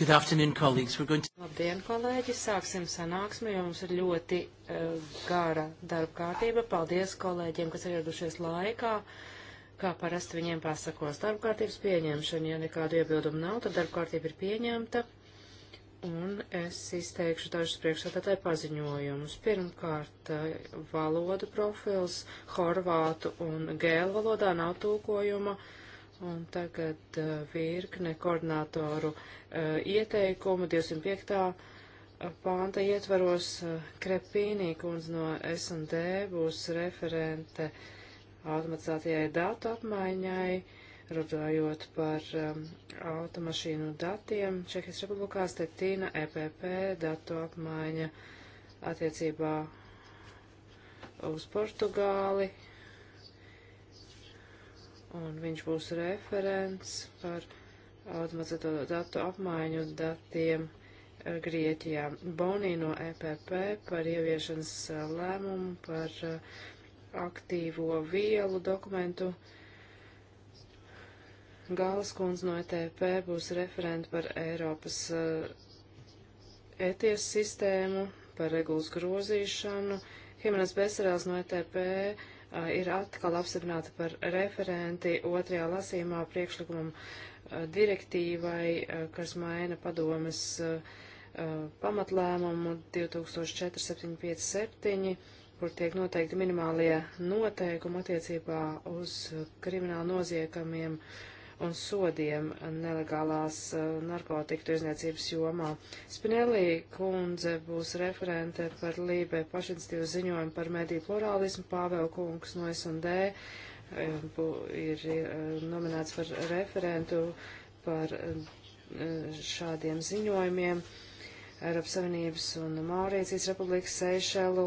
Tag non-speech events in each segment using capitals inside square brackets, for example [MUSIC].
Good afternoon, colleagues. We're going to... Labdien, kolēģi! Sāksim sanāksmi, jo mums ir ļoti uh, gara darba kārtība. Paldies kolēģiem, kas ir ieradušies laikā. Kā parasti viņiem pasakos darba kārtības pieņemšana, ja nekādu iebildumu nav, tad darba kārtība ir pieņemta. Un es izteikšu dažus priekšsēdētāju paziņojumus. Pirmkārt, eh, valodu profils horvātu un gēlu valodā nav tūkojuma. Uh, Un tagad uh, virkne koordinātoru uh, ieteikumu 205. pānta uh, ietvaros uh, Krepīnī kundze no S&D būs referente automatizētajai datu apmaiņai, runājot par um, automašīnu datiem. Čehijas Republikā Stetīna EPP datu apmaiņa attiecībā uz Portugāli un viņš būs referents par automatizēto datu apmaiņu datiem eh, Grieķijā. Bonī no EPP par ieviešanas eh, lēmumu par eh, aktīvo vielu dokumentu. Gāles kundze no ETP būs referenti par Eiropas ETS e e sistēmu, par regulas grozīšanu. Himenes Besarēls no ETP ir atkal apstiprināta par referenti otrajā lasījumā priekšlikumam direktīvai, kas maina padomas pamatlēmumu 24757, kur tiek noteikti minimālie noteikumi attiecībā uz kriminālu noziekamiem uh, un sodiem nelegālās eh, narkotiku tirzniecības jomā. Spinelli kundze būs referente par Lībē pašinstīvu ziņojumu par mediju plurālismu, Pāvēl kungs no S&D eh, ir eh, nominēts par referentu par šādiem ziņojumiem. Eiropas Savienības un Maurīcijas Republikas Seišelu,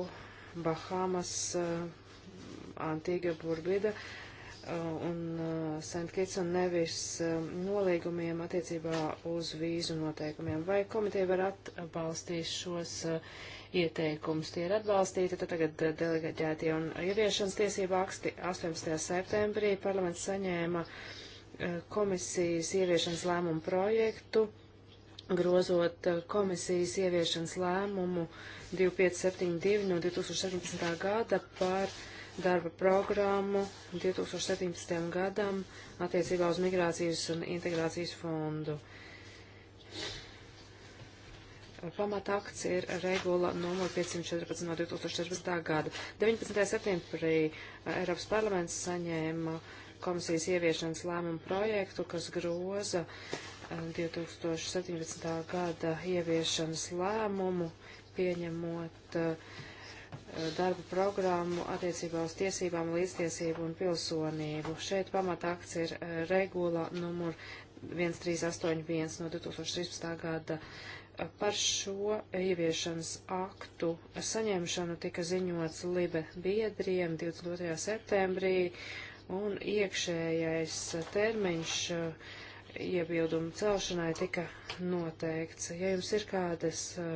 Bahamas, Antīga Burbida, uh, Uh, un uh, St. Kitts un nevis uh, nolīgumiem attiecībā uz vīzu noteikumiem. Vai komiteja var atbalstīt šos ieteikumus? Tie ir atbalstīti, tad tagad delegaģētie un ieviešanas tiesība aksti 18. septembrī parlaments saņēma komisijas ieviešanas lēmumu projektu grozot komisijas ieviešanas lēmumu 2572 no 2017. gada par uh, darba programmu 2017. gadam attiecībā uz migrācijas un integrācijas fondu. Pamatakts ir regula numur 514 no 2014. gada. 19. septembrī eh, Eiropas parlaments saņēma komisijas ieviešanas lēmumu projektu, kas groza 2017. Eh, gada ieviešanas lēmumu, pieņemot uh, Eh, darbu programmu attiecībā uz tiesībām, līdztiesību un pilsonību. Šeit pamatakts ir eh, regula numur 1381 no 2013. gada. Eh, par šo ieviešanas aktu saņemšanu tika ziņots Libe biedriem 22. septembrī, un iekšējais termiņš iebildumu celšanai tika noteikts. Ja jums ir kādas uh,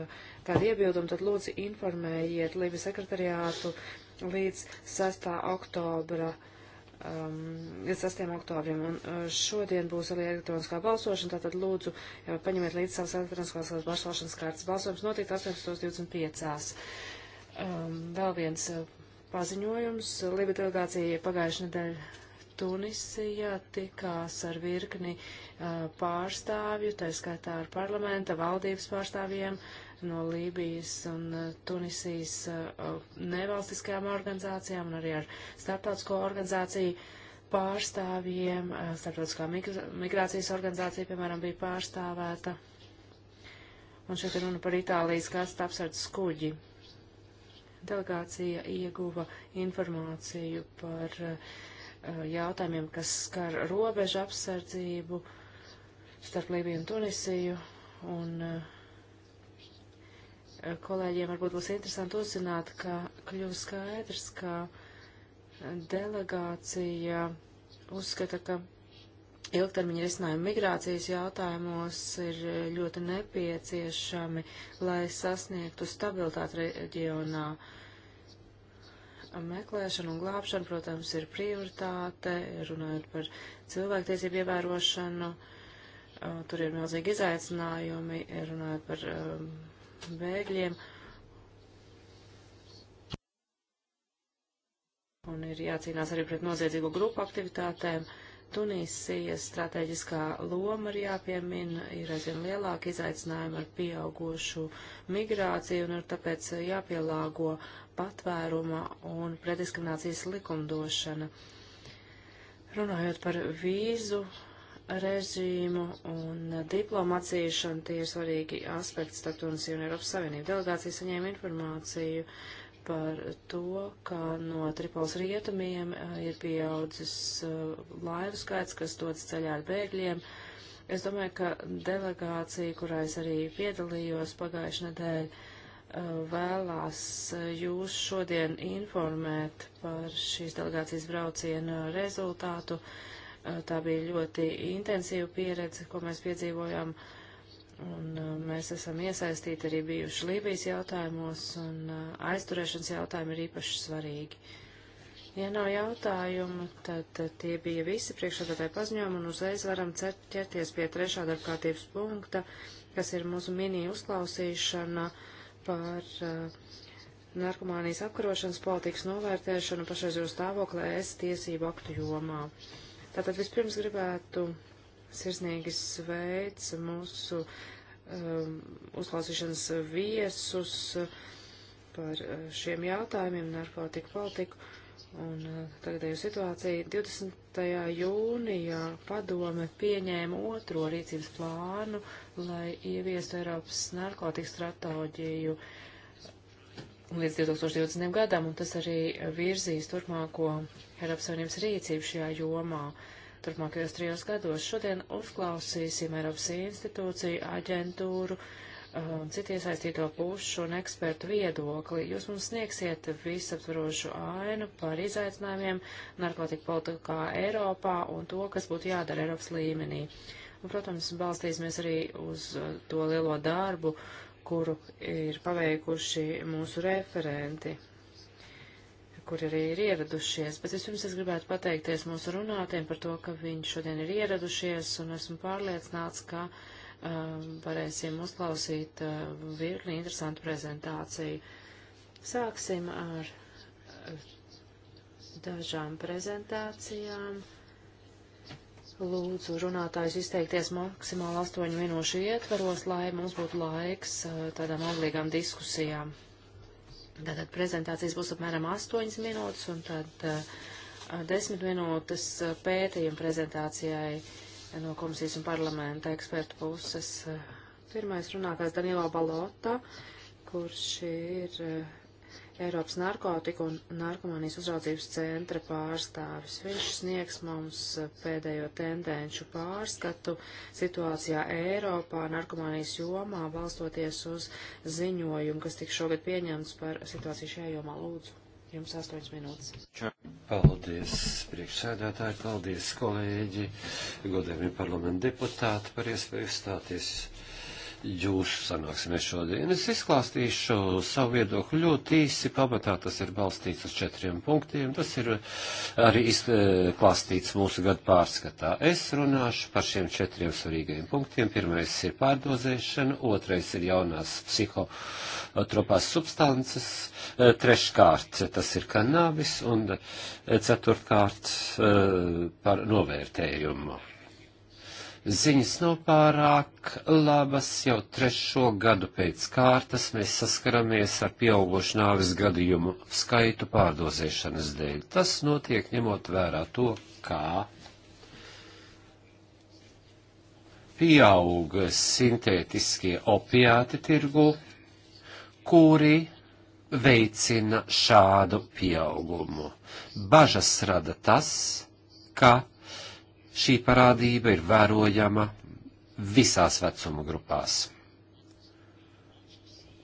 kādi iebildumi, tad lūdzu informējiet Lībijas sekretariātu līdz 6. oktobra. Um, 6. oktobrim, un uh, šodien būs arī elektroniskā balsošana, tātad lūdzu ja paņemiet līdz savas elektroniskās balsošanas kārtas. Balsojums notiek 18.25. Um, vēl viens uh, paziņojums. Libija delegācija pagājušajā nedēļā Tunisijā tikās ar virkni uh, pārstāvju, tā skaitā ar parlamenta, valdības pārstāvjiem, uh, no Lībijas un uh, Tunisijas uh, nevalstiskajām organizācijām un arī ar starptautisko organizāciju pārstāvjiem. Uh, starptautiskā migrācijas organizācija, piemēram, bija pārstāvēta. Un šeit ir runa par Itālijas kāds apsardzes kuģi. Delegācija ieguva informāciju par jautājumiem, kas skar robežu apsardzību starp Lībiju un Tunisiju. Un uh, Eh, kolēģiem varbūt būs interesanti uzzināt, ka kļūst skaidrs, ka eh, delegācija uzskata, ka ilgtermiņa risinājumi migrācijas jautājumos ir eh, ļoti nepieciešami, lai sasniegtu stabilitāti reģionā. Meklēšana un glābšana, protams, ir prioritāte, runājot par cilvēktiesību ievērošanu. Tur ir milzīgi izaicinājumi, runājot par um, bēgļiem. Un ir jācīnās arī pret noziedzīgo grupu aktivitātēm. Tunīsijas strateģiskā loma ir jāpiemina, ir aizvien lielāka izaicinājuma ar pieaugušu migrāciju un ir tāpēc jāpielāgo patvēruma un prediskriminācijas likumdošana. Runājot par vīzu režīmu un diplomu atzīšanu. Tie ir svarīgi aspekti starp Tunisiju un Eiropas Savienību. Delegācija saņēma informāciju par to, ka no Tripols rietumiem eh, ir pieaudzis eh, laivu skaits, kas dodas ceļā ar bēgļiem. Es domāju, ka delegācija, kurā es arī piedalījos pagājušajā nedēļā, eh, vēlās jūs šodien informēt par šīs delegācijas brauciena rezultātu. Uh, Tā bija ļoti intensīva pieredze, ko mēs piedzīvojām, un uh, mēs esam iesaistīti arī bijuši Lībijas jautājumos, un uh, aizturēšanas jautājumi ir īpaši svarīgi. Ja nav jautājumu, tad, tad uh, tie bija visi priekšsādātāji paziņojumi, un uzreiz varam ķerties pie trešā darbkārtības punkta, kas ir mūsu mini uzklausīšana par uh, narkomānijas apkarošanas politikas novērtēšanu pašreizējo stāvoklē es tiesību aktu jomā. Uh, Tātad vispirms gribētu sirsnīgi sveic mūsu um, uzklausīšanas viesus par uh, šiem jautājumiem, narkotiku politiku un uh, tagadēju situāciju. 20. jūnijā padome pieņēma otro rīcības plānu, lai ieviestu Eiropas narkotiku stratēģiju līdz 2020. gadam, un tas arī virzīs turpmāko Eiropas Savienības rīcību šajā jomā turpmākajos trijos gados. Šodien uzklausīsim Eiropas institūciju, aģentūru, um, citu iesaistīto pušu un ekspertu viedokli. Jūs mums sniegsiet visaptvarošu ainu par izaicinājumiem narkotiku politikā Eiropā un to, kas būtu jādara Eiropas līmenī. Un, protams, balstīsimies arī uz uh, to lielo darbu, kuru ir paveikuši mūsu referenti kur arī ir ieradušies, bet vispirms es, es gribētu pateikties mūsu runātiem par to, ka viņi šodien ir ieradušies, un esmu pārliecināts, ka uh, varēsim uzklausīt uh, virkni interesantu prezentāciju. Sāksim ar uh, dažām prezentācijām. Lūdzu runātājus izteikties maksimāli astoņu minūšu ietveros, lai mums būtu laiks uh, tādām auglīgām diskusijām. Tātad prezentācijas būs apmēram 8 minūtes un tad uh, eh, 10 minūtes eh, pētījuma prezentācijai eh, no komisijas un parlamenta ekspertu puses. Pirmais runātājs Danilo Balota, kurš ir uh, Eiropas narkotiku un narkomānijas uzraudzības centra pārstāvis. Viņš sniegs mums pēdējo tendenču pārskatu situācijā Eiropā narkomānijas jomā, balstoties uz ziņojumu, kas tik šogad pieņemts par situāciju šajā jomā. Lūdzu, jums astoņas minūtes. Paldies, priekšsēdētāji, paldies, kolēģi, godējumi parlamenta deputāti par iespēju stāties jūsu sanāksmē šodien. Es izklāstīšu savu viedokli ļoti īsi. Pamatā tas ir balstīts uz četriem punktiem. Tas ir eh, arī izklāstīts eh, mūsu gadu pārskatā. Es runāšu par šiem četriem svarīgajiem punktiem. Pirmais ir pārdozēšana, otrais ir jaunās psihotropās substances, eh, treškārt tas ir kanābis un ceturtkārt par novērtējumu ziņas nav pārāk labas. Jau trešo gadu pēc kārtas mēs saskaramies ar pieaugušu nāvis gadījumu skaitu pārdozēšanas dēļ. Tas notiek ņemot vērā to, kā pieaug sintētiskie opiāti tirgu, kuri veicina šādu pieaugumu. Bažas rada tas, ka Šī parādība ir vērojama visās vecuma grupās.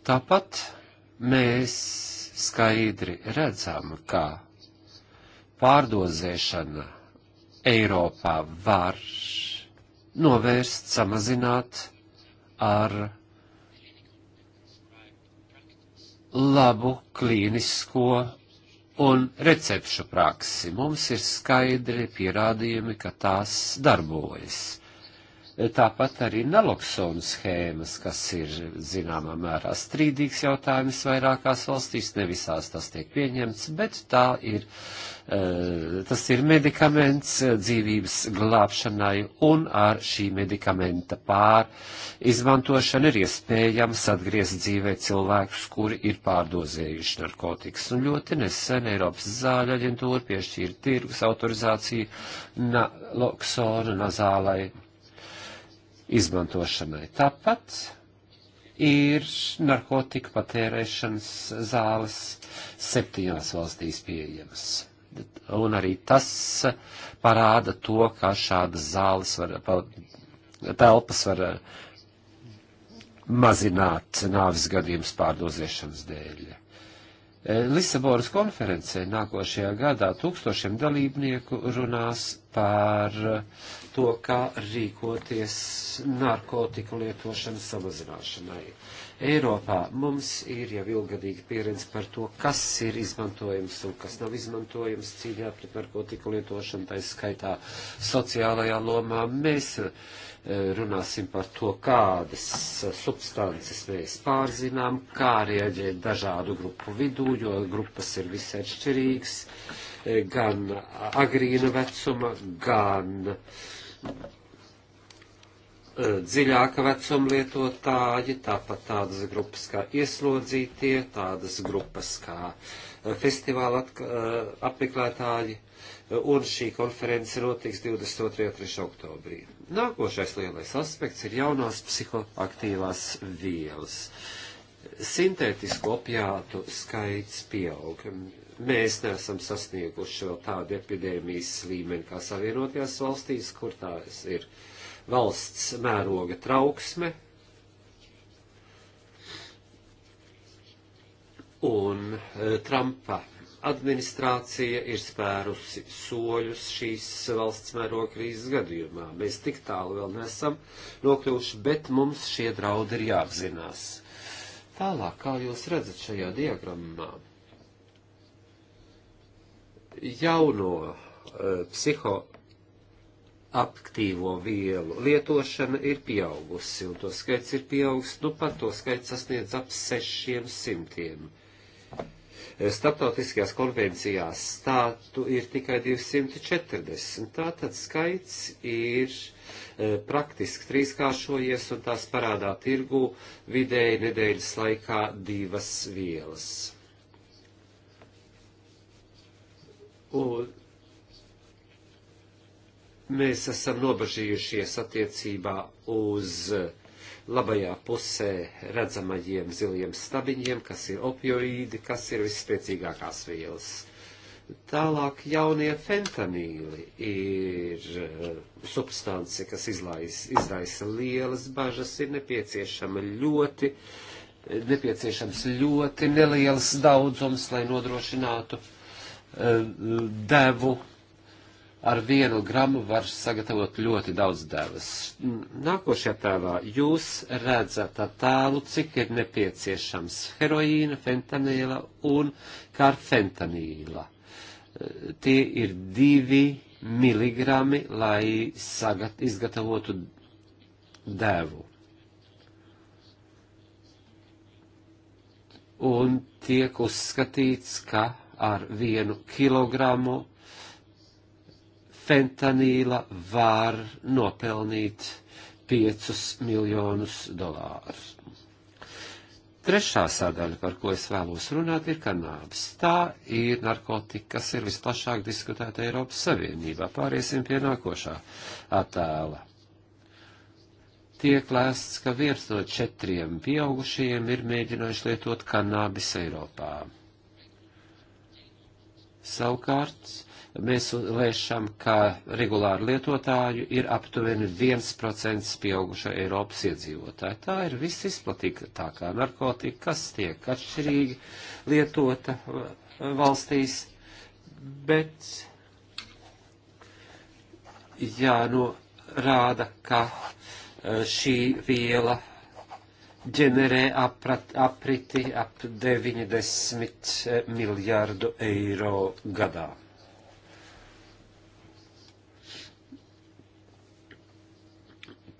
Tāpat mēs skaidri redzam, ka pārdozēšana Eiropā var novērst, samazināt ar labu klīnisko un recepšu praksi. Mums ir skaidri pierādījumi, ka tās darbojas. Tāpat arī naloksonu schēmas, kas ir zināmā mērā strīdīgs jautājums vairākās valstīs, ne visās tas tiek pieņemts, bet tā ir Eh, tas ir medikaments eh, dzīvības glābšanai un ar šī medikamenta pār izmantošanu ir iespējams atgriezt dzīvē cilvēkus, kuri ir pārdozējuši narkotikas. Un ļoti nesen Eiropas zāļa aģentūra piešķīra tirgus autorizāciju naloksona nazālai izmantošanai. Tāpat ir narkotiku patērēšanas zāles septiņās valstīs pieejamas un arī tas parāda to, kā šādas zāles var, telpas var mazināt nāvis gadījums pārdoziešanas dēļ. E, Lisabonas konferencē nākošajā gadā tūkstošiem dalībnieku runās par to, kā rīkoties narkotiku lietošanas samazināšanai. Eiropā mums ir jau ilgadīga pieredze par to, kas ir izmantojams un kas nav izmantojams cīņā pret narkotiku lietošanu, tā skaitā sociālajā lomā. Mēs eh, runāsim par to, kādas eh, substances mēs pārzinām, kā rieģēt dažādu grupu vidū, jo grupas ir visai atšķirīgas, eh, gan agrīna vecuma, gan Eh, dziļāka vecuma lietotāji, tāpat tādas grupas kā ieslodzītie, tādas grupas kā eh, festivāla eh, apmeklētāji, un šī konference notiks 22. un 3. oktobrī. Nākošais lielais aspekts ir jaunās psihoaktīvās vielas. Sintētisko opiātu skaits pieaug. Mēs neesam sasnieguši vēl tādu epidēmijas līmeni kā Savienotajās valstīs, kur tās ir uh, valsts mēroga trauksme. Un e, Trumpa administrācija ir spērusi soļus šīs valsts mēroga krīzes gadījumā. Mēs tik tālu vēl nesam nokļuvuši, bet mums šie draudi ir jāapzinās. Tālāk, kā jūs redzat šajā diagrammā, jauno uh, psiho aktīvo vielu lietošana ir pieaugusi, un to skaits ir pieaugs, nu pat to skaits sasniedz ap sešiem simtiem. Startautiskajās konvencijās stātu ir tikai 240, tātad skaits ir e, praktiski trīskāršojies, un tās parādā tirgu vidēji nedēļas laikā divas vielas. Un mēs esam nobažījušies attiecībā uz labajā pusē redzamajiem ziliem stabiņiem, kas ir opioīdi, kas ir visspēcīgākās vielas. Tālāk jaunie fentanīli ir eh, substance, kas izlais, izraisa lielas bažas, ir nepieciešama ļoti, nepieciešams ļoti neliels daudzums, lai nodrošinātu uh, devu ar vienu gramu var sagatavot ļoti daudz devas. Nākošajā tēlā jūs redzat attēlu, cik ir nepieciešams heroīna, fentanīla un karfentanīla. Tie ir divi miligrami, lai sagat, izgatavotu devu. Un tiek uzskatīts, ka ar vienu kilogramu fentanīla var nopelnīt 5 miljonus dolārus. Trešā sadaļa, par ko es vēlos runāt, ir kanābis. Tā ir narkotika, kas ir visplašāk diskutēta Eiropas Savienībā. Pāriesim pie nākošā attēla. Tiek lēsts, ka viens no četriem pieaugušajiem ir mēģinājuši lietot kanābis Eiropā. Savukārt, mēs lēšam, ka regulāru lietotāju ir aptuveni 1% pieauguša Eiropas iedzīvotāja. Tā ir visizplatītākā narkotika, kas tiek atšķirīgi lietota uh, valstīs, bet jānorāda, nu, ka uh, šī viela ģenerē aprat, apriti ap 90 eh, miljārdu eiro gadā.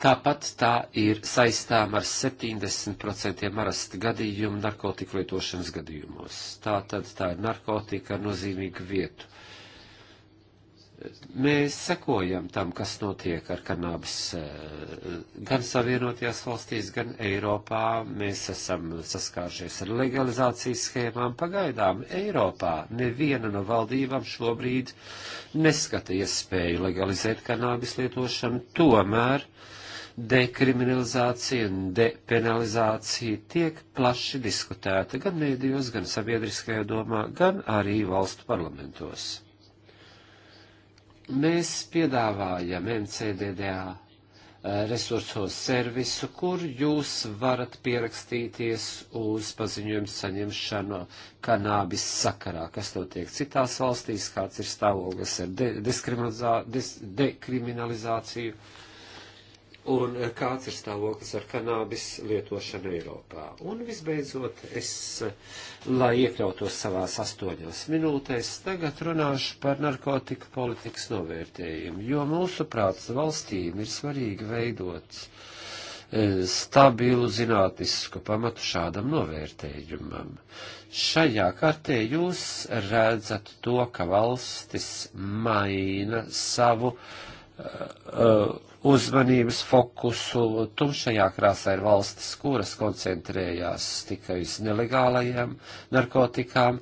Tāpat tā ir saistām ar 70% marasta gadījumu narkotiku lietošanas gadījumos. Tā tad tā ir narkotika ar nozīmīgu vietu. Mēs sekojam tam, kas notiek ar kanābis eh, gan Savienotajās valstīs, gan Eiropā. Mēs esam saskāršies ar legalizācijas schēmām. Pagaidām Eiropā neviena no valdībām šobrīd neskata iespēju legalizēt kanābis lietošanu. Tomēr uh, dekriminalizācija un depenalizācija tiek plaši diskutēta gan mēdījos, gan sabiedriskajā domā, gan arī valstu parlamentos. Mēs piedāvājam MCDDA eh, resursos servisu, kur jūs varat pierakstīties uz paziņojumu saņemšanu kanābis sakarā, kas notiek citās valstīs, kāds ir stāvoklis ar de dekriminalizāciju un eh, kāds ir stāvoklis ar kanābis lietošanu Eiropā. Un visbeidzot, es, eh, lai iekļautos savās astoņās minūtēs, tagad runāšu par narkotika politikas novērtējumu, jo mūsu prāts valstīm ir svarīgi veidot eh, stabilu zinātnisku pamatu šādam novērtējumam. Šajā kartē jūs redzat to, ka valstis maina savu uh, Uh, uzmanības fokusu. Tumšajā krāsā ir valstis, kuras koncentrējās tikai uz nelegālajiem narkotikām,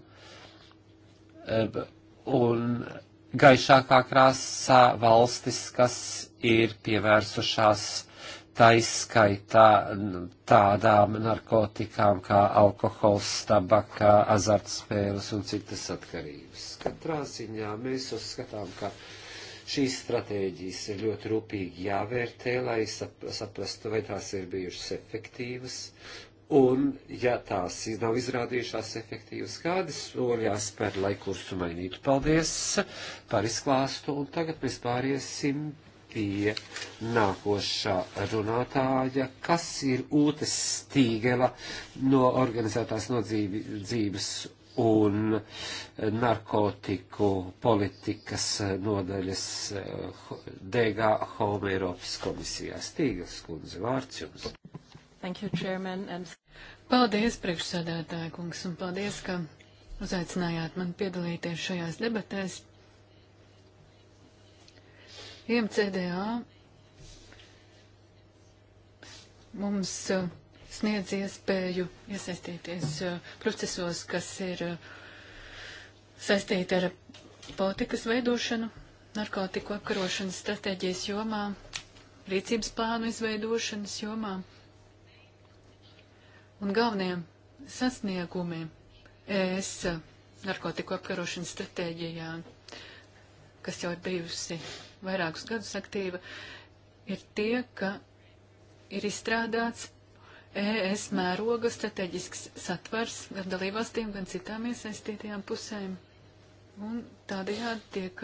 un gaišākā krāsā valstis, kas ir pievērsušās taiskaitā tādām narkotikām kā alkohols, tabaka, azartspēles un citas atkarības. Katrā ziņā mēs uzskatām, ka Šīs stratēģijas ir ļoti rūpīgi jāvērtē, lai saprastu, vai tās ir bijušas efektīvas, un, ja tās nav izrādījušās efektīvas, kādas soļi jāspēr, lai kursu mainītu. Paldies par izklāstu, un tagad mēs pāriesim pie nākošā runātāja, kas ir Ūtes Stīgela no organizētās nodzīves un narkotiku politikas nodaļas eh, DG Home Eiropas komisijā. Stīgas kundze, vārds jums. Thank you, Chairman. And... Paldies, priekšsādātāja kungs, un paldies, ka uzaicinājāt man piedalīties šajās debatēs. IMCDA mums uh, sniedz iespēju iesaistīties uh, procesos, kas ir uh, saistīti ar politikas veidošanu, narkotiku apkarošanas stratēģijas jomā, rīcības plānu izveidošanas jomā un galvenajiem sasniegumiem ES uh, narkotiku apkarošanas stratēģijā, kas jau ir bijusi vairākus gadus aktīva, ir tie, ka ir izstrādāts ES mēroga strateģisks satvers gan dalībvalstīm, gan citām iesaistītajām pusēm. Un tādējādi tiek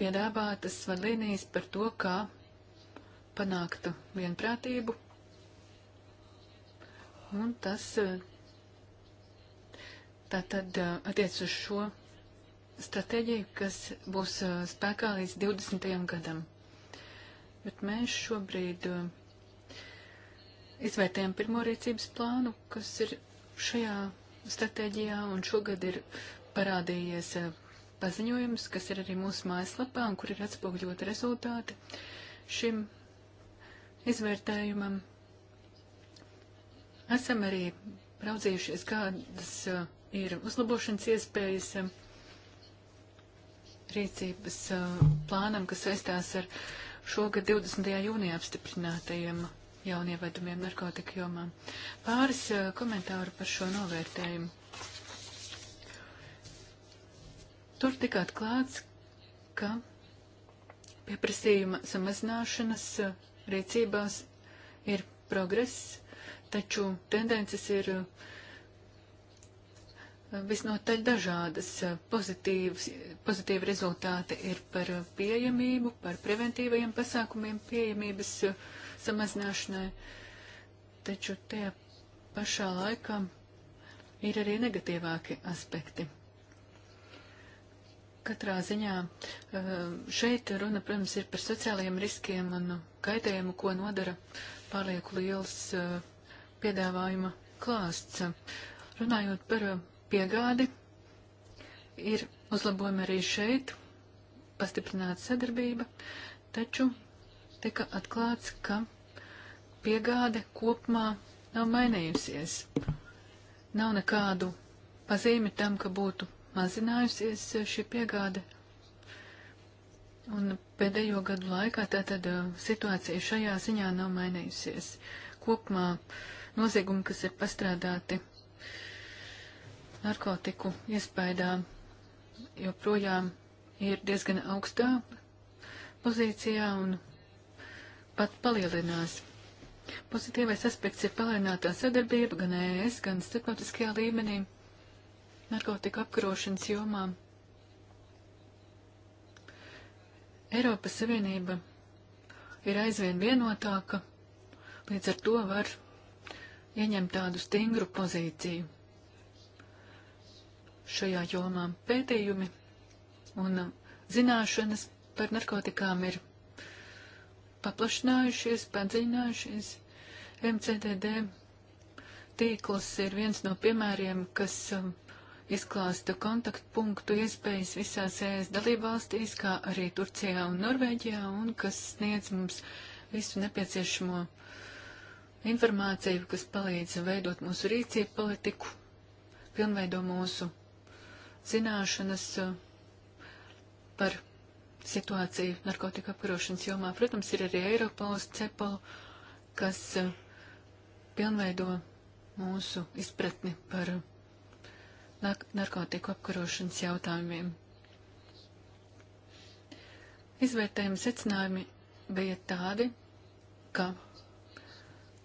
piedāvātas vadlīnijas par to, kā panākt vienprātību. Un tas e, tātad e, attiec uz šo stratēģiju, kas būs e, spēkā līdz 20. gadam. Bet mēs šobrīd uh, izvērtējam pirmo rīcības plānu, kas ir šajā stratēģijā, un šogad ir parādījies eh, paziņojums, kas ir arī mūsu mājaslapā, un kur ir atspoguļoti rezultāti šim izvērtējumam. Esam arī raudzījušies, kādas eh, ir uzlabošanas iespējas eh, rīcības plānam, kas saistās ar šogad 20. jūnijā apstiprinātajiem jaunievedumiem narkotika jomā. Pāris uh, komentāru par šo novērtējumu. Tur tika atklāts, ka pieprasījuma samazināšanas uh, rīcībās ir progress, taču tendences ir uh, visnotaļ dažādas. Pozitīvs, pozitīvi rezultāti ir par pieejamību, par preventīvajiem pasākumiem pieejamības uh, samazināšanai, taču tajā pašā laikā ir arī negatīvāki aspekti. Katrā ziņā eh, šeit runa, protams, ir par sociālajiem riskiem un kaitējumu, ko nodara pārlieku liels eh, piedāvājuma klāsts. Runājot par eh, piegādi, ir uzlabojumi arī šeit, pastiprināta sadarbība, taču tika atklāts, ka piegāde kopumā nav mainījusies. Nav nekādu pazīmi tam, ka būtu mazinājusies šī piegāde. Un pēdējo gadu laikā tātad uh, situācija šajā ziņā nav mainījusies. Kopumā noziegumi, kas ir pastrādāti narkotiku iespējā, joprojām ir diezgan augstā pozīcijā un pat palielinās. Pozitīvais aspekts ir palielinātā sadarbība gan ES, gan starptautiskajā līmenī narkotika apkarošanas jomā. Eiropas Savienība ir aizvien vienotāka, līdz ar to var ieņemt tādu stingru pozīciju šajā jomā. Pētījumi un zināšanas par narkotikām ir paplašinājušies, padziļinājušies. MCDD tīkls ir viens no piemēriem, kas um, izklāsta kontaktpunktu iespējas visās ES dalībvalstīs, kā arī Turcijā un Norvēģijā, un kas sniedz mums visu nepieciešamo informāciju, kas palīdz veidot mūsu rīcību politiku, pilnveido mūsu zināšanas uh, par situāciju narkotika apkarošanas jomā. Protams, ir arī Eiropols, Cepol, kas eh, pilnveido mūsu izpratni par eh, narkotiku apkarošanas jautājumiem. Izvērtējuma secinājumi bija tādi, ka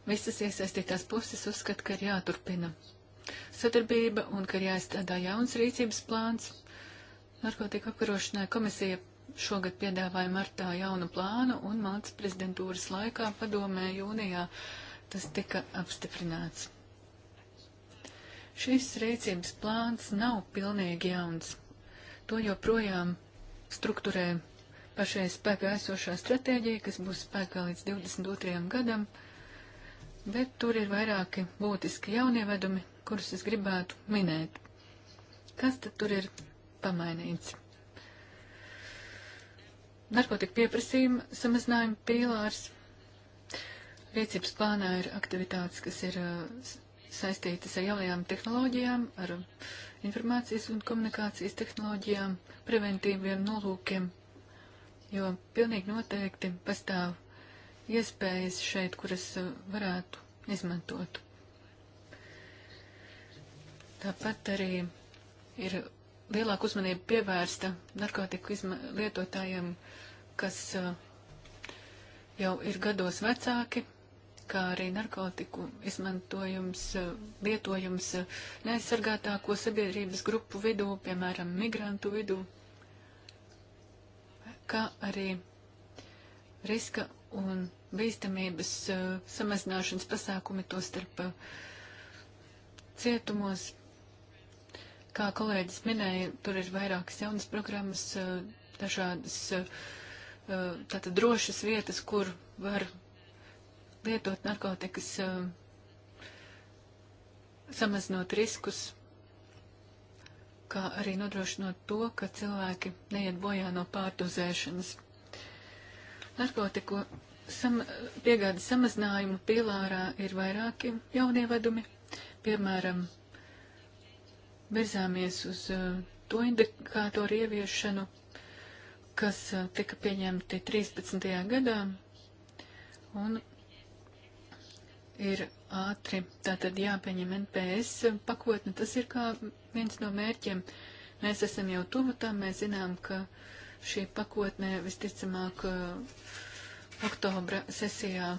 visas iesaistītās puses uzskata, ka ir jāturpina sadarbība un ka ir jāizstrādā jauns rīcības plāns. Narkotika apkarošanai komisija šogad piedāvāja martā jaunu plānu un māca prezidentūras laikā padomē jūnijā tas tika apstiprināts. Šis rīcības plāns nav pilnīgi jauns. To joprojām strukturē pašai spēkā esošā stratēģija, kas būs spēkā līdz 22. gadam, bet tur ir vairāki būtiski jaunievedumi, kurus es gribētu minēt. Kas tad tur ir pamainīts? narkotika pieprasījuma samazinājuma pīlārs. Rīcības plānā ir aktivitātes, kas ir uh, saistītas ar jaunajām tehnoloģijām, ar uh, informācijas un komunikācijas tehnoloģijām, preventīviem nolūkiem, jo pilnīgi noteikti pastāv iespējas šeit, kuras uh, varētu izmantot. Tāpat arī ir lielāka uzmanība pievērsta narkotiku lietotājiem, kas uh, jau ir gados vecāki, kā arī narkotiku izmantojums, uh, lietojums uh, neaizsargātāko sabiedrības grupu vidū, piemēram, migrantu vidū, kā arī riska un bīstamības samazināšanas pasākumi to starp cietumos Kā kolēģis minēja, tur ir vairākas jaunas programmas, eh, dažādas eh, tātad drošas vietas, kur var lietot narkotikas, eh, samazinot riskus, kā arī nodrošinot to, ka cilvēki neiet bojā no pārdozēšanas. Narkotiku sam piegādes samazinājumu pīlārā ir vairāki jaunievedumi, piemēram, virzāmies uz eh, to indikātoru ieviešanu, kas eh, tika pieņemti 13. gadā un ir ātri. Tātad jāpieņem NPS pakotne. Tas ir kā viens no mērķiem. Mēs esam jau tuvu tam, mēs zinām, ka šī pakotne visticamāk eh, oktobra sesijā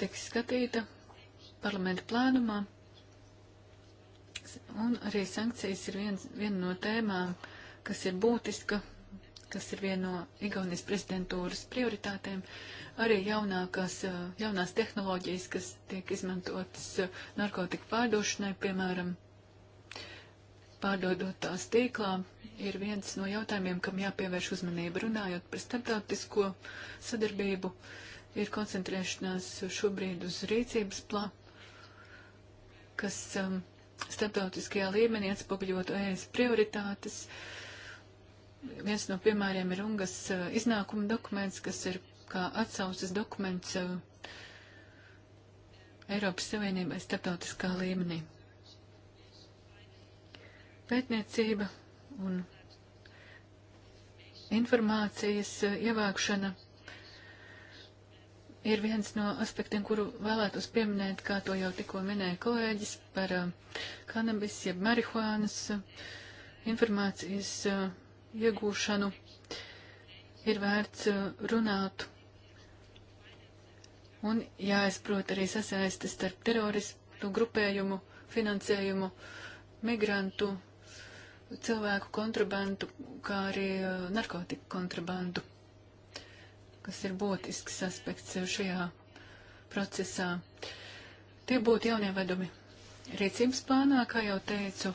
tiks skatīta parlamenta plēnumā. Un arī sankcijas ir viens, viena no tēmām, kas ir būtiska, kas ir viena no Igaunijas prezidentūras prioritātēm. Arī jaunākās, eh, jaunās tehnoloģijas, kas tiek izmantotas eh, narkotika pārdošanai, piemēram, pārdodot tās tīklā, ir viens no jautājumiem, kam jāpievērš uzmanība. Runājot par starptautisko sadarbību, ir koncentrēšanās šobrīd uz rīcības plā, kas um, starptautiskajā līmenī atspoguļotu ES prioritātes. Viens no piemēriem ir Ungas eh, iznākuma dokuments, kas ir kā atsauces dokuments eh, Eiropas Savienībai starptautiskā līmenī. Pētniecība un informācijas eh, ievākšana ir viens no aspektiem, kuru vēlētos pieminēt, kā to jau tikko minēja kolēģis, par kanabis, um, jeb marihuānas uh, informācijas uh, iegūšanu. Ir vērts uh, runāt un jāizprot arī sasaistes starp teroristu grupējumu, finansējumu, migrantu, cilvēku kontrabandu, kā arī narkotiku kontrabandu kas ir būtisks aspekts šajā procesā. Tie būtu jaunievedumi. Rīcības plānā, kā jau teicu,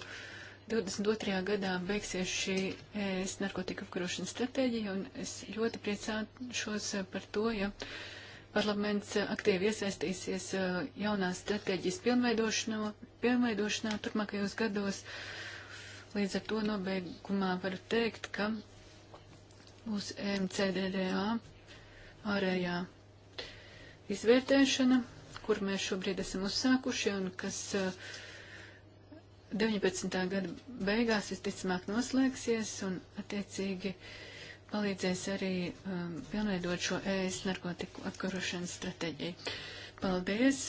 22. gadā beigsies šī es narkotika apkarošanas stratēģija, un es ļoti priecāšos par to, ja parlaments aktīvi iesaistīsies jaunās stratēģijas pilnveidošanā, pilnveidošanā turpmākajos gados. Līdz ar to nobeigumā varu teikt, ka būs MCDDA ārējā izvērtēšana, kur mēs šobrīd esam uzsākuši un kas 19. Eh, gada beigās visticamāk noslēgsies un attiecīgi palīdzēs arī um, pilnveidot šo ES narkotiku apkarošanas stratēģiju. Paldies!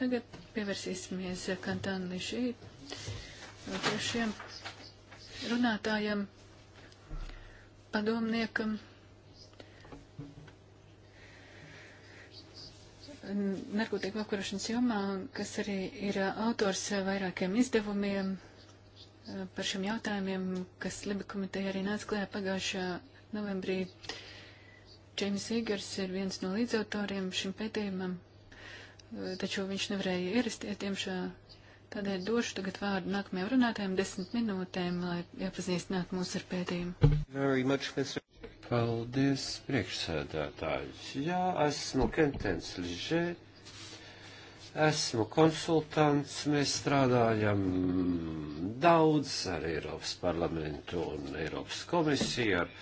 Tagad pievērsīsimies Kantāna Lišī trešiem runātājiem, padomniekam. narkotiku apkarošanas jomā, kas arī ir autors vairākiem izdevumiem eh, par šiem jautājumiem, kas Liba komiteja arī nāca klajā pagājušā novembrī. Džeims Igars ir viens no līdzautoriem šim pētījumam, eh, taču viņš nevarēja ierasties, diemžēl. Tādēļ došu tagad vārdu nākamajam runātājam desmit minūtēm, lai iepazīstinātu mūs ar pētījumu. Much, Paldies, priekšsēdētājs. Jā, esmu Kentens Ližē, esmu konsultants, mēs strādājam daudz ar Eiropas parlamentu un Eiropas komisiju. Ar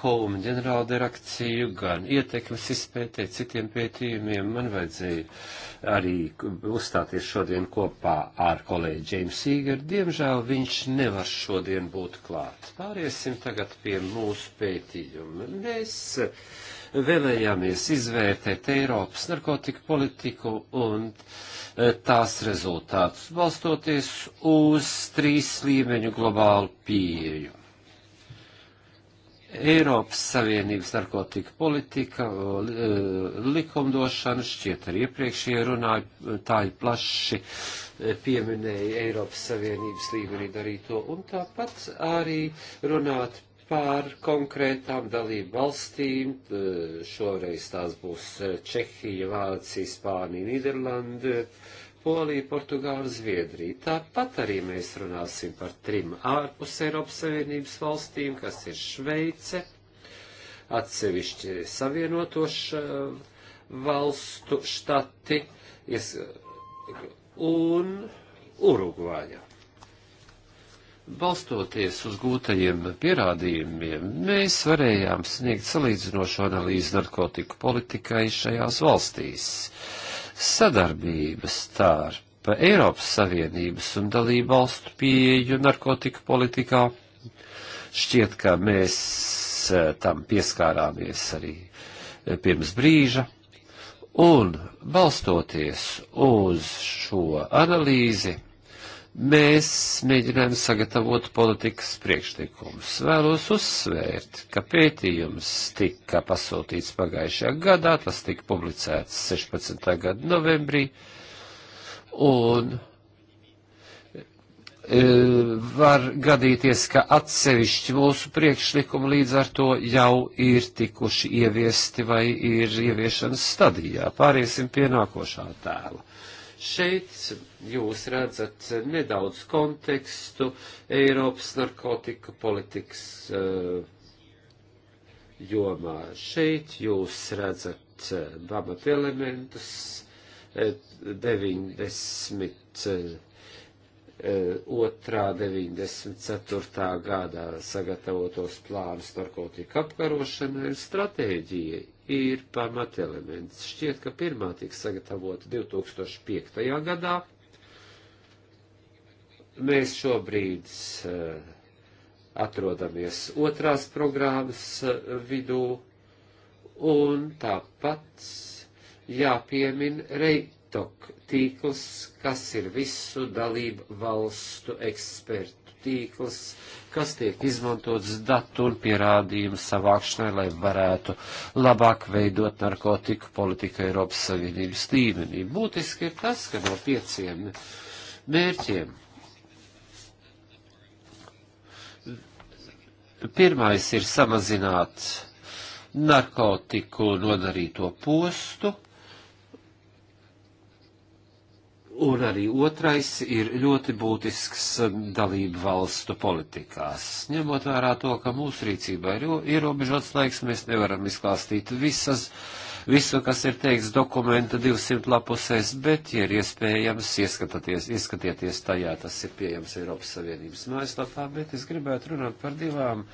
Home ģenerāla direkciju, gan ietekmes izpētē, citiem pētījumiem. Man vajadzēja arī uzstāties šodien kopā ar kolēģi Džeims Sīgeru. Diemžēl viņš nevar šodien būt klāt. Pāriesim tagad pie mūsu pētījuma. Mēs vēlējāmies izvērtēt Eiropas narkotiku politiku un e, tās rezultātus, balstoties uz trīs līmeņu globālu pieeju Eiropas Savienības narkotika politika, eh, likumdošana, šķiet arī iepriekšējie runātāji plaši eh, pieminēja Eiropas Savienības līmenī darīto, un tāpat arī runāt par konkrētām dalību valstīm, eh, šoreiz tās būs Čehija, Vācija, Spānija, Nīderlanda, Polija, Portugāla, Zviedrija. Tāpat arī mēs runāsim par trim ārpus Eiropas Savienības valstīm, kas ir Šveice, atsevišķi savienotošu valstu štati ies, un Urugvāja. Balstoties uz gūtajiem pierādījumiem, mēs varējām sniegt salīdzinošu analīzi narkotiku politikai šajās valstīs. Uh, sadarbība starp Eiropas Savienības un dalību valstu pieeju narkotiku politikā. Šķiet, ka mēs eh, tam pieskārāmies arī eh, pirms brīža. Un balstoties uz šo analīzi, mēs mēģinājām sagatavot politikas priekšlikumus. Vēlos uzsvērt, ka pētījums tika pasūtīts pagājušajā gadā, tas tika publicēts 16. gada novembrī, un e, var gadīties, ka atsevišķi mūsu priekšlikumi līdz ar to jau ir tikuši ieviesti vai ir ieviešanas stadijā. Pāriesim pie nākošā tēla. Šeit jūs redzat nedaudz kontekstu Eiropas narkotika politikas eh, jomā. Šeit jūs redzat pamat eh, elementus 90 eh, otrā 94. gadā sagatavotos plānus narkotika apkarošanai un stratēģija ir pamatelements. Šķiet, ka pirmā tika sagatavota 2005. gadā Mēs šobrīd eh, atrodamies otrās programmas eh, vidū, un tāpat jāpiemin Reitok tīkls, kas ir visu dalību valstu ekspertu tīkls, kas tiek izmantots datu un pierādījumu savākšanai, lai varētu labāk veidot narkotiku politiku Eiropas Savienības līmenī. Būtiski ir tas, ka no pieciem mērķiem Pirmais ir samazināt narkotiku nodarīto postu, un arī otrais ir ļoti būtisks dalību valstu politikās. Ņemot vērā to, ka mūsu rīcībā ir ierobežots laiks, mēs nevaram izklāstīt visas uh, visu, kas ir teikts dokumenta 200 lapusēs, bet, ja ir iespējams, ieskatieties tajā, tas ir pieejams Eiropas Savienības mājaslapā, bet es gribētu runāt par divām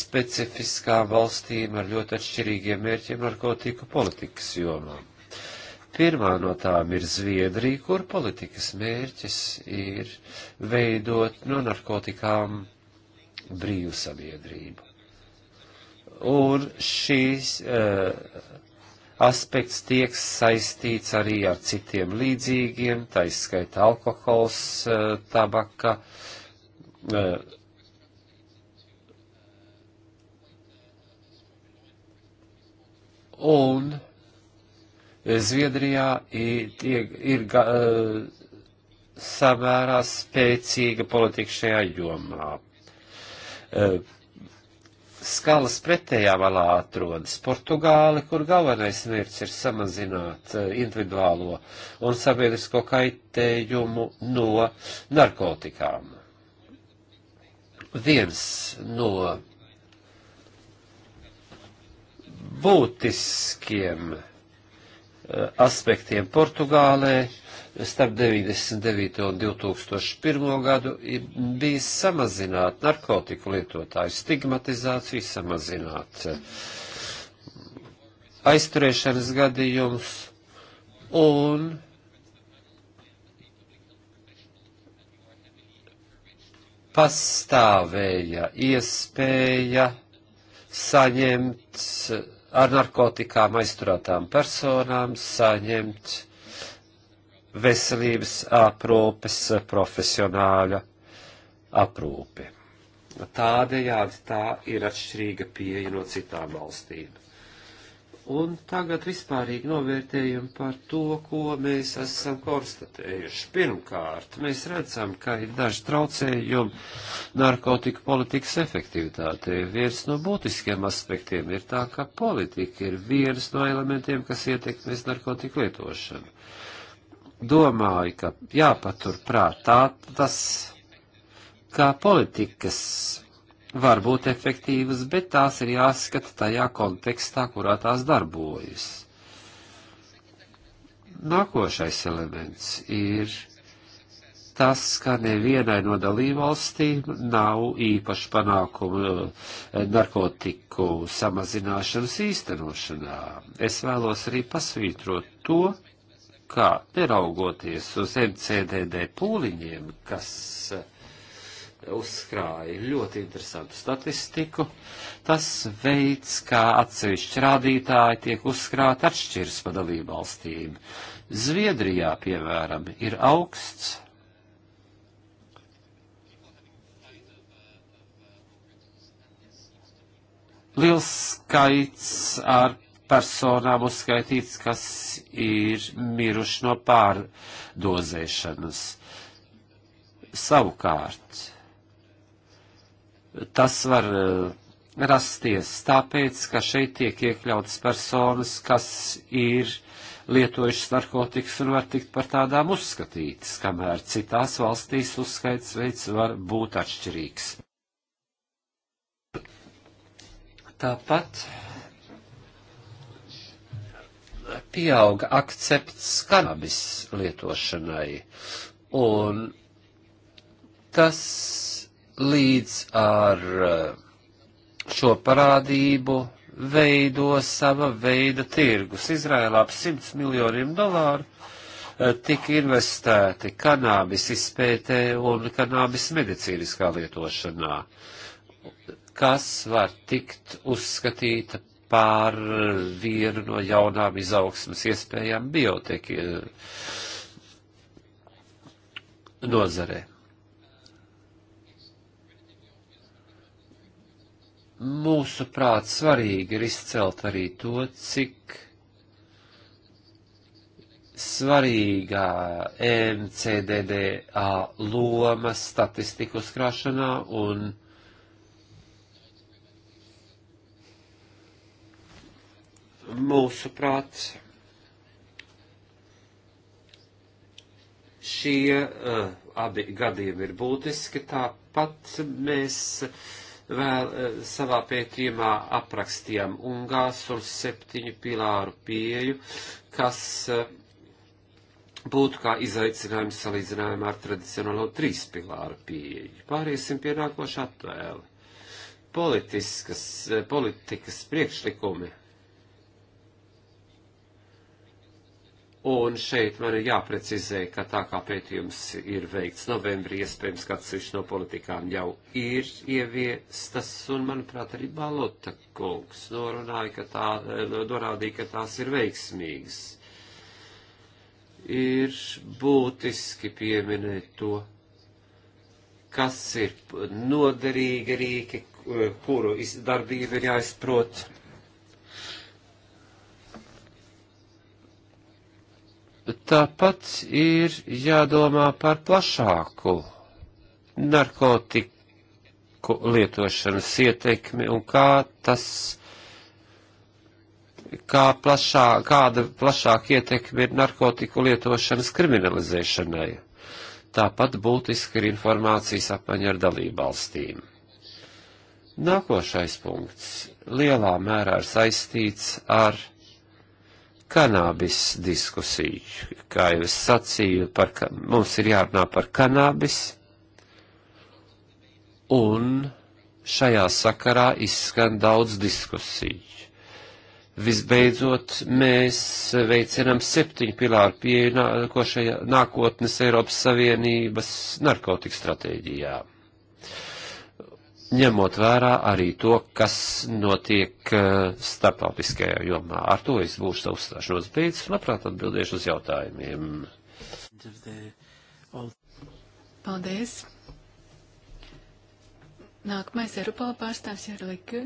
specifiskām valstīm ar ļoti atšķirīgiem mērķiem narkotiku politikas jomām. Pirmā no tām ir Zviedrija, kur politikas mērķis ir veidot no narkotikām brīvu sabiedrību. Un šīs uh, aspekts tiek saistīts arī ar citiem līdzīgiem, taiskaita alkohols, eh, tabaka, eh, un Zviedrijā ir, ir, ir eh, samērā spēcīga politika šajā jomā skalas pretējā malā atrodas Portugāli, kur galvenais mērķis ir samazināt eh, individuālo un sabiedrisko kaitējumu no narkotikām. Viens no būtiskiem eh, aspektiem Portugālē starp 99. un 2001. gadu bija samazināt narkotiku lietotāju stigmatizāciju, samazināt eh, aizturēšanas gadījumus un pastāvēja iespēja saņemt eh, ar narkotikām aizturētām personām, saņemt veselības aprūpes profesionāļa aprūpi. Tādējādi tā ir atšķirīga pieeja no citām valstīm. Un tagad vispārīgi novērtējumi par to, ko mēs esam konstatējuši. Pirmkārt, mēs redzam, ka ir daži traucējumi narkotika politikas efektivitātei. Viens no būtiskiem aspektiem ir tā, ka politika ir viens no elementiem, kas ietekmēs narkotiku lietošanu domāju, ka jāpatur prātā tas, kā politikas var būt efektīvas, bet tās ir jāskata tajā kontekstā, kurā tās darbojas. Nākošais elements ir tas, ka nevienai no dalībvalstīm nav īpaši panākumu eh, narkotiku samazināšanas īstenošanā. Es vēlos arī pasvītrot to, kā neraugoties uz MCDD pūliņiem, kas eh, uzkrāja ļoti interesantu statistiku, tas veids, kā atsevišķi rādītāji tiek uzkrāti atšķiras pa dalību valstīm. Zviedrijā, piemēram, ir augsts liels skaits ar personām uzskaitīts, kas ir miruši no pārdozēšanas. Savukārt, tas var eh, rasties tāpēc, ka šeit tiek iekļautas personas, kas ir lietojušas narkotikas un var tikt par tādām uzskatītas, kamēr citās valstīs uzskaits veids var būt atšķirīgs. Tāpat pieauga akcepts kanabis lietošanai, un tas līdz ar eh, šo parādību veido sava veida tirgus. Izrēlā ap 100 miljoniem dolāru eh, tika investēti kanābis izpētē un kanābis medicīniskā lietošanā, kas var tikt uzskatīta par vienu no jaunām izaugsmas iespējām bioteki eh, nozarē. Mūsu prāt svarīgi ir izcelt arī to, cik svarīgā MCDDA loma statistiku uzkrāšanā un mūsuprāt, šie uh, abi gadījumi ir būtiski, tāpat mēs vēl uh, savā pētījumā aprakstījām Ungās un septiņu pilāru pieju, kas uh, būtu kā izaicinājums salīdzinājumā ar tradicionālo trīs pilāru pieeju. Pāriesim pie nākošā attēla. Politiskas, politikas priekšlikumi Un šeit man ir jāprecizē, ka tā kā pētījums ir veikts novembrī, iespējams, ka atsevišķi no politikām jau ir ieviestas, un, manuprāt, arī Balota kungs norunāja, ka tā, norādīja, ka tās ir veiksmīgas. Ir būtiski pieminēt to, kas ir noderīgi rīki, kuru darbība ir jāizprot tāpat ir jādomā par plašāku narkotiku lietošanas ietekmi un kā tas, kā plašā, kāda plašāka ietekme ir narkotiku lietošanas kriminalizēšanai. Tāpat būtiski ir informācijas apmaiņa ar dalībvalstīm. Nākošais punkts lielā mērā ir saistīts ar kanābis diskusiju. Kā jau es sacīju, par, mums ir jārunā par kanābis, un šajā sakarā izskan daudz diskusiju. Visbeidzot, mēs veicinām septiņu pilāru pieeju nākošajā nākotnes Eiropas Savienības narkotiku stratēģijā ņemot vērā arī to, kas notiek eh, starptautiskajā jomā. Ar to es būšu savu stāšanos beidzis un labprāt atbildēšu uz jautājumiem. Paldies! Nākamais Eiropāla pārstāvs ir Liku.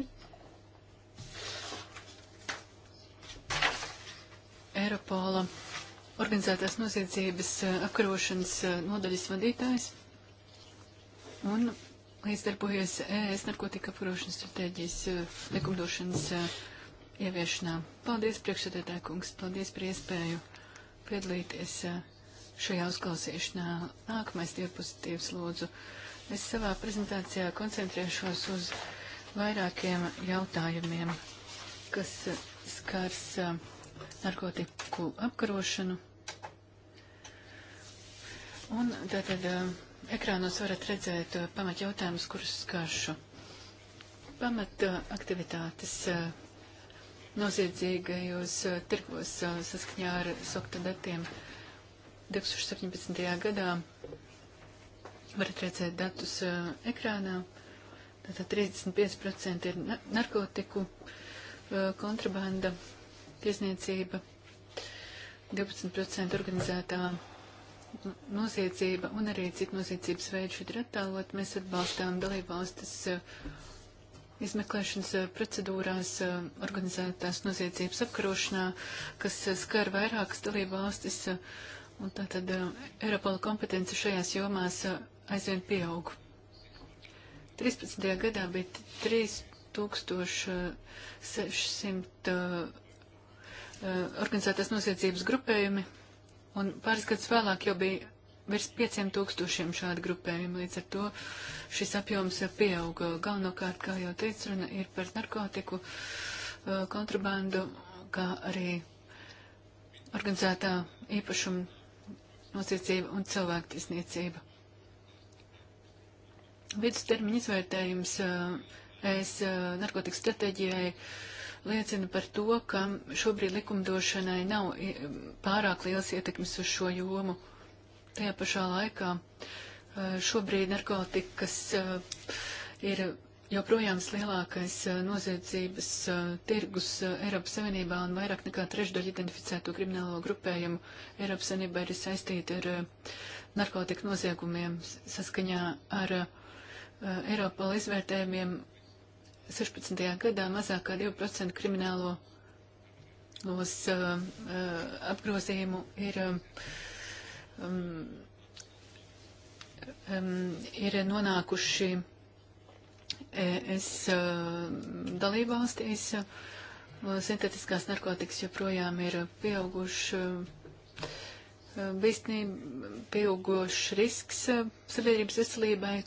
Eiropola organizētās noziedzības eh, apkarošanas eh, nodaļas vadītājs un līdzdarbojies ES narkotika apkarošanas stratēģijas eh, likumdošanas eh, ieviešanā. Paldies, priekšsēdētāj kungs, paldies par iespēju piedalīties eh, šajā uzklausīšanā. Nākamais diapozitīvs lūdzu. Es savā prezentācijā koncentrēšos uz vairākiem jautājumiem, kas skars narkotiku apkarošanu. Un tātad ekrānos varat redzēt eh, pamat jautājumus, kurus skaršu. Pamat eh, aktivitātes eh, noziedzīgajos tirgos saskaņā ar sokta datiem 2017. gadā varat redzēt datus uh, ekrānā. Tātad 35% ir na narkotiku uh, kontrabanda, tiesniecība, 12% organizētā noziedzība un arī citu noziedzības veidu šeit ir attēlot. Mēs atbalstām dalībvalstis eh, izmeklēšanas eh, procedūrās eh, organizētās noziedzības apkarošanā, kas skar vairākas dalībvalstis, un tātad Eiropola kompetence šajās jomās aizvien pieaug. 13. gadā bija 3600 organizētās noziedzības grupējumi Un pāris gadus vēlāk jau bija virs 5000 šādu grupējumu, līdz ar to šis apjoms pieauga. Galvenokārt, kā jau teicu, runa ir par narkotiku uh, kontrabandu, kā arī organizētā īpašuma nosiecība un cilvēktiesniecība. Vidustermiņa izvērtējums uh, es uh, narkotiku stratēģijai liecina par to, ka šobrīd likumdošanai nav pārāk liels ietekmes uz šo jomu. Tajā pašā laikā e, šobrīd narkotikas e, ir joprojām lielākais e, noziedzības tirgus Eiropas Savienībā un vairāk nekā trešdaļa identificēto kriminālo grupējumu Eiropas Savienībā ir saistīti ar narkotiku noziegumiem saskaņā ar Eiropā izvērtējumiem 16. gadā mazāk kā 2% kriminālo los uh, uh, apgrozījumu ir, um, um, um ir nonākuši es uh, dalībvalstīs. Uh, sintetiskās narkotikas joprojām ir pieauguši. Uh, uh Bīstība pieaugošs risks uh, sabiedrības veselībai,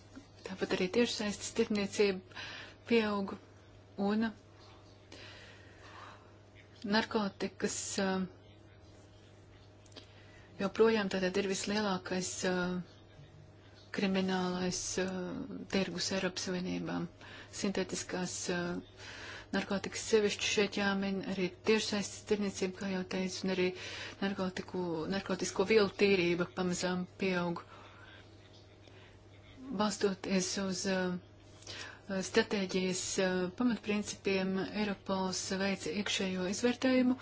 tāpat arī tiešsaistes tirniecība pieaug un narkotikas eh, joprojām tātad ir vislielākais eh, kriminālais eh, tirgus Eiropas Savienībām. Sintētiskās narkotikas sevišķi šeit jāmin, arī tiešsaistes tirniecība, kā jau teicu, un arī narkotiku, narkotisko vielu tīrība pamazām pieaug. Balstoties uz uh, stratēģijas eh, pamatprincipiem Eiropols veica iekšējo izvērtējumu.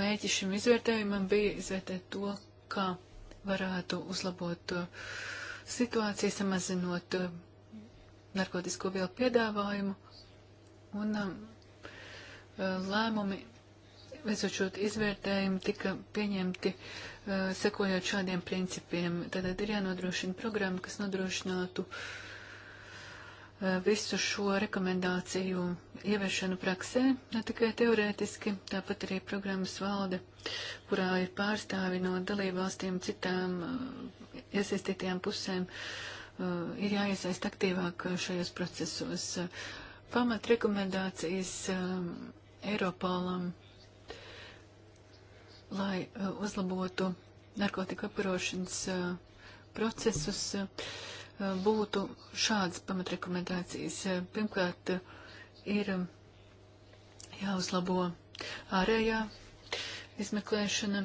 Mēķis šim izvērtējumam bija izvērtēt to, kā varētu uzlabot eh, situāciju, samazinot eh, narkotisko vielu piedāvājumu. Un lēmumi, veicot šo izvērtējumu, tika pieņemti sekojot šādiem principiem. Tātad ir jānodrošina programma, kas nodrošinātu uh, Eh, visu šo rekomendāciju ieviešanu praksē, ne tikai teorētiski, tāpat arī programmas valde, kurā ir pārstāvi no dalībvalstīm citām eh, iesaistītajām pusēm, eh, ir jāiesaist aktīvāk šajos procesos. Pamat rekomendācijas Eiropolam, lai uzlabotu narkotika apkarošanas procesus Eh, būtu šādas pamatrekomendācijas. Eh, pirmkārt, ir eh, jāuzlabo ārējā izmeklēšana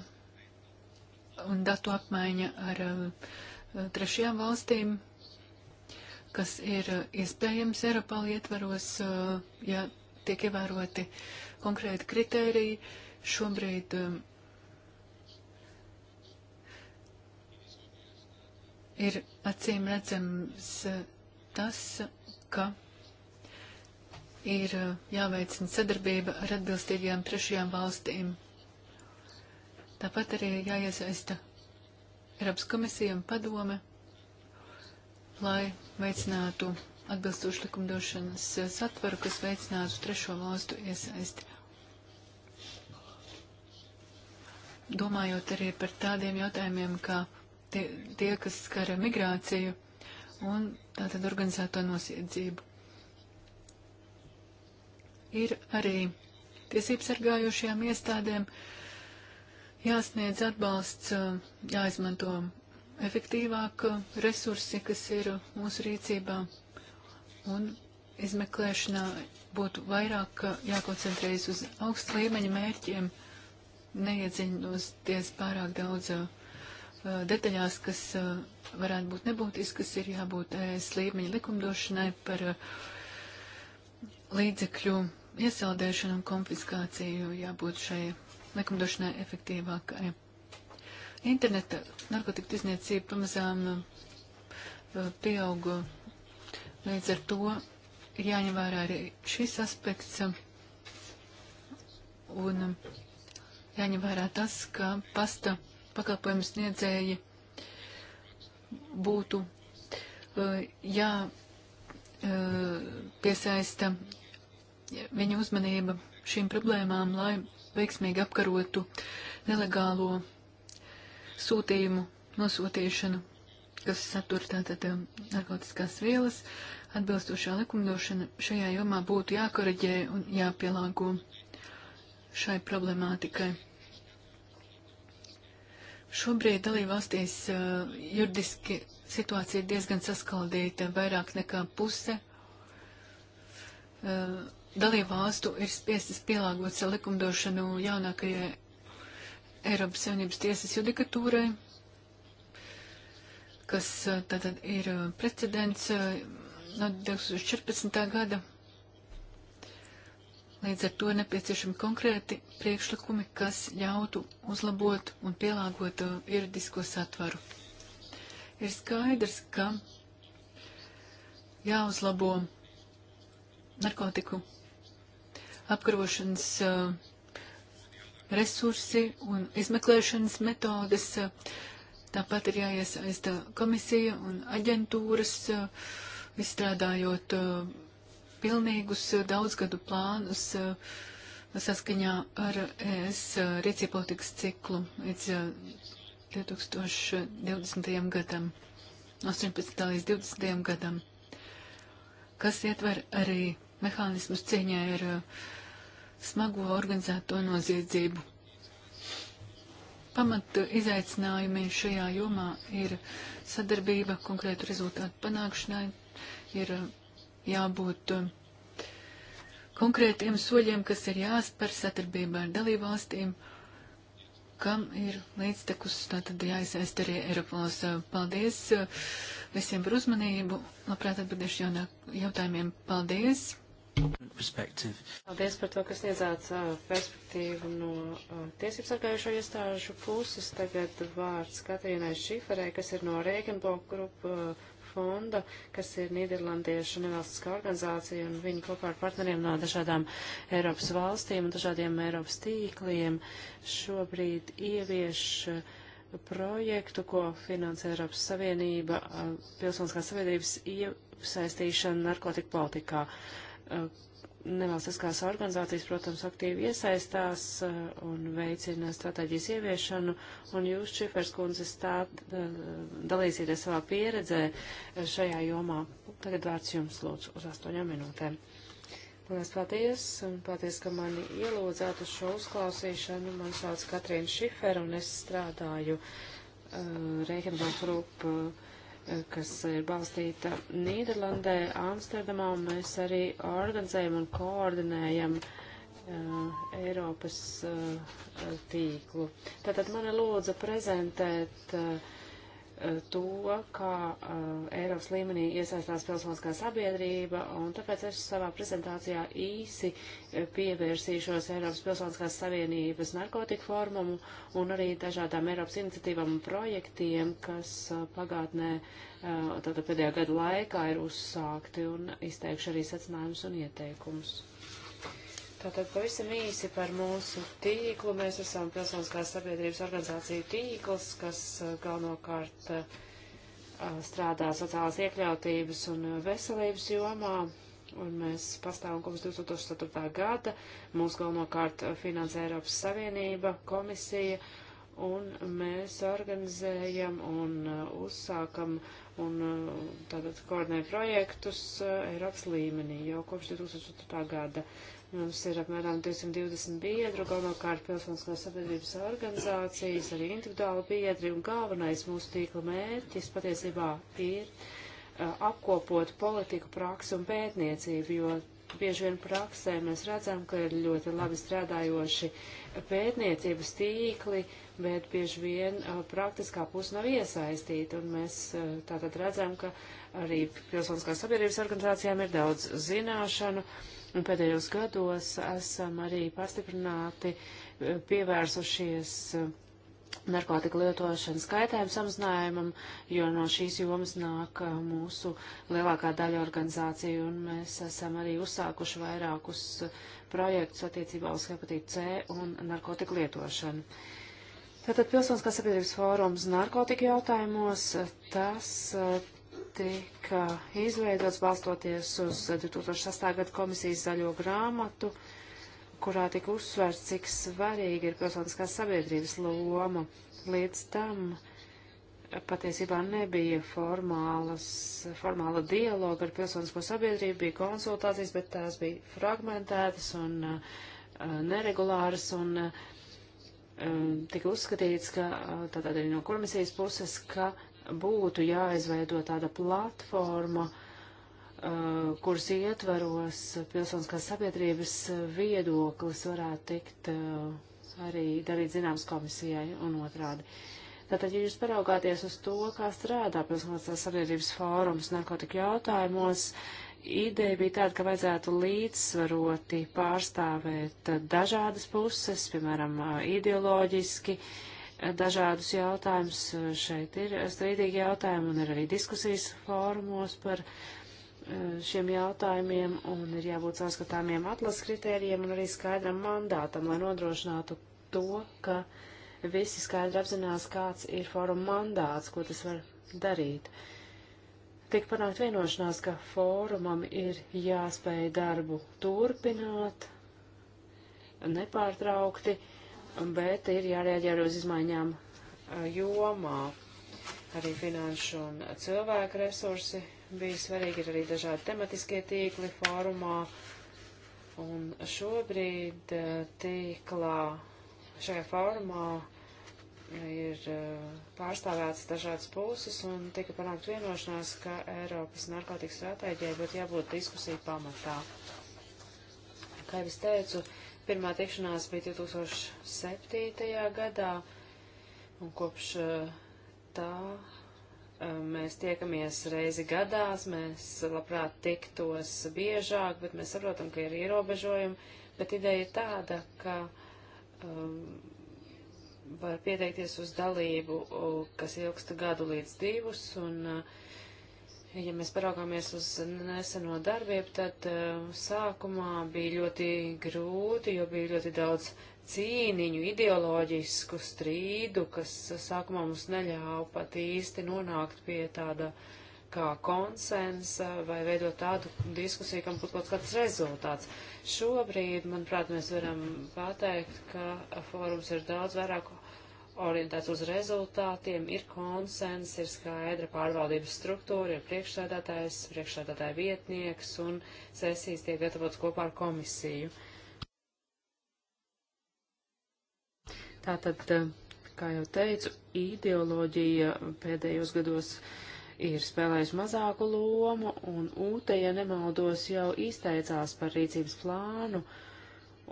un datu apmaiņa ar trešajām valstīm, kas ir iespējams Eiropāli ietvaros, ja tiek ievēroti konkrēti kritēriji. Šobrīd um, ir acīm redzams eh, tas, ka ir eh, jāveicina sadarbība ar atbilstīgajām trešajām valstīm. Tāpat arī jāiesaista Eiropas komisija un padome, lai veicinātu atbilstošu likumdošanas eh, satvaru, kas veicinātu trešo valstu iesaisti. Domājot arī par tādiem jautājumiem, kā tie, tie kas skara migrāciju un tātad organizēto nosiedzību. Ir arī tiesības sargājošajām iestādēm jāsniedz atbalsts, jāizmanto efektīvāk resursi, kas ir mūsu rīcībā, un izmeklēšanā būtu vairāk jākoncentrējas uz augstu līmeņa mērķiem, neiedziņoties pārāk daudz uh, detaļās, kas varētu būt nebūtiskas, ir jābūt ES līmeņa likumdošanai par līdzekļu iesaldēšanu un konfiskāciju, jābūt šai likumdošanai efektīvākai. Interneta narkotika izniecība pamazām pieauga, līdz ar to ir jāņem vērā arī šis aspekts un jāņem vērā tas, ka pasta pakalpojumu sniedzēji būtu eh, jāpiesaista eh, viņa uzmanība šīm problēmām, lai veiksmīgi apkarotu nelegālo sūtījumu nosūtīšanu, kas satur tātad eh, narkotiskās vielas. Atbilstošā likumdošana šajā jomā būtu jākoreģē un jāpielāgo šai problemātikai. Šobrīd dalībvalstīs uh, juridiski situācija ir diezgan saskaldīta. Vairāk nekā puse uh, dalībvalstu ir spiestas pielāgot savu likumdošanu jaunākajai Eiropas Savienības tiesas judikatūrai, kas uh, tātad ir precedents no 2014. gada Līdz ar to nepieciešami konkrēti priekšlikumi, kas ļautu uzlabot un pielāgot uh, juridisko satvaru. Ir skaidrs, ka jāuzlabo narkotiku apkarošanas uh, resursi un izmeklēšanas metodes. Uh, tāpat ir jāiesaista komisija un aģentūras, izstrādājot uh, pilnīgus eh, daudzgadu plānus eh, saskaņā ar eh, ES rīcīpolitikas ciklu līdz 2020. gadam, 18. līdz 20. gadam, kas ietver arī mehānismus cīņai ar smago organizēto noziedzību. Pamata izaicinājumi šajā jomā ir sadarbība konkrētu rezultātu panākšanai, ir jābūt um, konkrētiem soļiem, kas ir jāspēr satarbībā ar dalībvalstīm, kam ir līdztekus, tātad jāiesaist arī Eiropols. Paldies uh, visiem par uzmanību, labprāt atbildēšu jaunāk jautājumiem. Paldies! Paldies par to, ka sniedzāt uh, perspektīvu no uh, tiesības sargājušo iestāžu puses. Tagad vārds Katrīnai Šiferē, kas ir no Rēgenbok grupu fonda, kas ir Nīderlandiešu nevalstiskā organizācija, un viņi kopā ar partneriem no dažādām Eiropas valstīm un dažādiem Eiropas tīkliem šobrīd ievieš uh, projektu, ko finansē Eiropas Savienība, uh, pilsoniskās savienības iesaistīšana narkotika politikā uh, nevalstiskās organizācijas, protams, aktīvi iesaistās uh, un veicina stratēģijas ieviešanu, un jūs, Čifers kundze, stāt, uh, dalīsieties savā pieredzē uh, šajā jomā. Tagad vārds jums lūdzu uz astoņām minūtēm. Lielas paldies, un paldies, ka mani ielūdzāt uz šo uzklausīšanu. Man sauc Katrīna Šifer, un es strādāju uh, Reikenbach grupu. Uh, kas ir balstīta Nīderlandē, Amsterdamā, un mēs arī organizējam un koordinējam uh, Eiropas uh, tīklu. Tātad mani lūdza prezentēt uh, to, kā Eiropas līmenī iesaistās pilsoniskā sabiedrība, un tāpēc es savā prezentācijā īsi pievērsīšos Eiropas pilsoniskās savienības narkotiku formumu un arī dažādām Eiropas iniciatīvām un projektiem, kas pagātnē, tātad pēdējā gada laikā ir uzsākti, un izteikšu arī secinājumus un ieteikumus. Tātad pavisam īsi par mūsu tīklu. Mēs esam pilsoniskās sabiedrības organizāciju tīkls, kas eh, galvenokārt eh, eh, strādā sociālās iekļautības un veselības jomā. Un mēs pastāvam kopš 2004. gada. Mūs galvenokārt finansē Eiropas Savienība, komisija. Un mēs organizējam un uzsākam un tātad koordinē projektus Eiropas līmenī jau kopš 2004. gada. Mums ir apmēram 220 biedru, galvenokārt pilsoniskās sabiedrības organizācijas, arī individuāli biedri, un galvenais mūsu tīkla mērķis patiesībā ir apkopot politiku, praksi un pētniecību, jo bieži vien praksē mēs redzam, ka ir ļoti labi strādājoši pētniecības tīkli, bet bieži vien praktiskā puse nav iesaistīta, un mēs tātad redzam, ka arī pilsoniskās sabiedrības organizācijām ir daudz zināšanu Un pēdējos gados esam arī pastiprināti eh, pievērsušies eh, narkotika lietošanas kaitējuma samazinājumam, jo no šīs jomas nāk eh, mūsu lielākā daļa organizāciju, un mēs esam arī uzsākuši vairākus projektus attiecībā uz hepatītu C un narkotika lietošanu. Tātad Pilsoniskās sabiedrības fórums narkotika jautājumos, tas tika izveidots balstoties uz 2006. gada komisijas zaļo grāmatu, kurā tika uzsvērts, cik svarīga ir pilsoniskās sabiedrības loma. Līdz tam patiesībā nebija formālas, formāla dialoga ar pilsonisko sabiedrību, bija konsultācijas, bet tās bija fragmentētas un uh, uh neregulāras un uh, uh, tika uzskatīts, ka uh, tātad arī no komisijas puses, ka uh, būtu jāizveido tāda platforma, uh, kuras ietveros pilsoniskās sabiedrības viedoklis varētu tikt uh, arī darīt zināms komisijai un otrādi. Tātad, ja jūs paraugāties uz to, kā strādā pilsoniskās sabiedrības fórums narkotika jautājumos, ideja bija tāda, ka vajadzētu līdzsvaroti pārstāvēt dažādas puses, piemēram, uh, ideoloģiski, uh, dažādus jautājumus. Šeit ir strīdīgi jautājumi un ir arī diskusijas fórumos par eh, šiem jautājumiem un ir jābūt saskatāmiem atlases kritērijiem un arī skaidram mandātam, lai nodrošinātu to, ka visi skaidri apzinās, kāds ir fóruma mandāts, ko tas var darīt. Tik panākt vienošanās, ka fórumam ir jāspēj darbu turpināt nepārtraukti. Uh, bet ir jārēģē arī uz izmaiņām jomā. Arī finanšu un cilvēku resursi bija svarīgi, ir arī dažādi tematiskie tīkli fórumā. Un šobrīd tīklā šajā fórumā ir pārstāvētas dažādas puses un tika panākt vienošanās, ka Eiropas narkotikas stratēģijai būtu jābūt diskusiju pamatā. Kā jau es teicu, Pirmā tikšanās bija 2007. gadā, un kopš eh, tā eh, mēs tiekamies reizi gadās, mēs labprāt tiktos biežāk, bet mēs saprotam, ka ir ierobežojumi, bet ideja ir tāda, ka um, var pieteikties uz dalību, kas ilgsta gadu līdz divus, un uh, ja mēs paraugāmies uz neseno darbību, tad uh, sākumā bija ļoti grūti, jo bija ļoti daudz cīniņu, ideoloģisku strīdu, kas sākumā mums neļāva pat īsti nonākt pie tāda kā konsensa vai veidot tādu diskusiju, kam būtu kaut kāds rezultāts. Šobrīd, manuprāt, mēs varam pateikt, ka fórums ir daudz vairāk orientēts uz rezultātiem, ir konsens, ir skaidra pārvaldības struktūra, ir priekšsēdētājs, priekšsēdētāja vietnieks un sesijas tiek gatavotas kopā ar komisiju. Tātad, eh, kā jau teicu, ideoloģija pēdējos gados ir spēlējusi mazāku lomu, un UTE, ja nemaldos, jau izteicās par rīcības plānu, uh,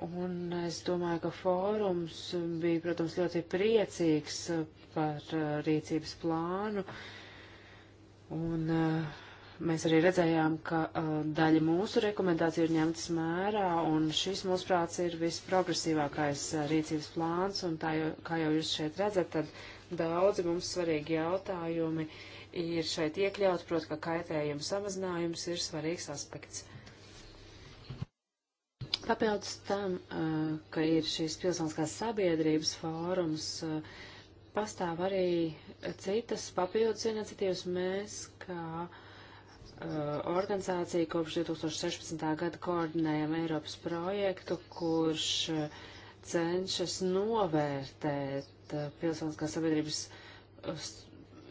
Un es domāju, ka fórums bija, protams, ļoti priecīgs par uh, rīcības plānu. Un uh, mēs arī redzējām, ka uh, daļa mūsu rekomendāciju ir ņemtas mērā, un šis, mūsuprāt, ir visprogresīvākais rīcības plāns. Un tā, jau, kā jau jūs šeit redzat, tad daudzi mums svarīgi jautājumi ir šeit iekļauti, protams, ka kaitējuma samazinājums ir svarīgs aspekts. Papildus tam, ka ir šīs pilsoniskās sabiedrības fórums, pastāv arī citas papildus iniciatīvas. Mēs, kā organizācija, kopš 2016. gada koordinējam Eiropas projektu, kurš cenšas novērtēt pilsoniskās sabiedrības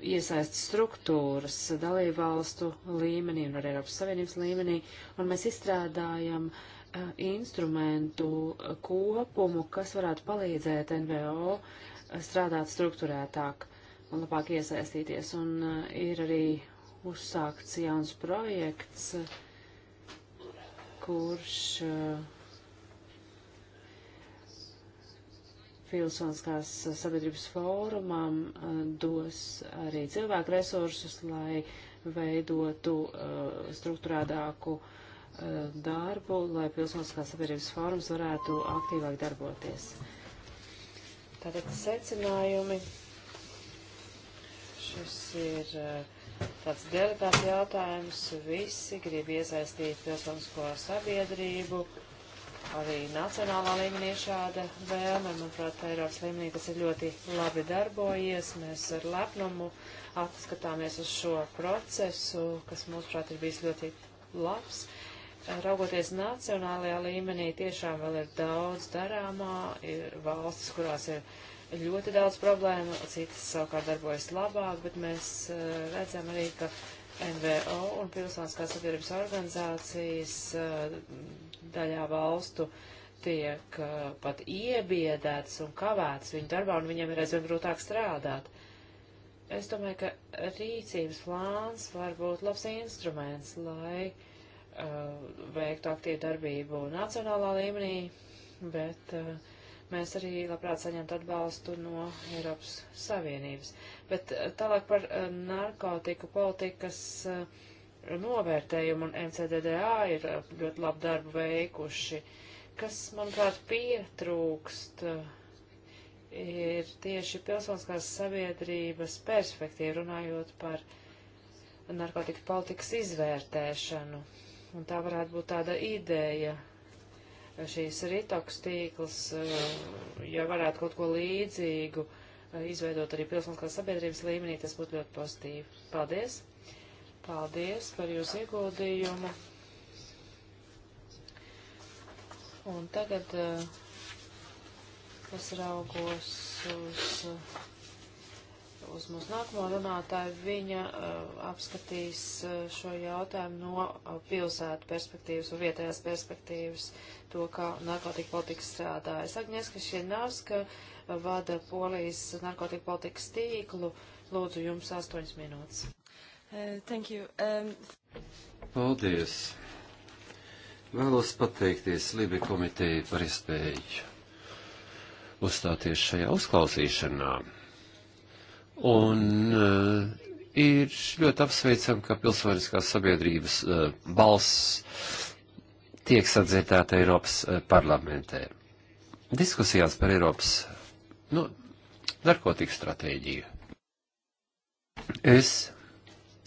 iesaistas struktūras dalībvalstu līmenī un arī Eiropas Savienības līmenī, un mēs izstrādājam uh, instrumentu kopumu, kas varētu palīdzēt NVO strādāt struktūrētāk un labāk iesaistīties. Un ir arī uzsākts jauns projekts, kurš Pilsoniskās sabiedrības fórumam dos arī cilvēku resursus, lai veidotu struktūrādāku uh, Eh, darbu, lai pilsoniskās sabiedrības fórums varētu aktīvāk darboties. Tātad secinājumi. Šis ir eh, tāds delikāts jautājums. Visi grib iesaistīt pilsonisko sabiedrību. Arī nacionālā līmenī šāda vēlme, manuprāt, Eiropas līmenī tas ir ļoti labi darbojies. Mēs ar lepnumu atskatāmies uz šo procesu, kas, mūsuprāt, ir bijis ļoti labs raugoties nacionālajā līmenī, tiešām vēl ir daudz darāmā, ir valstis, kurās ir ļoti daudz problēmu, citas savukārt darbojas labāk, bet mēs eh, redzam arī, ka NVO un pilsoniskās sabiedrības organizācijas eh, daļā valstu tiek eh, pat iebiedētas un kavētas viņu darbā, un viņiem ir aizvien grūtāk strādāt. Es domāju, ka rīcības plāns var būt labs instruments, lai uh, Uh, veiktu aktīvu darbību nacionālā līmenī, bet uh, mēs arī labprāt saņemtu atbalstu no Eiropas Savienības. Bet uh, tālāk par narkotiku politikas novērtējumu un MCDDA ir ļoti labu darbu veikuši. Kas, manuprāt, pietrūkst, ir tieši pilsoniskās sabiedrības perspektīva runājot par narkotiku politikas izvērtēšanu. Un tā varētu būt tāda ideja. Šīs ritoks tīkls, eh, ja varētu kaut ko līdzīgu eh, izveidot arī pilsoniskās sabiedrības līmenī, tas būtu ļoti pozitīvi. Paldies! Paldies par jūsu ieguldījumu! Un tagad uh, es raugos uz. Uh, uz mūsu nākamo runātāju. Viņa uh, apskatīs uh, šo jautājumu no uh, pilsētu perspektīvas un vietējās perspektīvas, to, kā narkotika politika strādājas. Agnieska Šienavska uh, vada Polijas narkotika politikas tīklu. Lūdzu, jums astoņas minūtes. Uh, thank you. Um... Paldies. Vēlos pateikties Libi komiteju par iespēju uzstāties šajā uzklausīšanā Un uh, ir ļoti apsveicami, ka pilsoniskās sabiedrības uh, balss tiek sadzirdēta Eiropas uh, parlamentē. Diskusijās par Eiropas nu, narkotiku stratēģiju. Es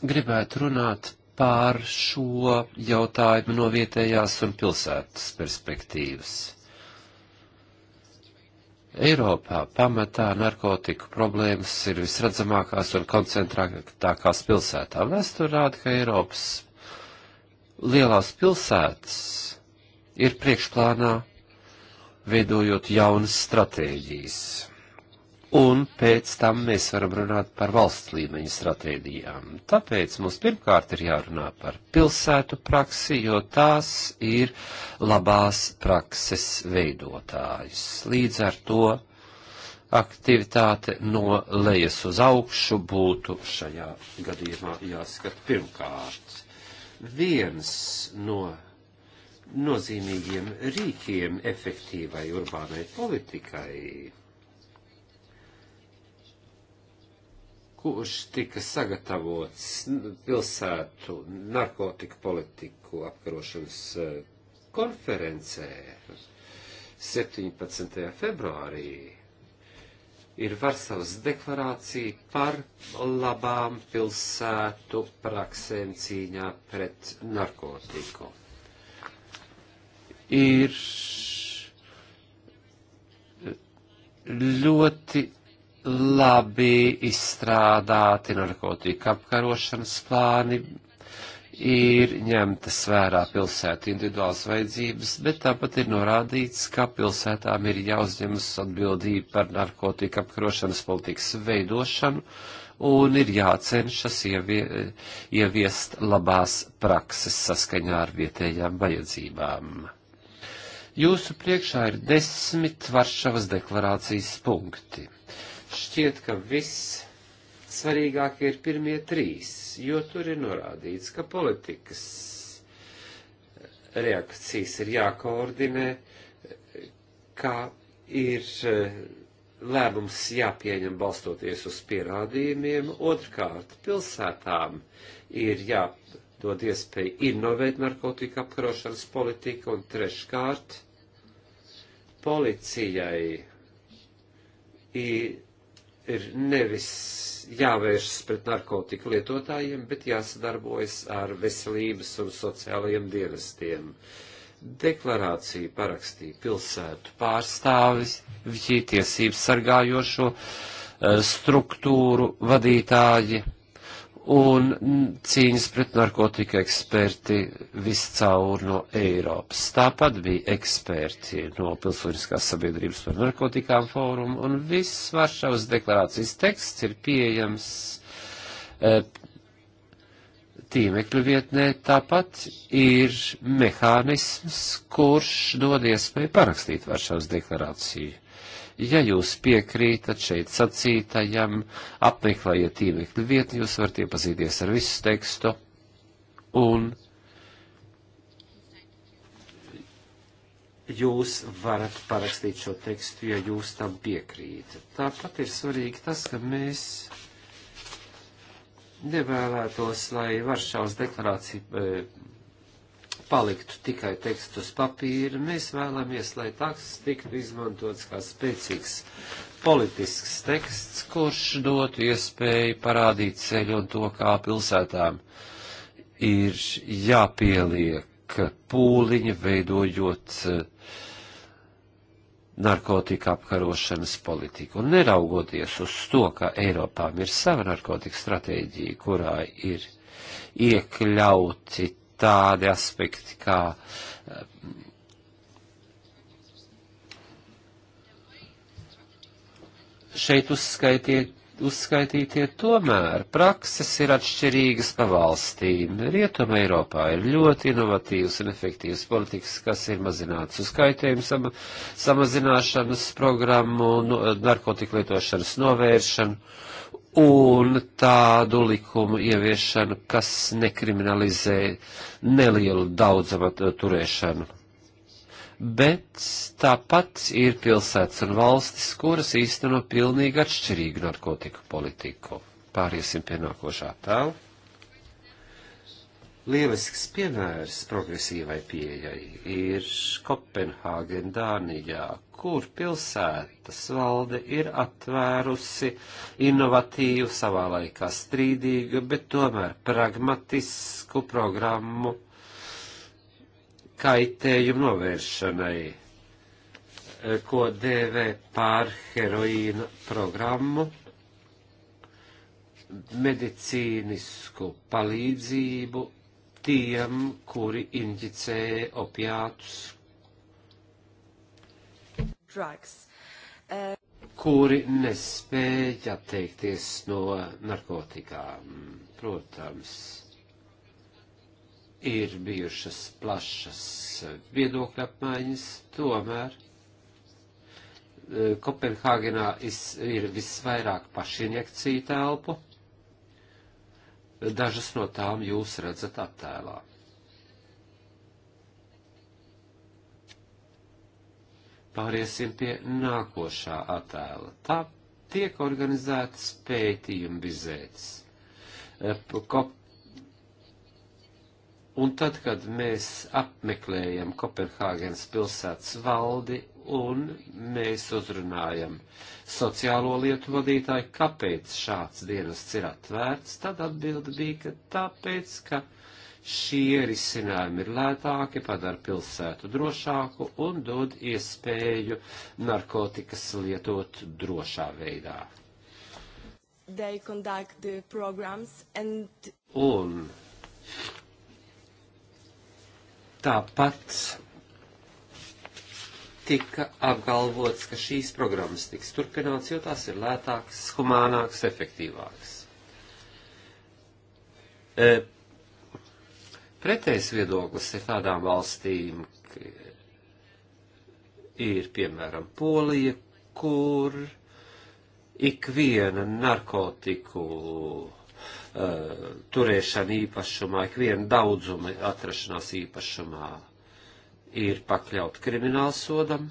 gribētu runāt pār šo jautājumu no vietējās un pilsētas perspektīvas. Eiropā pamatā narkotiku problēmas ir visredzamākās un koncentrētākās pilsētā. Vēsture rāda, ka Eiropas lielās pilsētas ir priekšplānā, veidojot jaunas stratēģijas un pēc tam mēs varam runāt par valsts līmeņa stratēģijām. Tāpēc mums pirmkārt ir jārunā par pilsētu praksi, jo tās ir labās prakses veidotājs. Līdz ar to aktivitāte no lejas uz augšu būtu šajā gadījumā jāskat pirmkārt. Viens no nozīmīgiem rīkiem efektīvai urbānai politikai kurš tika sagatavots pilsētu narkotiku politiku apkarošanas eh, konferencē 17. februārī, ir Varsavas deklarācija par labām pilsētu praksēm cīņā pret narkotiku. Ir eh, ļoti labi izstrādāti narkotika apkarošanas plāni, ir ņemtas vērā pilsētu individuālas vajadzības, bet tāpat ir norādīts, ka pilsētām ir jāuzņemas atbildība par narkotika apkarošanas politikas veidošanu un ir jācenšas ievie, ieviest labās prakses saskaņā ar vietējām vajadzībām. Jūsu priekšā ir desmit Varšavas deklarācijas punkti. Uh, šķiet, ka viss svarīgākie ir pirmie trīs, jo tur ir norādīts, ka politikas reakcijas ir jākoordinē, kā ir eh, lēmums jāpieņem balstoties uz pierādījumiem, otrkārt pilsētām ir jādod iespēja innovēt narkotika apkarošanas politiku, un treškārt policijai ir ir nevis jāvēršas pret narkotiku lietotājiem, bet jāsadarbojas ar veselības un sociālajiem dienestiem. Deklarāciju parakstīja pilsētu pārstāvis, viņa tiesības sargājošo eh, struktūru vadītāji un cīņas pret narkotika eksperti viscaur no Eiropas. Tāpat bija eksperti no Pilsoniskās sabiedrības par narkotikām fórumu, un viss Varšavas deklarācijas teksts ir pieejams e, tīmekļu vietnē. Tāpat ir mehānisms, kurš dod iespēju parakstīt Varšavas deklarāciju Ja jūs piekrītat šeit sacītajam, apmeklējiet tīmekļu vietu, jūs varat iepazīties ar visu tekstu un jūs varat parakstīt šo tekstu, ja jūs tam piekrītat. Tāpat ir svarīgi tas, ka mēs nevēlētos, lai Varšavas deklarācija eh, paliktu tikai teksts uz papīra. Mēs vēlamies, lai taksis tiktu izmantots kā spēcīgs politisks teksts, kurš dotu iespēju parādīt ceļu un to, kā pilsētām ir jāpieliek pūliņi, veidojot eh, narkotika apkarošanas politiku. Un neraugoties uz to, ka Eiropām ir sava narkotika stratēģija, kurā ir iekļauti tādi aspekti kā eh, šeit uzskaitiet uzskaitītie tomēr prakses ir atšķirīgas pa valstīm. Rietuma Eiropā ir ļoti inovatīvas un efektīvas politikas, kas ir mazināts uz kaitējumu sama, samazināšanas programmu, nu, eh, narkotiku lietošanas novēršanu un tādu likumu ieviešanu, kas nekriminalizē nelielu daudzumu turēšanu. Bet tāpat ir pilsētas un valstis, kuras īsteno pilnīgi atšķirīgu narkotiku politiku. Pāriesim pie nākošā tēla. Lielisks piemērs progresīvai pieejai ir Kopenhāgen, Dānijā, kur pilsētas valde ir atvērusi inovatīvu, savā laikā strīdīgu, bet tomēr pragmatisku programmu kaitējumu novēršanai, eh, ko dēvē pār heroīna programmu medicīnisku palīdzību tiem, kuri inģicē opiātus, uh... kuri nespēja atteikties no narkotikām. Protams, ir bijušas plašas viedokļa apmaiņas, tomēr eh, Kopenhāgenā ir visvairāk pašinjekciju telpu Dažas no tām jūs redzat attēlā. Pāriesim pie nākošā attēla. Tā tiek organizētas pētījuma vizētas. E, un tad, kad mēs apmeklējam Kopenhāgenes pilsētas valdi un mēs uzrunājam uh, sociālo lietu vadītāju, kāpēc šāds dienests ir atvērts, tad atbilde bija, ka tāpēc, ka šie risinājumi ir lētāki, padara pilsētu drošāku un dod iespēju narkotikas lietot drošā veidā. And... Un tāpat tika apgalvots, ka šīs programmas tiks turpināts, jo tās ir lētākas, humānākas, efektīvākas. E, pretējs viedoklis ir tādām valstīm, ir piemēram Polija, kur ikviena narkotiku uh, turēšana īpašumā, ikviena daudzuma atrašanās īpašumā ir pakļauti kriminālsodam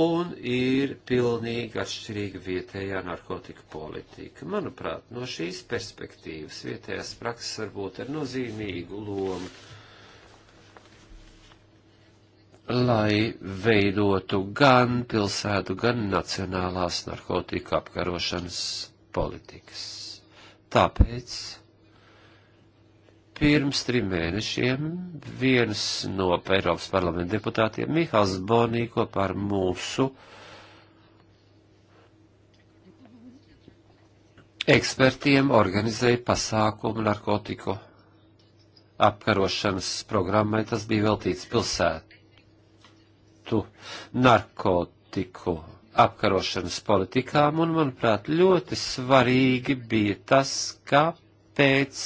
un ir pilnīgi atšķirīga vietējā narkotika politika. Manuprāt, no šīs perspektīvas vietējās prakses varbūt ar nozīmīgu lomu, lai veidotu gan pilsētu, gan nacionālās narkotika apkarošanas politikas. Tāpēc Pirms trim mēnešiem viens no Eiropas parlamenta deputātiem, Mihals Bonī, kopā ar mūsu ekspertiem organizēja pasākumu narkotiku apkarošanas programmai. Tas bija veltīts pilsētu narkotiku apkarošanas politikām, un, manuprāt, ļoti svarīgi bija tas, ka pēc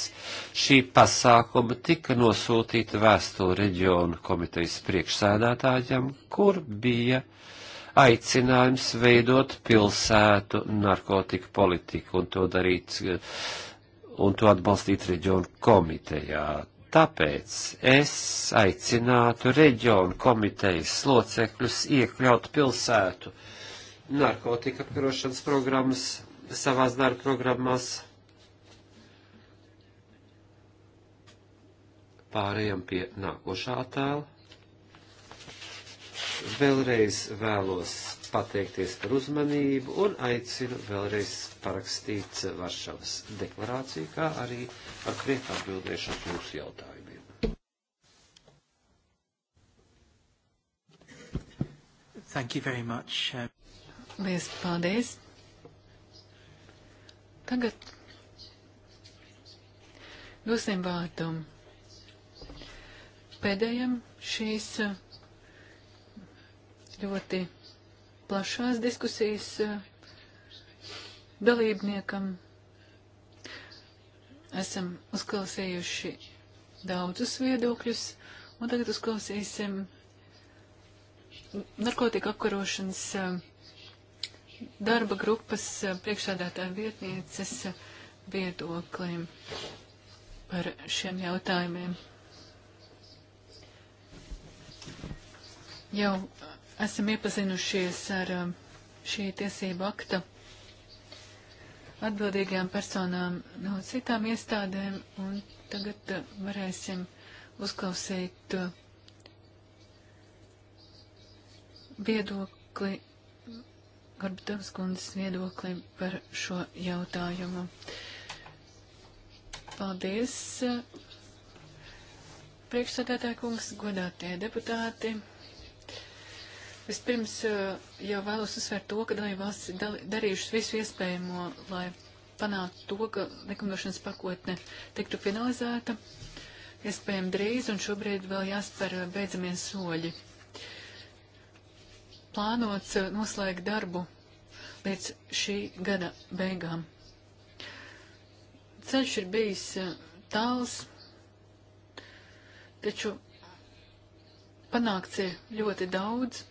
šī pasākuma tika nosūtīta vēstule reģionu komitejas priekšsēdētājam, kur bija aicinājums veidot pilsētu narkotiku politiku un to darīt un to atbalstīt reģionu komitejā. Tāpēc es aicinātu reģionu komitejas locekļus iekļaut pilsētu narkotika apkarošanas programmas savās darba programmās Pārējām pie nākošā tēla. Vēlreiz vēlos pateikties par uzmanību un aicinu vēlreiz parakstīt Varšavas deklarāciju, kā arī ar prieku atbildēšu uz jūsu jautājumiem. Thank you very much. Uh, Lies paldies. Tagad dosim vārdu pēdējiem šīs eh, ļoti plašās diskusijas eh, dalībniekam. Esam uzklausījuši daudzus viedokļus, un tagad uzklausīsim narkotika apkarošanas eh, darba grupas priekšsādātāja vietnieces viedoklim par šiem jautājumiem. jau esam iepazinušies ar um, šī tiesība akta atbildīgajām personām no citām iestādēm, un tagad uh, varēsim uzklausīt uh, viedokli, Gorbatovs kundzes viedokli par šo jautājumu. Paldies, uh, priekšsādātāja kungs, godātie deputāti. Vispirms eh, jau vēlos uzsvērt to, ka dalībvalstis ir darījušas visu iespējamo, lai panāktu to, ka likumdošanas pakotne tiktu finalizēta, iespējami drīz, un šobrīd vēl jāspēr eh, beidzamie soļi. Plānots eh, noslēgt darbu līdz šī gada beigām. Ceļš ir bijis tāls, taču panākts ir ļoti daudz.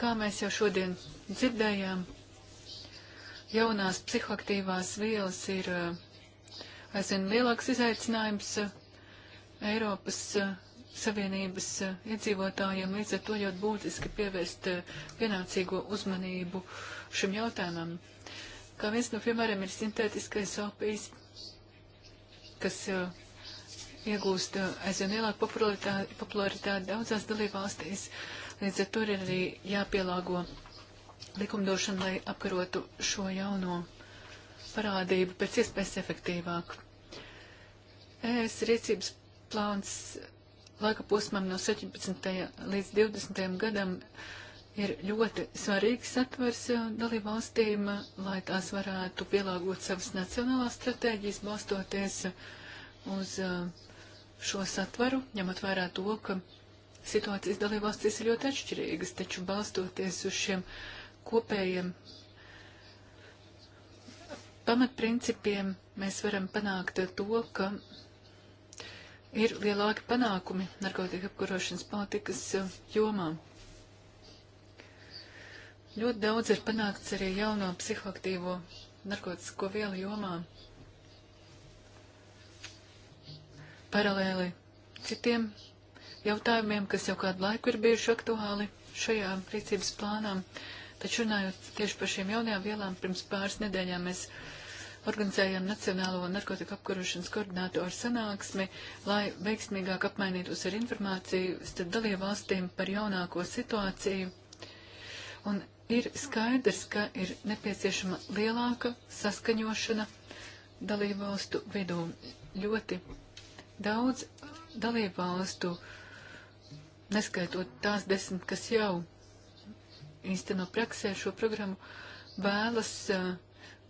Kā mēs jau šodien dzirdējām, jaunās psihoaktīvās vielas ir eh, aizvien lielāks izaicinājums eh, Eiropas eh, Savienības iedzīvotājiem, līdz ar to ļoti būtiski pievērst pienācīgo uzmanību šim jautājumam. Kā viens no piemēriem ir sintētiskais opijs, kas iegūst aizvien lielāku popularitāti, popularitāti daudzās dalībvalstīs. valstīs Līdz ar to ir arī jāpielāgo likumdošana, lai apkarotu šo jauno parādību pēc iespējas efektīvāk. ES rīcības plāns laika posmam no 17. līdz 20. gadam ir ļoti svarīgs atvers uh, dalību valstīm, lai tās varētu pielāgot savas nacionālās stratēģijas, balstoties uz uh, šo satvaru, ņemot vērā to, ka situācijas dalībvalstīs ir ļoti atšķirīgas, taču balstoties uz šiem kopējiem pamatprincipiem, mēs varam panākt to, ka ir lielāki panākumi narkotika apkarošanas politikas uh, jomā. Ļoti daudz ir panākts arī jauno psihoaktīvo narkotisko vielu jomā. Paralēli citiem jautājumiem, kas jau kādu laiku ir bijuši aktuāli šajā rīcības plānā. Taču runājot tieši par šīm jaunajām vielām, pirms pāris nedēļām mēs organizējām Nacionālo narkotiku apkarošanas koordinātoru sanāksmi, lai veiksmīgāk apmainītos ar informāciju starp dalībvalstīm par jaunāko situāciju. Un ir skaidrs, ka ir nepieciešama lielāka saskaņošana dalībvalstu vidū. Ļoti daudz dalībvalstu valstu neskaitot tās desmit, kas jau īsteno praksē šo programmu, vēlas uh,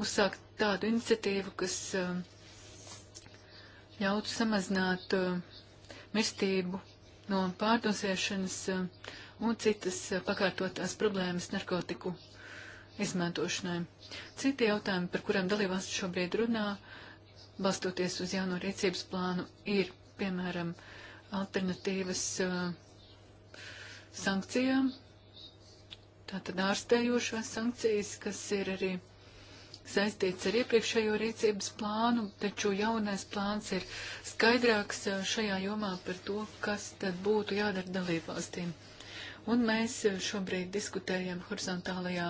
uzsākt tādu iniciatīvu, kas uh, ļautu samazināt uh, mirstību no pārdozēšanas uh, un citas uh, pakārtotās problēmas narkotiku izmantošanai. Citi jautājumi, par kuriem dalībās šobrīd runā, balstoties uz jauno rīcības plānu, ir, piemēram, alternatīvas uh, sankcijām. Tātad ārstējošās sankcijas, kas ir arī saistīts ar iepriekšējo rīcības plānu, taču jaunais plāns ir skaidrāks eh, šajā jomā par to, kas tad būtu jādara dalībvalstīm. Un mēs eh, šobrīd diskutējam horizontālajā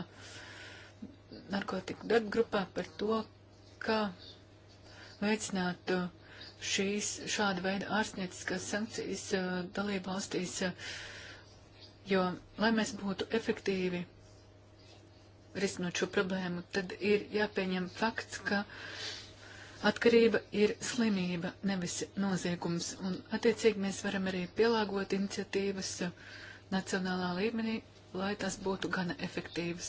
narkotiku darbgrupā par to, kā veicināt eh, šīs šāda veida ārstnieciskās sankcijas dalībvalstīs. valstīs Jo, lai mēs būtu efektīvi risinot šo problēmu, tad ir jāpieņem fakts, ka atkarība ir slimība, nevis noziegums. Un, attiecīgi, mēs varam arī pielāgot iniciatīvas nacionālā līmenī, lai tas būtu gana efektīvas.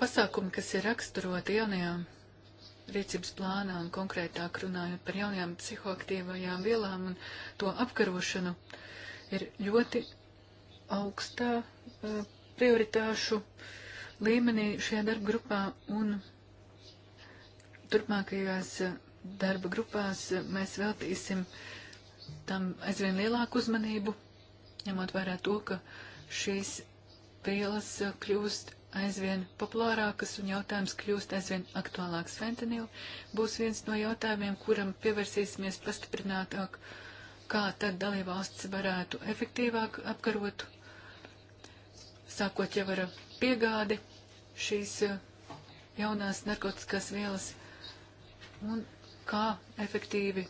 Pasākumi, kas ir raksturoti jaunajā rīcības plānā un konkrētāk runājot par jaunajām psihoaktīvajām vielām un to apkarošanu, uh, ir ļoti augstā uh, prioritāšu līmenī šajā darba grupā un turpmākajās uh, darba grupās uh, mēs veltīsim tam aizvien lielāku uzmanību, ņemot vērā to, ka šīs vielas uh, kļūst aizvien populārākas un jautājums kļūst aizvien aktuālāks. Fentanilu būs viens no jautājumiem, kuram pievērsīsimies pastiprinātāk. Uh, kā tad dalībvalsts varētu efektīvāk apkarot, sākot jau ar piegādi šīs eh, jaunās narkotikas vielas un kā efektīvi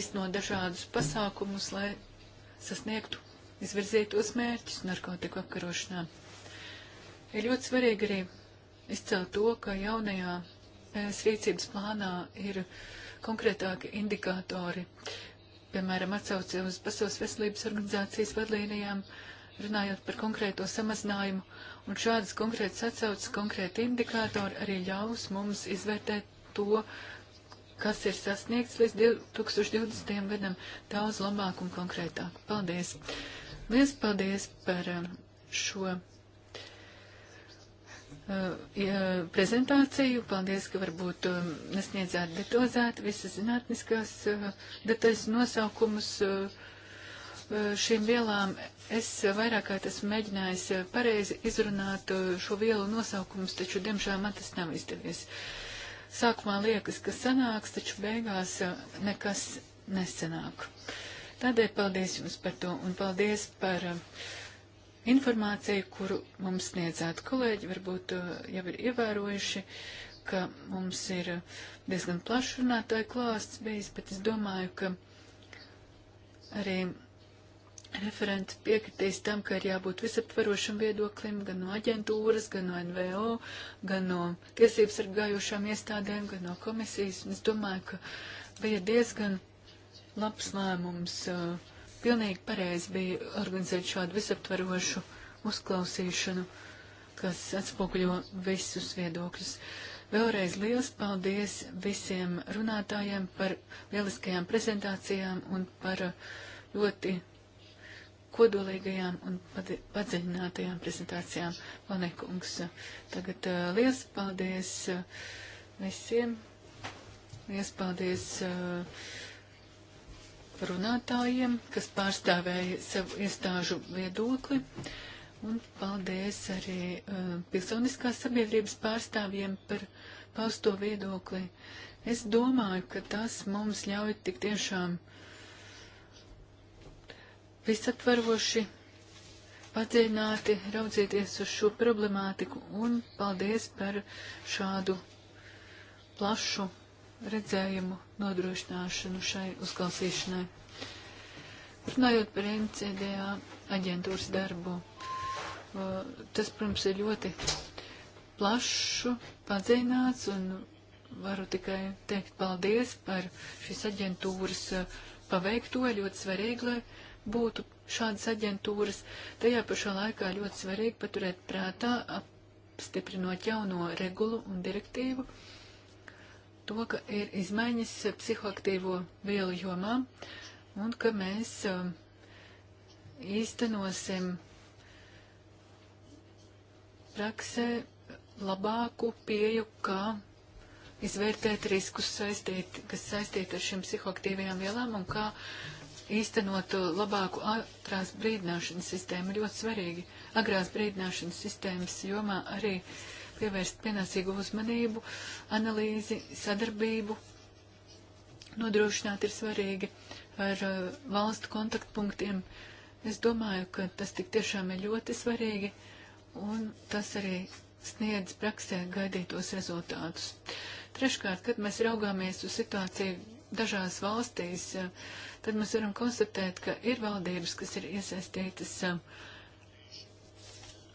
iznot dažādus pasākumus, lai sasniegtu izvirzītos mērķus narkotiku apkarošanā. Ir ļoti svarīgi arī izcelt to, ka jaunajā ES eh, rīcības plānā ir konkrētāki indikātori piemēram, atsauci uz Pasaules veselības organizācijas vadlīnijām, runājot par konkrēto samazinājumu, un šādas konkrētas atsauces, konkrēti indikātori arī ļaus mums izvērtēt to, kas ir sasniegts līdz 2020. gadam, daudz labāk un konkrētāk. Paldies! Liels paldies par um, šo Uh, uh, prezentāciju. Paldies, ka varbūt um, nesniedzāt detalizēt visas zinātniskās uh, detaļas nosaukumus šīm vielām. Es vairāk kā tas mēģinājis pareizi izrunāt šo vielu nosaukumus, taču, diemžēl, man tas nav izdevies. Sākumā liekas, ka sanāks, taču beigās nekas nesanāk. Tādēļ paldies jums par to un paldies par uh, Informācija, kuru mums sniedzāt kolēģi, varbūt eh, jau ir ievērojuši, ka mums ir eh, diezgan plašs runātāju klāsts bijis, bet es domāju, ka arī referenti piekritīs tam, ka ir jābūt visaptverošam viedoklim gan no aģentūras, gan no NVO, gan no tiesības sargājušām iestādēm, gan no komisijas. Un es domāju, ka bija diezgan labs lēmums. Uh, Pilnīgi pareizi bija organizēt šādu visaptvarošu uzklausīšanu, kas atspoguļo visus viedokļus. Vēlreiz liels paldies visiem runātājiem par lieliskajām prezentācijām un par ļoti kodolīgajām un padziļinātajām prezentācijām. Vanekungs, tagad uh, liels paldies uh, visiem. Liels paldies. Uh, runātājiem, kas pārstāvēja savu iestāžu viedokli. Un paldies arī uh, pilsoniskās sabiedrības pārstāvjiem par pausto viedokli. Es domāju, ka tas mums ļauj tik tiešām visaptvaroši padziļināti raudzīties uz šo problemātiku un paldies par šādu plašu redzējumu nodrošināšanu šai uzklausīšanai. Runājot par NCDA aģentūras darbu, tas, protams, ir ļoti plašu, padziļināts un varu tikai teikt paldies par šīs aģentūras paveikto. Ļoti svarīgi, lai būtu šādas aģentūras. Tajā pašā laikā ļoti svarīgi paturēt prātā, apstiprinot jauno regulu un direktīvu, uh, to, ka ir izmaiņas psihoaktīvo vielu jomā un ka mēs um, īstenosim praksē labāku pieju, kā izvērtēt riskus, saistīt, kas saistīti ar šīm psihoaktīvajām vielām un kā īstenot labāku ātrās brīdināšanas sistēmu. Ļoti svarīgi agrās brīdināšanas sistēmas jomā arī uh, pievērst pienācīgu uzmanību, analīzi, sadarbību. Nodrošināt ir svarīgi ar uh, valstu kontaktpunktiem. Es domāju, ka tas tik tiešām ir ļoti svarīgi, un tas arī sniedz praksē gaidītos rezultātus. Treškārt, kad mēs raugāmies uz situāciju dažās valstīs, uh, tad mēs varam konstatēt, ka ir valdības, kas ir iesaistītas uh,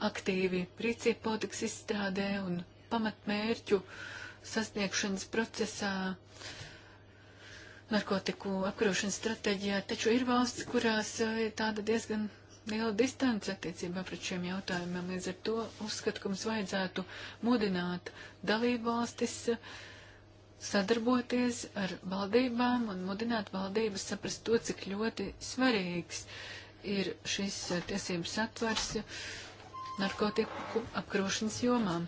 aktīvi rīcība politikas izstrādē un pamatmērķu sasniegšanas procesā, narkotiku apkarošanas stratēģijā, taču ir valsts, kurās ir eh, tāda diezgan liela distance attiecībā pret šiem jautājumiem. Līdz ar to uzskatu, ka mums vajadzētu mudināt dalību valstis eh, sadarboties ar valdībām un mudināt valdības saprast to, cik ļoti svarīgs ir šis eh, tiesības atvars narkotiku apkrošanas jomām.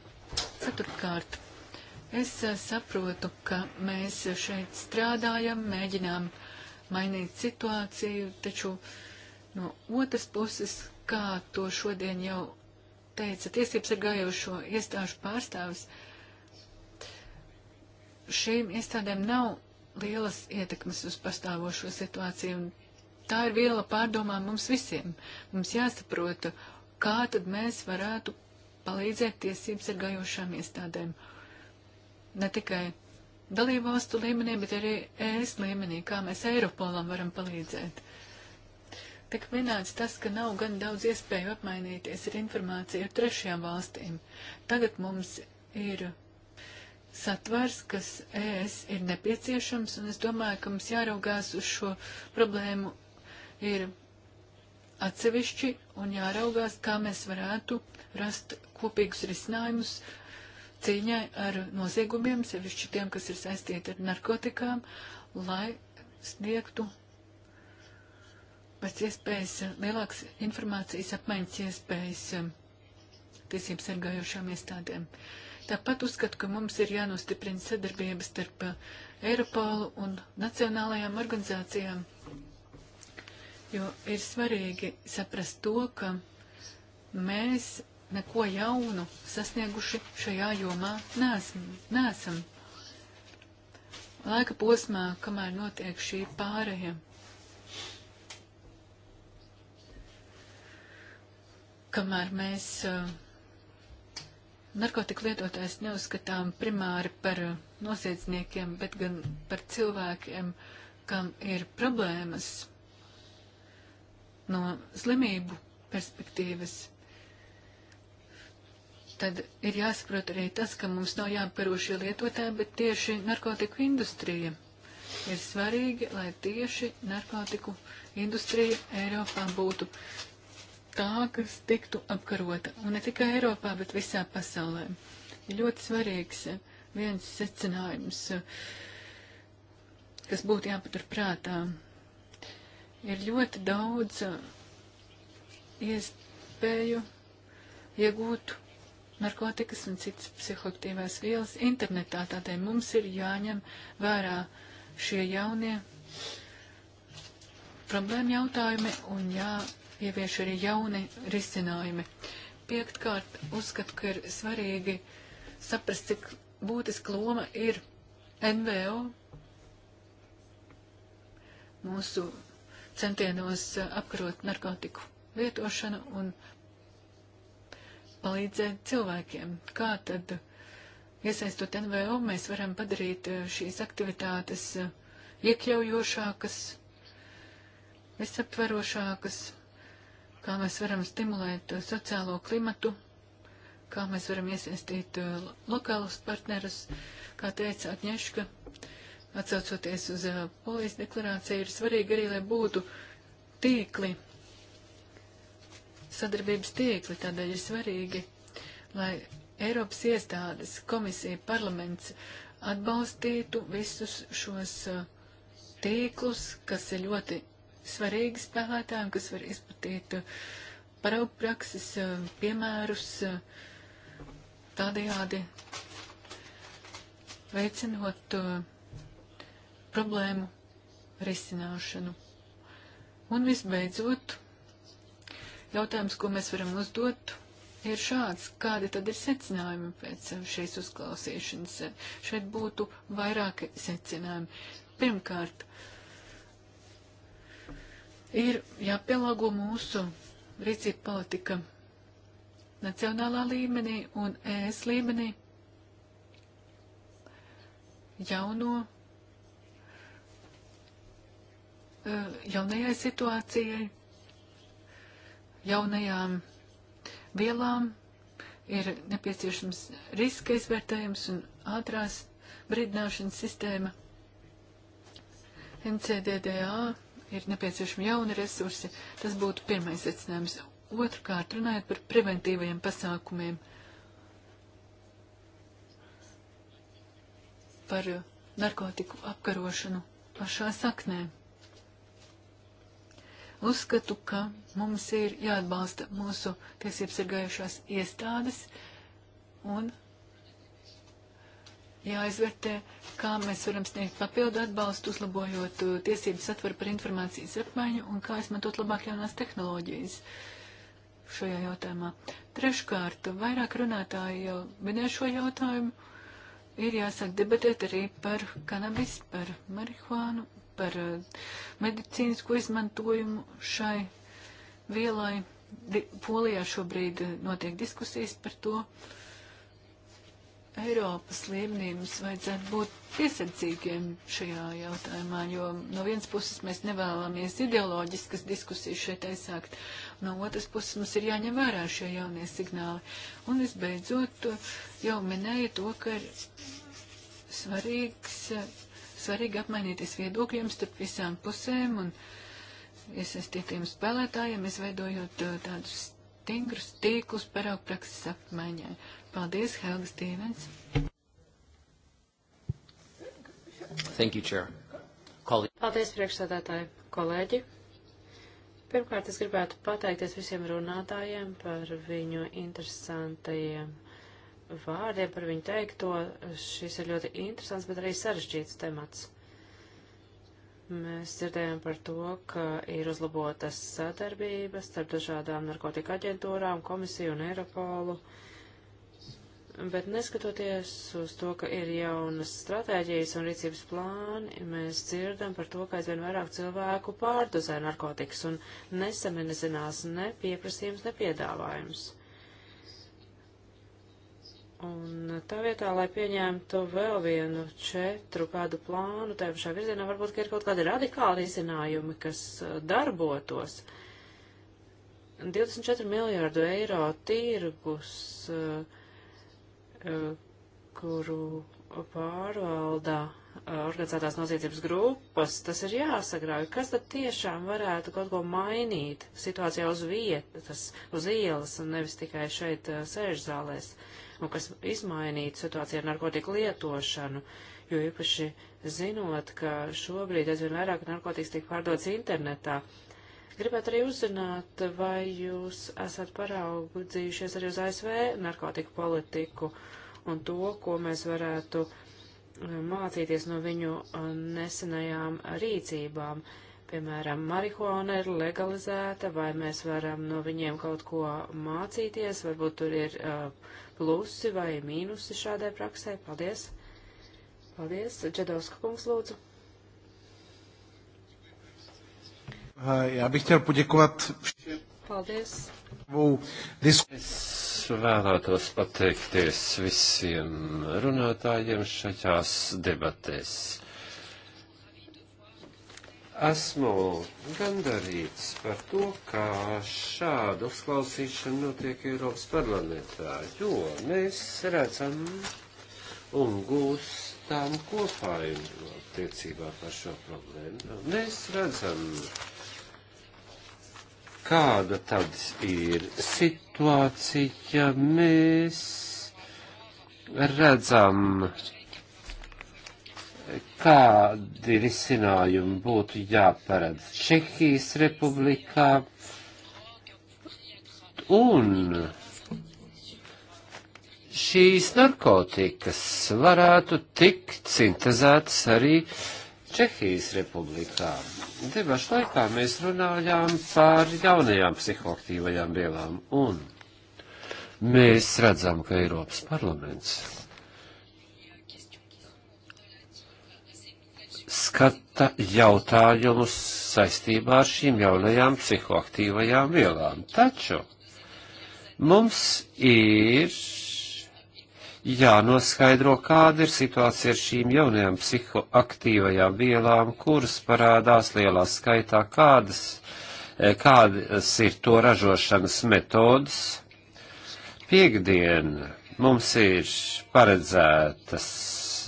Ceturtkārt, es eh, saprotu, ka mēs šeit strādājam, mēģinām mainīt situāciju, taču no otras puses, kā to šodien jau teica tiesības sargājošo iestāžu pārstāvis, šīm iestādēm nav lielas ietekmes uz pastāvošo situāciju. Un tā ir viela pārdomām mums visiem. Mums jāsaprota, kā tad mēs varētu palīdzēt tiesības sargājošām iestādēm. Ne tikai dalībvalstu līmenī, bet arī ES līmenī, kā mēs Eiropolam varam palīdzēt. Tik minēts tas, ka nav gan daudz iespēju apmainīties ar informāciju ar trešajām valstīm. Tagad mums ir satvars, kas ES ir nepieciešams, un es domāju, ka mums jāraugās uz šo problēmu ir atsevišķi un jāraugās, kā mēs varētu rast kopīgus risinājumus cīņai ar noziegumiem, sevišķi tiem, kas ir saistīti ar narkotikām, lai sniegtu pēc iespējas lielākas informācijas apmaiņas iespējas um, tiesību sargājošām iestādēm. Tāpat uzskatu, ka mums ir jānostiprina sadarbības starp uh, Eiropālu un nacionālajām organizācijām jo ir svarīgi saprast to, ka mēs neko jaunu sasnieguši šajā jomā nesam. nesam. Laika posmā, kamēr notiek šī pārēja, kamēr mēs uh, narkotiku lietotājs neuzskatām primāri par eh, noziedzniekiem, bet gan par cilvēkiem, kam ir problēmas no slimību perspektīvas, tad ir jāsaprot arī tas, ka mums nav jāapkaro šie lietotāji, bet tieši narkotiku industrija ir svarīgi, lai tieši narkotiku industrija Eiropā būtu tā, kas tiktu apkarota. Un ne tikai Eiropā, bet visā pasaulē. Ir ļoti svarīgs eh, viens secinājums, eh, kas būtu jāpatur prātā ir ļoti daudz uh, iespēju iegūt narkotikas un citas psihoaktīvās vielas internetā. Tādēļ mums ir jāņem vērā šie jaunie problēma jautājumi un jāievieš arī jauni risinājumi. Piektkārt, uzskatu, ka ir svarīgi saprast, cik būtiska loma ir NVO mūsu centienos eh, apkarot narkotiku lietošanu un palīdzēt cilvēkiem. Kā tad, iesaistot NVO, mēs varam padarīt eh, šīs aktivitātes eh, iekļaujošākas, visaptverošākas, kā mēs varam stimulēt sociālo klimatu, kā mēs varam iesaistīt lokālus partnerus, kā teica Agnieszka Atsaucoties uz uh, polijas deklarāciju, ir svarīgi arī, lai būtu tīkli, sadarbības tīkli, tādēļ ir svarīgi, lai Eiropas iestādes, komisija, parlaments atbalstītu visus šos uh, tīklus, kas ir ļoti svarīgi spēlētājiem, kas var izplatīt uh, paraugprakses uh, piemērus, uh, tādējādi veicinot uh, problēmu risināšanu. Un visbeidzot, jautājums, ko mēs varam uzdot, ir šāds, kādi tad ir secinājumi pēc šīs uzklausīšanas. Šeit būtu vairāki secinājumi. Pirmkārt, ir jāpielāgo mūsu rīcība politika nacionālā līmenī un ES līmenī jauno Eh, jaunajai situācijai, jaunajām vielām ir nepieciešams riska izvērtējums un ātrās brīdināšanas sistēma. NCDDA ir nepieciešami jauni resursi. Tas būtu pirmais secinājums. Otrkārt, runājot par preventīvajiem pasākumiem, par narkotiku apkarošanu pašā saknē. Uzskatu, ka mums ir jāatbalsta mūsu tiesības sargājušās iestādes un jāizvērtē, kā mēs varam sniegt papildu atbalstu, uzlabojot uh, tiesības satvaru par informācijas apmaiņu un kā izmantot labāk jaunās tehnoloģijas šajā jautājumā. Treškārt, vairāk runātāji jau minēja šo jautājumu, ir jāsāk debatēt arī par kanabis, par marihuānu, par eh, medicīnisko izmantojumu šai vielai. Polijā šobrīd eh, notiek diskusijas par to. Eiropas līmenī mums vajadzētu būt piesardzīgiem šajā jautājumā, jo no vienas puses mēs nevēlamies ideoloģiskas diskusijas šeit aizsākt, no otras puses mums ir jāņem vērā šie jaunie signāli. Un visbeidzot, eh, jau minēju to, ka ir svarīgs svarīgi apmainīties viedokļiem starp visām pusēm un iesaistītiem spēlētājiem, izveidojot uh, tādus stingrus tīklus paraugu prakses apmaiņai. Paldies, Helga Stīvens. Thank you, Chair. Kol Paldies, priekšsādātāji, kolēģi. Pirmkārt, es gribētu pateikties visiem runātājiem par viņu interesantajiem vārdiem par viņu teikto. Šis ir ļoti interesants, bet arī sarežģīts temats. Mēs dzirdējām par to, ka ir uzlabotas sadarbības starp dažādām narkotika aģentūrām, komisiju un Eiropolu. Bet neskatoties uz to, ka ir jaunas stratēģijas un rīcības plāni, mēs dzirdam par to, ka aizvien vairāk cilvēku pārdozē narkotikas un nesaminezinās ne pieprasījums, ne piedāvājums. Un tā vietā, lai pieņemtu vēl vienu četru kādu plānu, tā pašā virzienā varbūt ir kaut kādi radikāli izcinājumi, kas uh, darbotos. 24 miljārdu eiro tirgus, uh, uh, kuru pārvalda organizētās noziedzības grupas, tas ir jāsagrauj. Kas tad tiešām varētu kaut ko mainīt situācijā uz vietas, uz ielas un nevis tikai šeit sēžzālēs? zālēs? un kas izmainītu situāciju ar narkotiku lietošanu, jo īpaši zinot, ka šobrīd aizvien vairāk narkotikas tiek pārdodas internetā. Gribētu arī uzzināt, vai jūs esat paraugudzījušies arī uz ASV narkotiku politiku un to, ko mēs varētu eh, mācīties no viņu eh, nesenajām rīcībām. Uh, piemēram, marihuāna ir legalizēta, vai mēs varam no viņiem kaut ko mācīties, varbūt tur ir uh, plusi vai mīnusi šādai praksē. Paldies! Paldies! Džedovska kungs, lūdzu! Já bych chtěl poděkovat Paldies. Es vēlētos pateikties visiem runātājiem šajās debatēs. Esmu gandarīts par to, ka šāda uzklausīšana notiek Eiropas parlamentā, jo mēs redzam un gūstam kopā attiecībā par šo problēmu. Mēs redzam, kāda tad ir situācija, mēs redzam, kādi risinājumi būtu jāparedz Čehijas republikā un šīs narkotikas varētu tikt sintezētas arī Čehijas republikā. Debašu laikā mēs runājām par jaunajām psihoaktīvajām vielām, un mēs redzam, ka Eiropas parlaments skata jautājumus saistībā ar šīm jaunajām psihoaktīvajām vielām. Taču mums ir jānoskaidro, kāda ir situācija ar šīm jaunajām psihoaktīvajām vielām, kuras parādās lielā skaitā, kādas, eh, kādas ir to ražošanas metodas. Piektdien mums ir paredzētas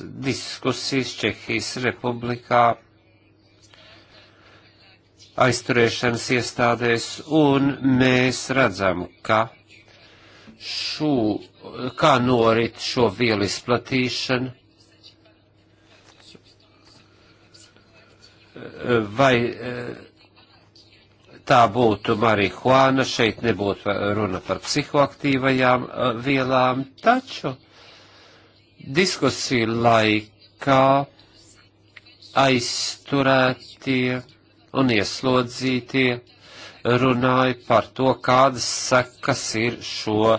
diskusijas Čehijas republikā aizturēšanas iestādēs, un mēs redzam, ka šo, kā norit šo vielu izplatīšana, vai tā būtu marihuāna, šeit nebūtu runa par psihoaktīvajām eh, vielām, taču diskusiju laikā aizturētie un ieslodzītie runāja par to, kādas sekas ir šo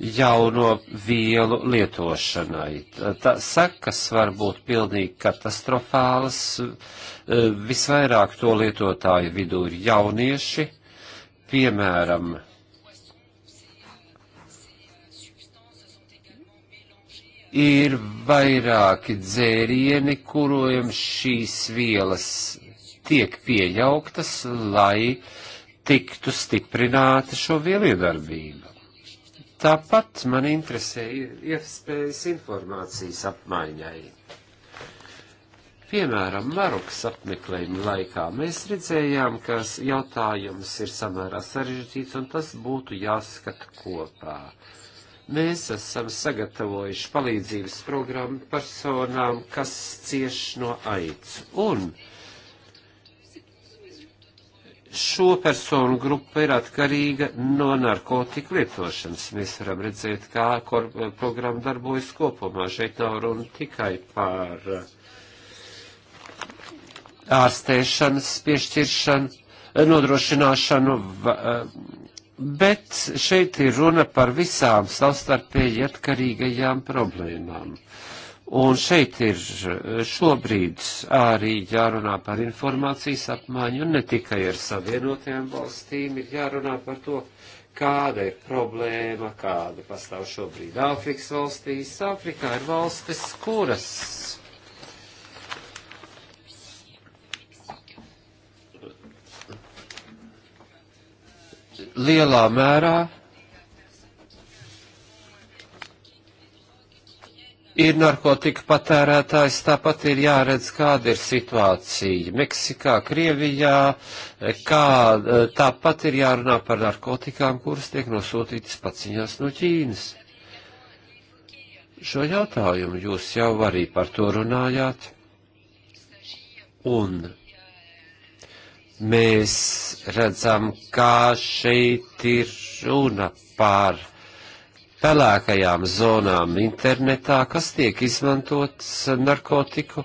jauno vielu lietošanai. Tā sekas var būt pilnīgi katastrofālas. Visvairāk to lietotāju vidū ir jaunieši, piemēram, ir vairāki dzērieni, kuriem šīs vielas tiek pieļauktas, lai tiktu stiprināta šo vielu iedarbība. Tāpat man interesē iespējas informācijas apmaiņai. Piemēram, Marukas apmeklējuma laikā mēs redzējām, ka jautājums ir samērā sarežģīts un tas būtu jāskata kopā. Uh, Mēs esam sagatavojuši palīdzības programmu personām, kas cieš no aids. Un šo personu grupa ir atkarīga no narkotiku lietošanas. Mēs varam redzēt, kā programma darbojas kopumā. Šeit nav runa tikai par eh, ārstēšanas piešķiršanu, eh, nodrošināšanu. Va, eh, Bet šeit ir runa par visām savstarpēji atkarīgajām problēmām. Un šeit ir šobrīd arī jārunā par informācijas apmaiņu, un ne tikai ar savienotajām valstīm ir jārunā par to, kāda ir problēma, kāda pastāv šobrīd Āfrikas valstīs. Āfrikā ir valstis, kuras lielā mērā ir narkotika patērētājs, tāpat ir jāredz, kāda ir situācija Meksikā, Krievijā, kā tāpat ir jārunā par narkotikām, kuras tiek nosūtītas paciņās no Ķīnas. Šo jautājumu jūs jau arī par to runājāt. Un mēs redzam, kā šeit ir runa par pelēkajām zonām internetā, kas tiek izmantotas narkotiku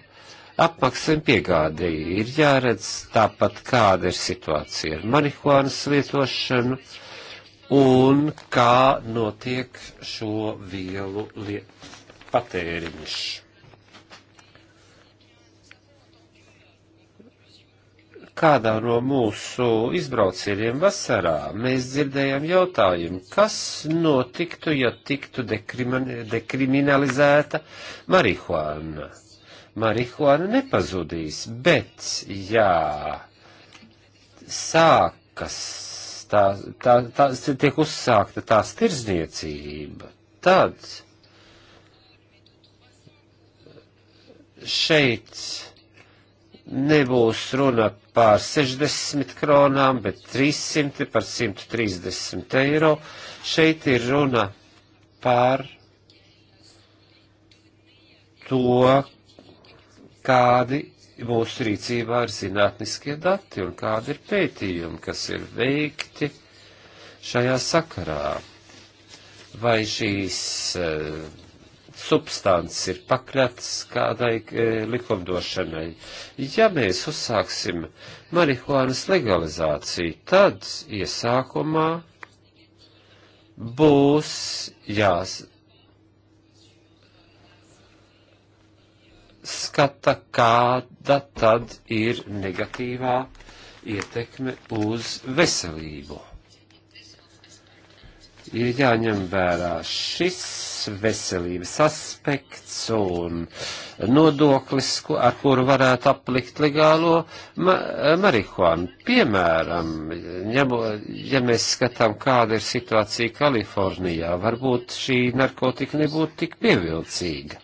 apmaksiem piegādī. Ir jāredz tāpat, kāda ir situācija ar marihuānas lietošanu un kā notiek šo vielu liet patēriņš. kādā no mūsu izbraucieniem vasarā mēs dzirdējām jautājumu, kas notiktu, ja tiktu dekriminalizēta marihuāna. Marihuāna nepazudīs, bet jā, sākas, tā, tā, tā, tiek uzsākta tās tirzniecība, tad šeit nebūs runa pār 60 kronām, bet 300 par 130 eiro. Šeit ir runa par to, kādi mūsu rīcībā ir zinātniskie dati un kādi ir pētījumi, kas ir veikti šajā sakarā. Vai šīs eh, substance ir pakļauts kādai e, likumdošanai. Ja mēs uzsāksim marihuānas legalizāciju, tad iesākumā būs jās skata, kāda tad ir negatīvā ietekme uz veselību. Ir jāņem vērā šis veselības aspekts un nodoklis, ar kuru varētu aplikt legālo ma marihuānu. Piemēram, ņemo, ja mēs skatām, kāda ir situācija Kalifornijā, varbūt šī narkotika nebūtu tik pievilcīga.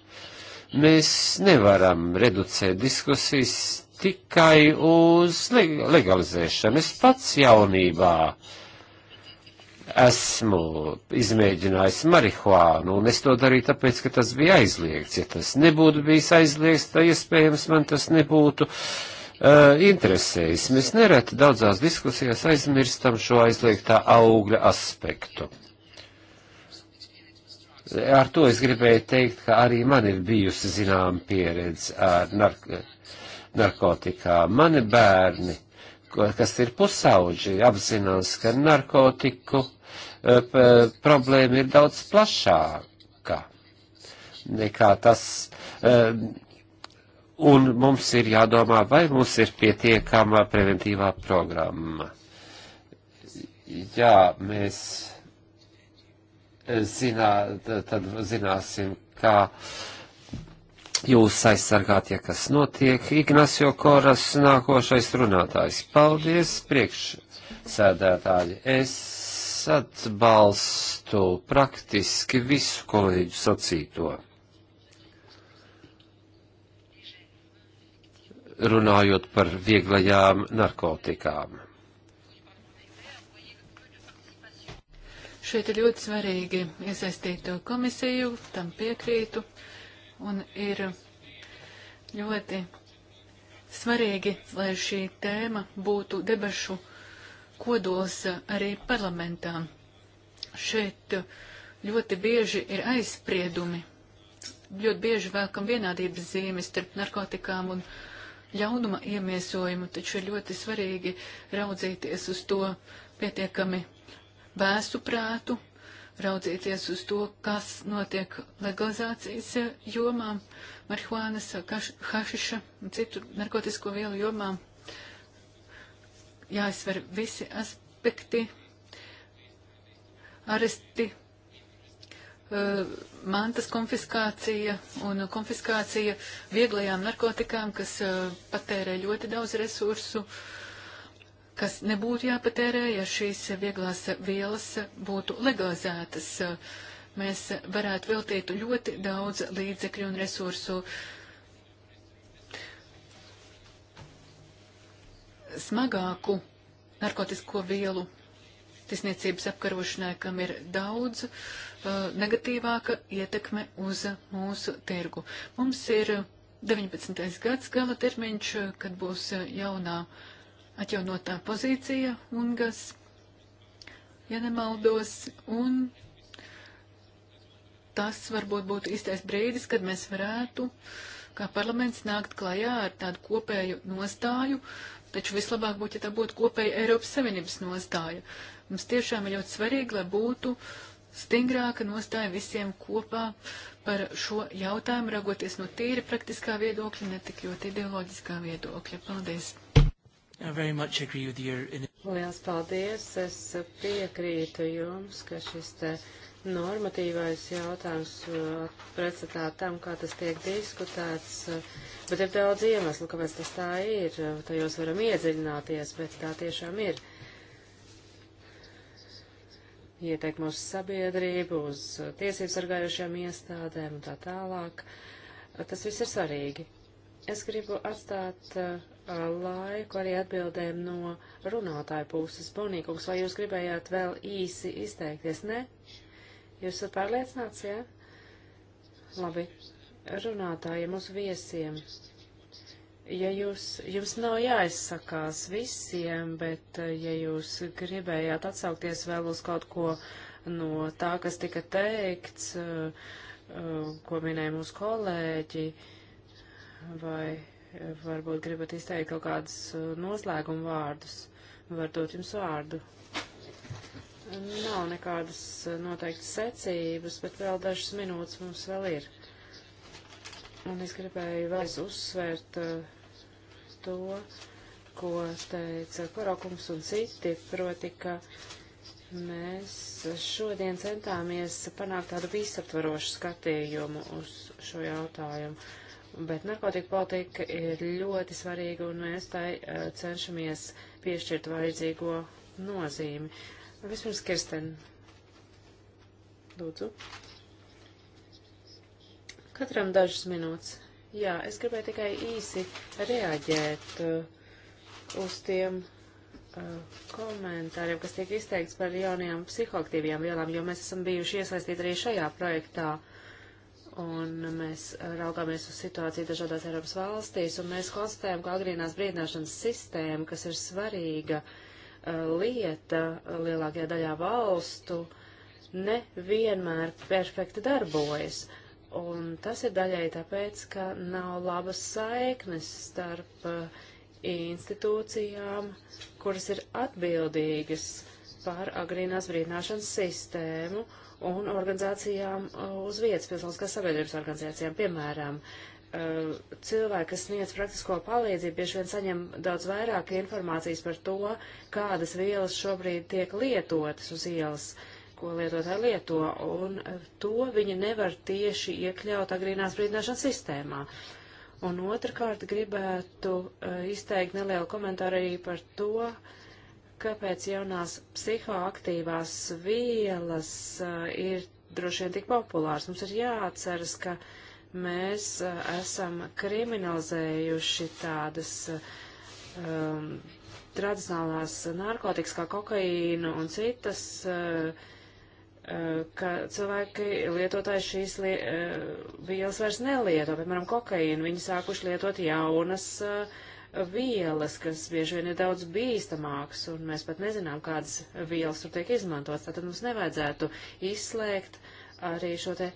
Mēs nevaram reducēt diskusijas tikai uz legalizēšanu. Es pats jaunībā uh, esmu izmēģinājis marihuānu, un es to darīju tāpēc, ka tas bija aizliegts. Ja tas nebūtu bijis aizliegts, tad iespējams man tas nebūtu uh, interesējis. Mēs nereti daudzās diskusijās aizmirstam šo aizliegtā augļa aspektu. Ar to es gribēju teikt, ka arī man ir bijusi zinām pieredze ar nark narkotikām. Mani bērni, kas ir pusauģi, apzinās, ka narkotiku problēma ir daudz plašāka nekā tas. Un mums ir jādomā, vai mums ir pietiekama preventīvā programma. Jā, mēs zinā, tad zināsim, kā jūs aizsargāt, ja kas notiek. Ignacio Koras nākošais runātājs. Paldies, priekšsēdētāji. Es atbalstu praktiski visu kolēģu sacīto. Runājot par vieglajām narkotikām. Šeit ir ļoti svarīgi iesaistīt to komisiju, tam piekrītu, un ir ļoti svarīgi, lai šī tēma būtu debašu kodols arī parlamentā. Šeit ļoti bieži ir aizspriedumi. Ļoti bieži vēlkam vienādības zīmes starp narkotikām un ļaunuma iemiesojumu, taču ir ļoti svarīgi raudzīties uz to pietiekami vēsu prātu, raudzīties uz to, kas notiek legalizācijas jomām, marihuānas, hašiša un citu narkotisko vielu jomām jāizsver visi aspekti, aresti, eh, mantas konfiskācija un konfiskācija vieglajām narkotikām, kas eh, patērē ļoti daudz resursu, kas nebūtu jāpatērē, ja šīs vieglās vielas būtu legalizētas. Mēs varētu veltīt ļoti daudz līdzekļu un resursu uh, smagāku narkotisko vielu tiesniecības apkarošanai, kam ir daudz uh, negatīvāka ietekme uz mūsu tirgu. Mums ir 19. gads gala termiņš, kad būs uh, jaunā atjaunotā pozīcija UNGAS, ja nemaldos, un tas varbūt būtu īstais brīdis, kad mēs varētu, kā parlaments, nākt klajā ar tādu kopēju nostāju Taču vislabāk būtu, ja tā būtu kopēja Eiropas Savienības nostāja. Mums tiešām ir ļoti svarīgi, lai būtu stingrāka nostāja visiem kopā par šo jautājumu, ragoties no tīri praktiskā viedokļa, ne tik ļoti ideoloģiskā viedokļa. Paldies! Lielas paldies! Es piekrītu jums, ka šis te normatīvais jautājums uh, pretstatā tam, kā tas tiek diskutēts, uh, bet ir daudz iemeslu, kāpēc tas tā ir, uh, tajos varam iedziļināties, bet tā tiešām ir. Ieteikumu uz sabiedrību, uz tiesības sargājušajām iestādēm un tā tālāk. Tas viss ir svarīgi. Es gribu atstāt uh, laiku arī atbildēm no runātāja puses. Bonīkums, vai jūs gribējāt vēl īsi izteikties? Ne? Jūs esat pārliecināts, jā? Labi. Runātājiem uz viesiem. Ja jūs, jums nav jāizsakās visiem, bet eh, ja jūs gribējāt atsaukties vēl uz kaut ko no tā, kas tika teikts, eh, eh, ko minēja mūsu kolēģi, vai varbūt gribat izteikt kaut kādus noslēgumu vārdus, var dot jums vārdu. Nav nekādas eh, noteiktas secības, bet vēl dažas minūtes mums vēl ir. Un es gribēju vēlreiz uzsvērt uh, to, ko teica Korokums un citi, proti, ka mēs šodien centāmies panākt tādu visaptvarošu skatījumu uz šo jautājumu. Bet narkotika politika ir ļoti svarīga, un mēs tai uh, cenšamies piešķirt vajadzīgo nozīmi. Vispirms Kirsten. Lūdzu. Katram dažas minūtes. Jā, es gribēju tikai īsi reaģēt uh, uz tiem uh, komentāriem, kas tiek izteikts par jaunajām psihoaktīvajām vielām, jo mēs esam bijuši iesaistīti arī šajā projektā. Un mēs raugāmies uz situāciju dažādās Eiropas valstīs, un mēs konstatējam, ka agrīnās brīdināšanas sistēma, kas ir svarīga, uh, lieta lielākajā daļā valstu nevienmēr perfekti darbojas. Un tas ir daļai tāpēc, ka nav labas saiknes starp uh, institūcijām, kuras ir atbildīgas par agrīnās brīdināšanas sistēmu un organizācijām uh, uz vietas, pilsoniskās sabiedrības organizācijām. Piemēram, Eh, cilvēki, kas sniedz praktisko palīdzību, bieži vien saņem daudz vairāk informācijas par to, kādas vielas šobrīd tiek lietotas uz ielas, ko lietotāji lieto, un eh, to viņi nevar tieši iekļaut agrīnās brīdināšanas sistēmā. Un otrkārt gribētu eh, izteikt nelielu komentāru arī par to, kāpēc jaunās psihoaktīvās vielas ir droši vien tik populārs. Mums ir jāatceras, ka uh, mēs uh, esam kriminalizējuši tādas um, tradicionālās narkotikas kā kokaīnu un citas, uh, uh, ka cilvēki lietotāji šīs li uh, vielas vairs nelieto, piemēram, kokaīnu. Viņi sākuši lietot jaunas uh, vielas, kas bieži vien ir daudz bīstamākas, un mēs pat nezinām, kādas vielas tur tiek izmantotas. Tātad mums nevajadzētu izslēgt arī šo te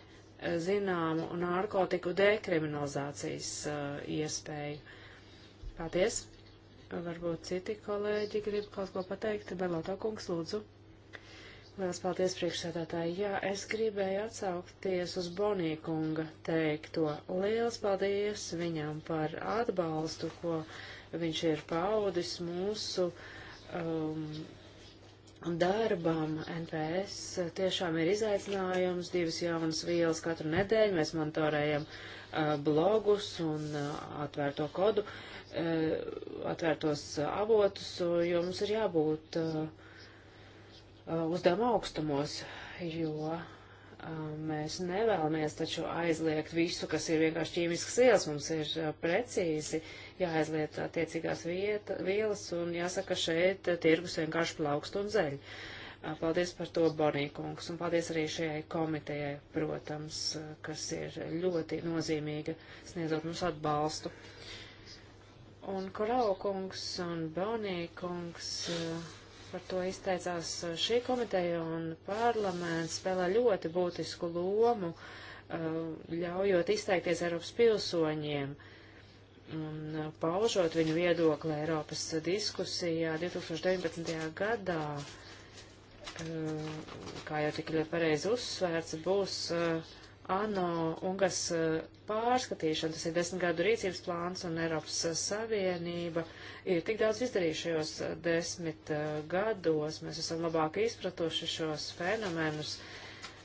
zināmu narkotiku dekriminalizācijas uh, iespēju. Paldies! Varbūt citi kolēģi grib kaut ko pateikt. Belotā kungs, lūdzu. Lielas paldies priekšsēdētāji. Jā, es gribēju atsaukties uz Bonīkunga teikto. Lielas paldies viņam par atbalstu, ko viņš ir paudis mūsu um, darbam NPS tiešām ir izaicinājums, divas jaunas vielas katru nedēļu, mēs monitorējam uh, blogus un uh, atvērto kodu, uh, atvērtos avotus, jo mums ir jābūt uzdevuma augstumos, jo mēs nevēlamies taču aizliegt visu, kas ir vienkārši ķīmisks vielas. Mums ir precīzi jāaizliet attiecīgās vieta, vielas un jāsaka šeit tirgus vienkārši plaukst un zeļ. Paldies par to, Bonīkungs, un paldies arī šajai komitejai, protams, kas ir ļoti nozīmīga, sniedzot mums atbalstu. Un Koraukungs un Bonīkungs. Uh, par to izteicās uh, šī komiteja un parlaments spēlē ļoti būtisku lomu, uh, ļaujot izteikties Eiropas pilsoņiem un uh, paužot viņu viedokli Eiropas diskusijā 2019. gadā, kā jau tik ļoti pareizi uzsvērts, būs uh, ANO UNGAS e, pārskatīšanu, tas ir desmit gadu rīcības plāns, un Eiropas e, Savienība ir tik daudz izdarījuši šajos e, desmit gados, mēs esam labāk izpratuši šos fenomenus,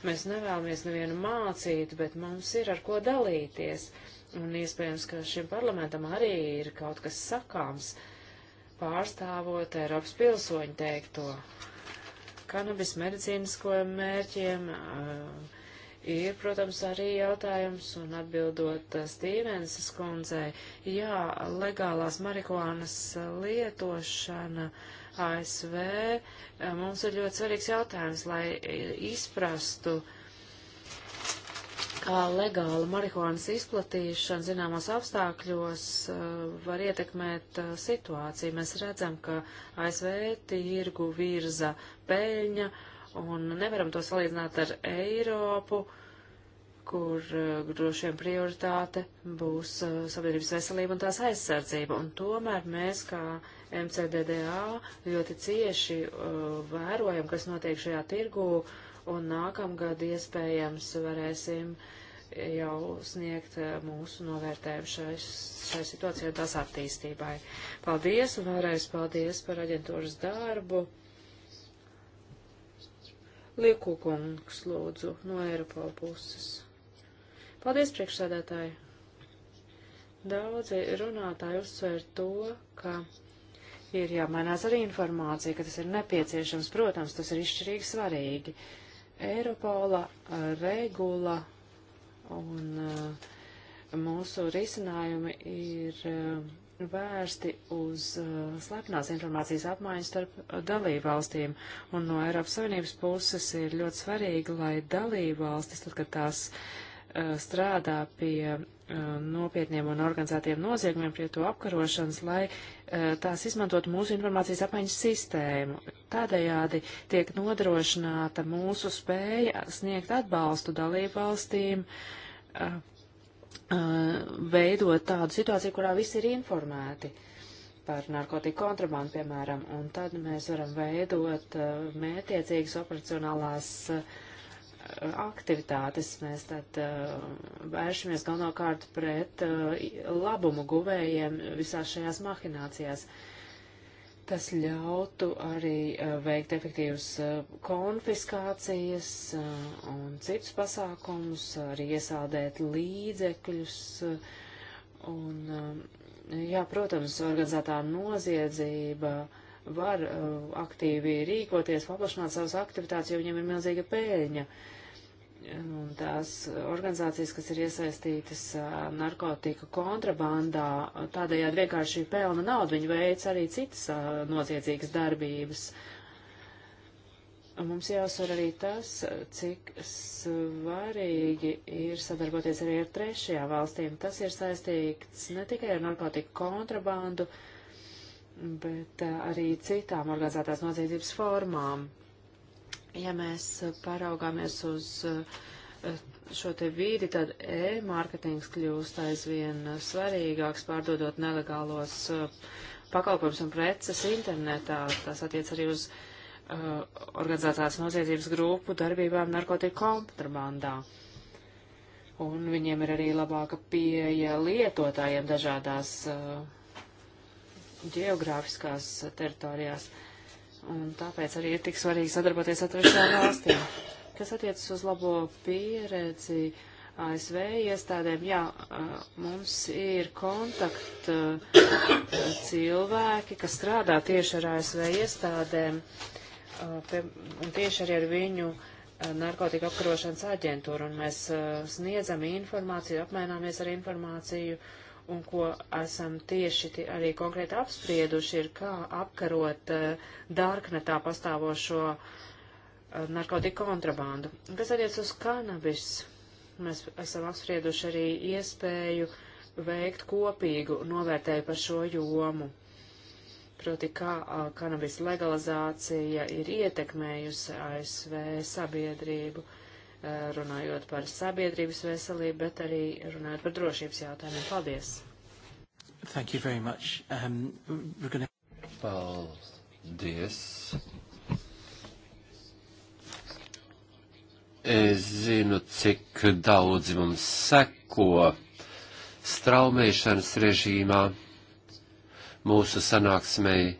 mēs nevēlamies nevienu mācīt, bet mums ir ar ko dalīties, un iespējams, ka šim parlamentam arī ir kaut kas sakāms, pārstāvot Eiropas pilsoņu teikto. Kanabis medicīniskojiem mērķiem, uh, ir, protams, arī jautājums, un atbildot eh, Stīvensas kundzei, jā, legālās marihuānas eh, lietošana ASV eh, mums ir ļoti svarīgs jautājums, lai izprastu, kā legāla marihuānas izplatīšana zināmos apstākļos var ietekmēt situāciju. Mēs redzam, ka ASV tirgu virza peļņa, uh, un nevaram to salīdzināt ar Eiropu, kur eh, droši vien prioritāte būs eh, sabiedrības veselība un tās aizsardzība. Un tomēr mēs, kā MCDDA, ļoti cieši eh, vērojam, kas notiek šajā tirgū, un nākamgad iespējams varēsim jau sniegt mūsu novērtējumu šai, šai situācijai un tās attīstībai. Paldies un vēlreiz paldies par aģentūras darbu. Lieku kungs, lūdzu, no Eiropola puses. Paldies, priekšsēdētāji! Daudzi runātāji uzsver to, ka ir jāmainās arī informācija, ka tas ir nepieciešams. Protams, tas ir izšķirīgi svarīgi. Eiropola regula un mūsu risinājumi ir vērsti uz uh, slepnās informācijas apmaiņu starp uh, dalībvalstīm. Un no Eiropas Savienības puses ir ļoti svarīgi, lai dalībvalstis, tad, kad tās uh, strādā pie uh, nopietniem un organizētiem noziegumiem, pie to apkarošanas, lai uh, tās izmantot mūsu informācijas apmaiņas sistēmu. Tādējādi tiek nodrošināta mūsu spēja sniegt atbalstu dalībvalstīm. Uh, Uh, veidot tādu situāciju, kurā visi ir informēti par narkotiku kontrabandu, piemēram, un tad mēs varam veidot uh, mērķiecīgas operacionālās uh, aktivitātes. Mēs tad vēršamies galvenokārt pret labumu guvējiem visās šajās mahinācijās. Uh, Tas ļautu arī veikt efektīvas konfiskācijas un citus pasākumus, arī iesaldēt līdzekļus. Un, jā, protams, organizētā noziedzība var aktīvi rīkoties, paplašināt savas aktivitātes, jo viņiem ir milzīga pēļņa. Uh, Nu, un tās organizācijas, kas ir iesaistītas narkotiku kontrabandā, tādējādi vienkārši pelna naudu, viņi veic arī citas noziedzīgas darbības. Mums jāuzsver arī tas, cik svarīgi ir sadarboties arī ar trešajām valstīm. Tas ir saistīts ne tikai ar narkotiku kontrabandu, bet arī citām organizētās noziedzības formām. Ja mēs paraugāmies uz eh, šo te vīdi, tad e-mārketings kļūst aizvien svarīgāks, pārdodot nelegālos eh, pakalpojumus un preces internetā. Tas attiec arī uz uh, organizētās noziedzības grupu darbībām narkotiku kontrabandā. Un viņiem ir arī labāka pieeja lietotājiem dažādās uh, geogrāfiskās teritorijās. Uh, un tāpēc arī ir tik svarīgi sadarboties ar trešajām valstīm. Kas attiecas uz labo pieredzi ASV iestādēm, jā, mums ir kontakti cilvēki, kas strādā tieši ar ASV iestādēm un tieši arī ar viņu narkotika apkarošanas aģentūru, un mēs sniedzam informāciju, apmaināmies ar informāciju un ko esam tieši arī konkrēti apsprieduši, ir kā apkarot uh, eh, dārknetā pastāvošo uh, narkotiku kontrabandu. Kas attiec uz kanabis, mēs esam apsprieduši arī iespēju veikt kopīgu novērtēju par šo jomu. Proti, kā uh, kanabis legalizācija ir ietekmējusi ASV sabiedrību. Uh, runājot par sabiedrības veselību, bet arī runājot par drošības jautājumiem. Paldies! Thank you very much. Um, we're gonna... Paldies! Es zinu, cik daudz mums seko straumēšanas režīmā mūsu sanāksmei.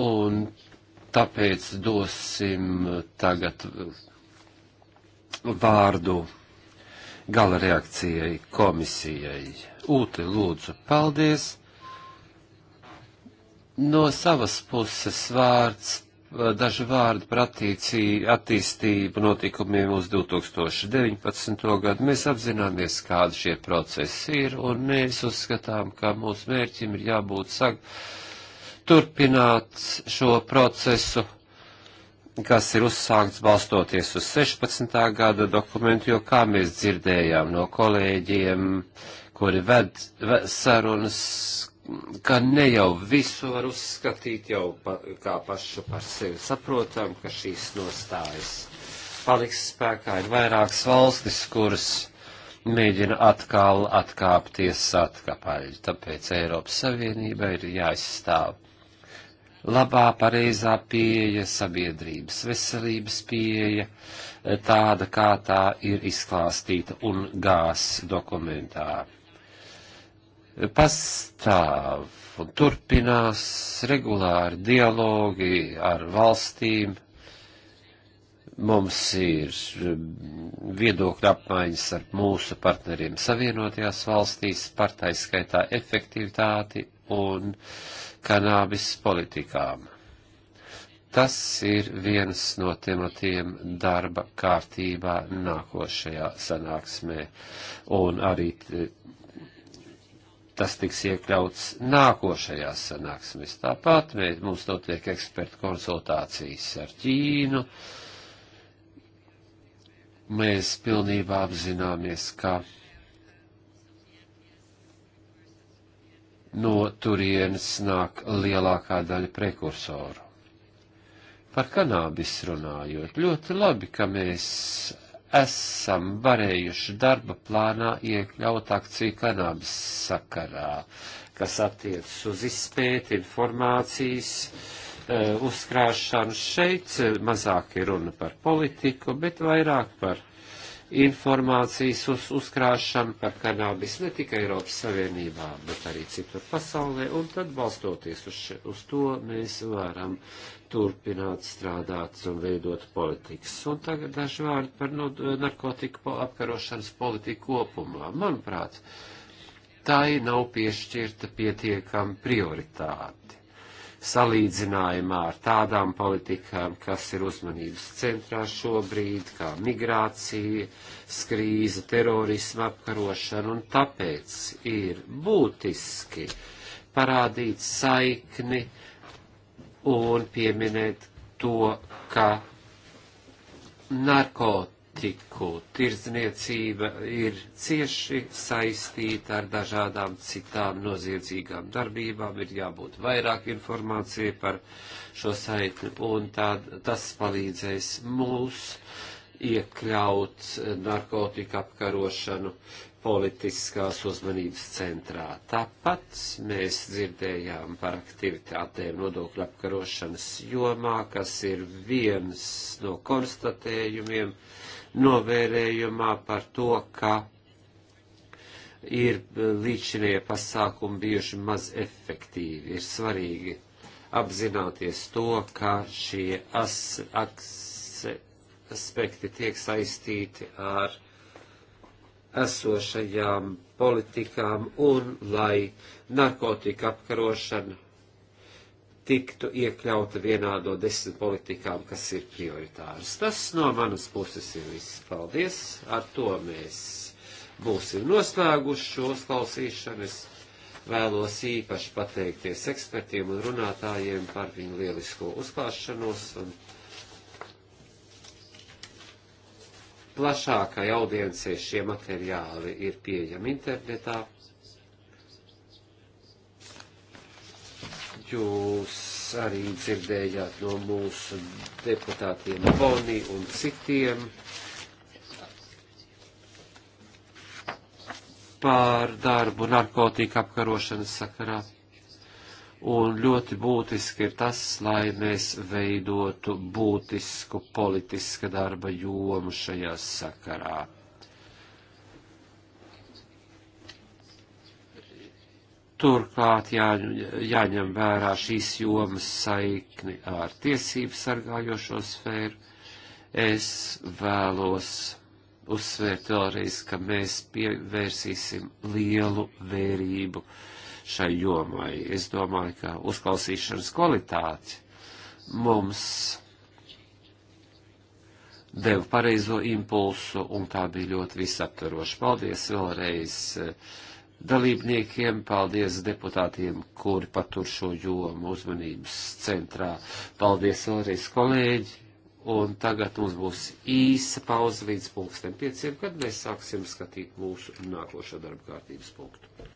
Un Tāpēc dosim tagad vārdu gala reakcijai komisijai. Ūte, lūdzu, paldies. No savas puses vārds, daži vārdi par attīstību notikumiem uz 2019. gadu. Mēs apzināmies, kādi šie procesi ir, un mēs uzskatām, ka mūsu mērķim ir jābūt sagatavot turpināt šo procesu, kas ir uzsākts balstoties uz 16. gada dokumentu, jo kā mēs dzirdējām no kolēģiem, kuri ved, ved sarunas, ka ne jau visu var uzskatīt jau pa, kā pašu par sevi saprotam, ka šīs nostājas paliks spēkā. Ir vairākas valstis, kuras mēģina atkal atkāpties atkapaļ. Tāpēc Eiropas Savienība ir jāizstāv labā, pareizā pieeja, sabiedrības veselības pieeja, e, tāda kā tā ir izklāstīta un gās dokumentā. E, pastāv un turpinās regulāri dialogi ar valstīm. Mums ir e, viedokļa apmaiņas ar mūsu partneriem savienotajās valstīs, partaiskaitā efektivitāti un uh, kanābis politikām. Tas ir viens no tematiem darba kārtībā nākošajā sanāksmē, un arī eh, tas tiks iekļauts nākošajā sanāksmēs. Tāpat mēs, mums notiek ekspertu konsultācijas ar Ķīnu. Mēs pilnībā apzināmies, ka no turienes nāk lielākā daļa prekursoru. Par kanābis runājot, ļoti labi, ka mēs esam varējuši darba plānā iekļaut akciju kanābis sakarā, kas attiecas uz izpēti informācijas, e, uzkrāšanu šeit, mazāk ir runa par politiku, bet vairāk par informācijas uz, uzkrāšanu par kanābis ne tikai Eiropas Savienībā, bet arī citur pasaulē, un tad balstoties uz, še, uz to mēs varam turpināt strādāt un veidot politikas. Un tagad daži vārdi par no, nu, narkotiku apkarošanas politiku kopumā. Manuprāt, tai nav piešķirta pietiekama prioritāte salīdzinājumā ar tādām politikām, kas ir uzmanības centrā šobrīd, kā migrācija, krīze, terorisma apkarošana, un tāpēc ir būtiski parādīt saikni un pieminēt to, ka narkotika politiku tirdzniecība ir cieši saistīta ar dažādām citām noziedzīgām darbībām, ir jābūt vairāk informācija par šo saitni, un tād, tas palīdzēs mūs iekļaut narkotika apkarošanu politiskās uzmanības centrā. Tāpat mēs dzirdējām par aktivitātēm nodokļu apkarošanas jomā, kas ir viens no konstatējumiem, uh, novērējumā par to, ka ir līdzšinie pasākumi bijuši maz efektīvi. Ir svarīgi apzināties to, ka šie as, akse, aspekti tiek saistīti ar esošajām politikām un lai narkotika apkarošana tiktu iekļauta vienā no desmit politikām, kas ir prioritāras. Tas no manas puses ir viss. Paldies! Ar to mēs būsim noslēguši šo klausīšanu. Es vēlos īpaši pateikties ekspertiem un runātājiem par viņu lielisko uzklāšanos un plašākai audiencei šie materiāli ir pieejami internetā. jūs arī dzirdējāt no mūsu deputātiem Boni un citiem par darbu narkotika apkarošanas sakarā. Un ļoti būtiski ir tas, lai mēs veidotu būtisku politiska darba jomu šajā sakarā. Turklāt jā, jāņem vērā šīs jomas saikni ar tiesību sargājošo sfēru. Es vēlos uzsvērt vēlreiz, ka mēs pievērsīsim lielu vērību šai jomai. Es domāju, ka uzklausīšanas kvalitāte mums deva pareizo impulsu, un tā bija ļoti visaptveroša. Paldies vēlreiz! Uh, dalībniekiem, paldies deputātiem, kuri patur šo jomu uzmanības centrā. Paldies vēlreiz kolēģi, un tagad mums būs īsa pauze līdz pulksten pieciem, kad mēs sāksim skatīt mūsu nākošo darba kārtības punktu.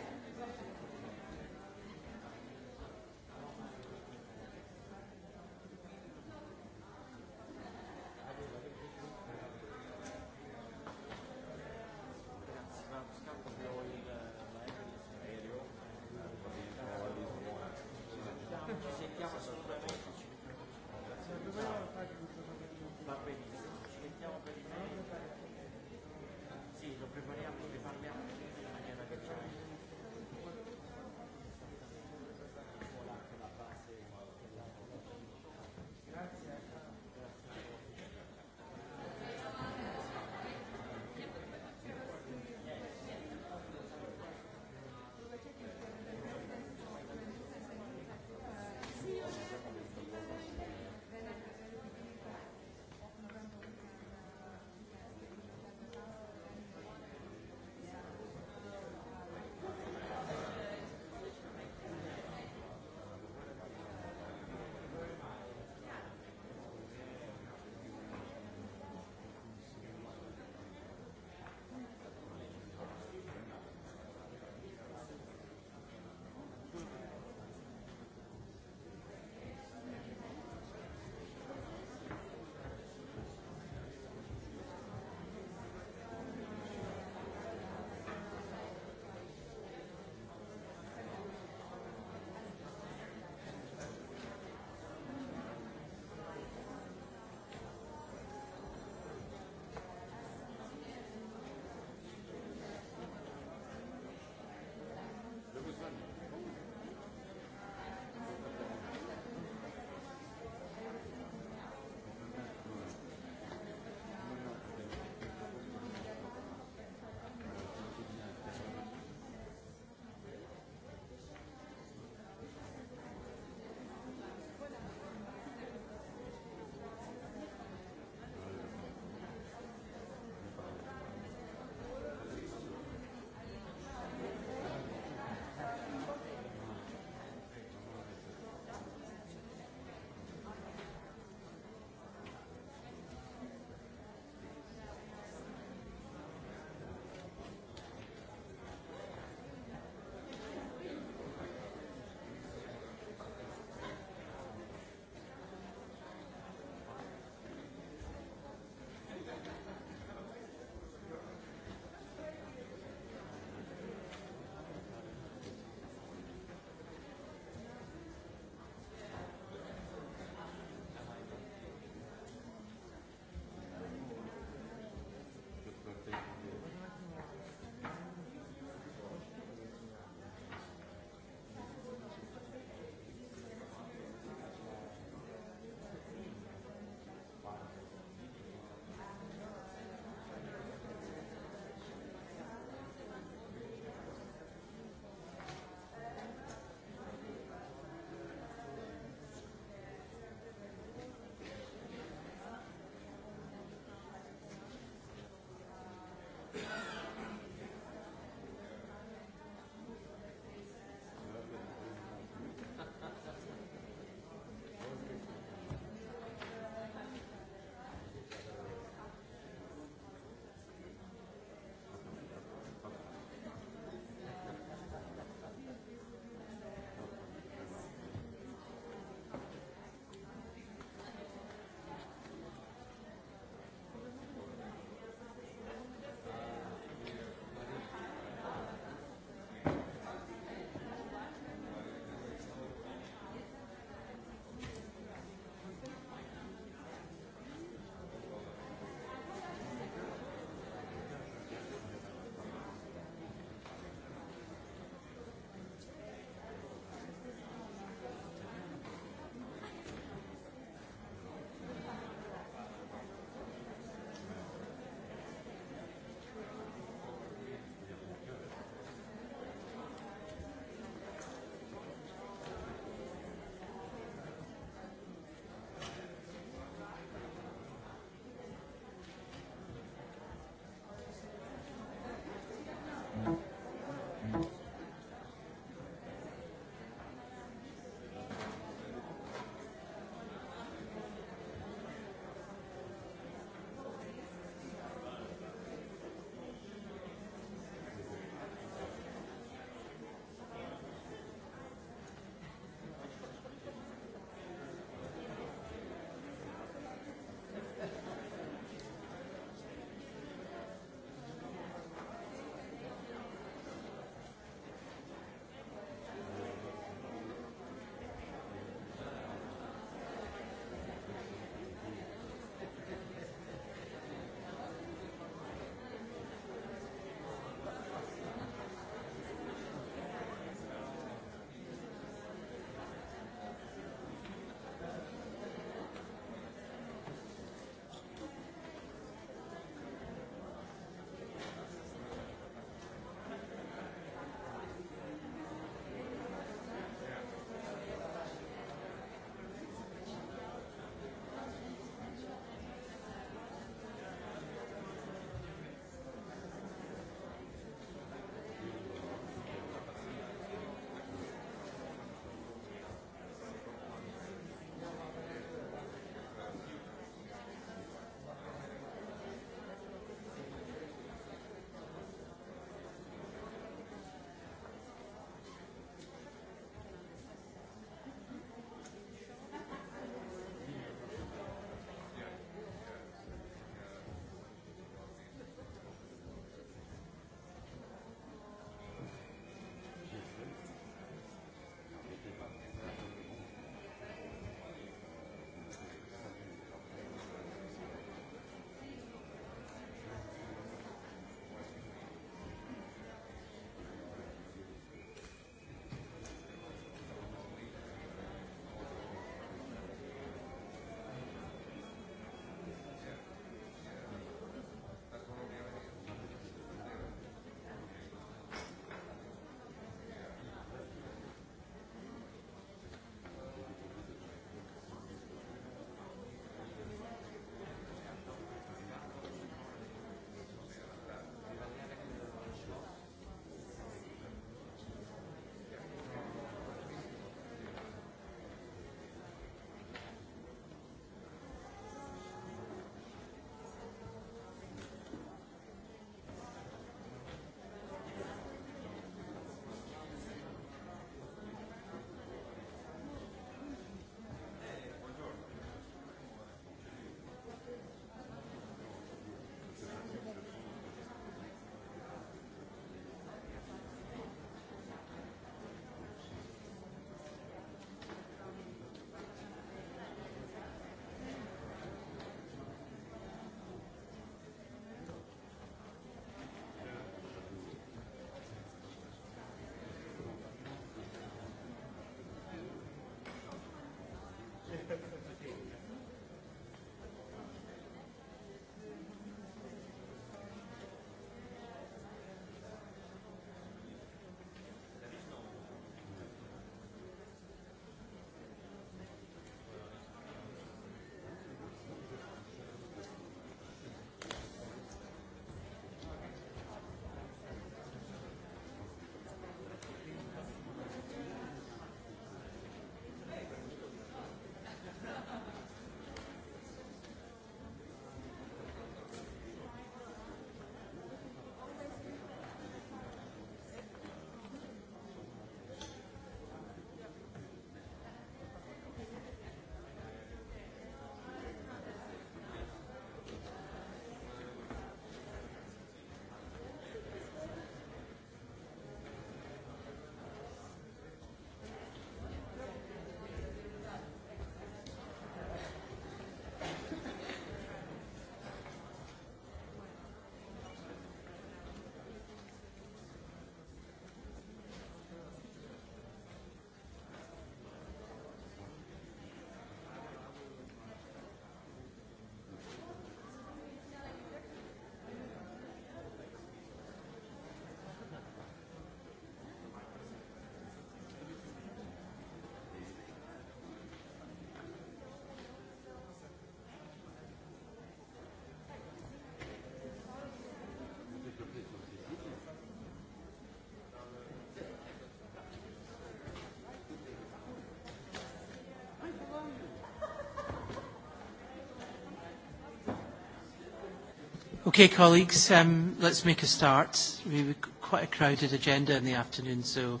Okay, colleagues, um, let's make a start. We've quite a crowded agenda in the afternoon, so...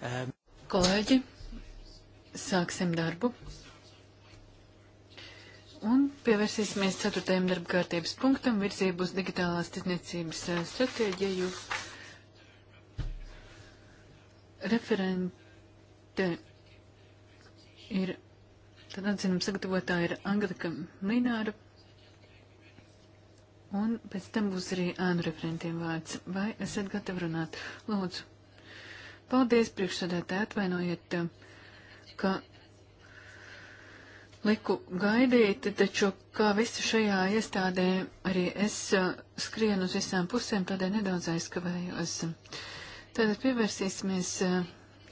Um... Kolēģi, sāksim darbu. Un pievērsīsimies ceturtajam darba kārtības punktam. Virzība uz digitālās tirdzniecības uh, stratēģiju. Referente ir, tad atzinums sagatavotāja ir Anglika Mlināra. Un pēc tam būs arī ēnu referentiem vārds. Vai esat gatavi runāt? Lūdzu. Paldies, priekšsādātāji, atvainojiet, ka liku gaidīt, taču kā visi šajā iestādē, arī es uh, skrienu uz visām pusēm, tādēļ nedaudz aizkavējos. Tātad pievērsīsimies uh,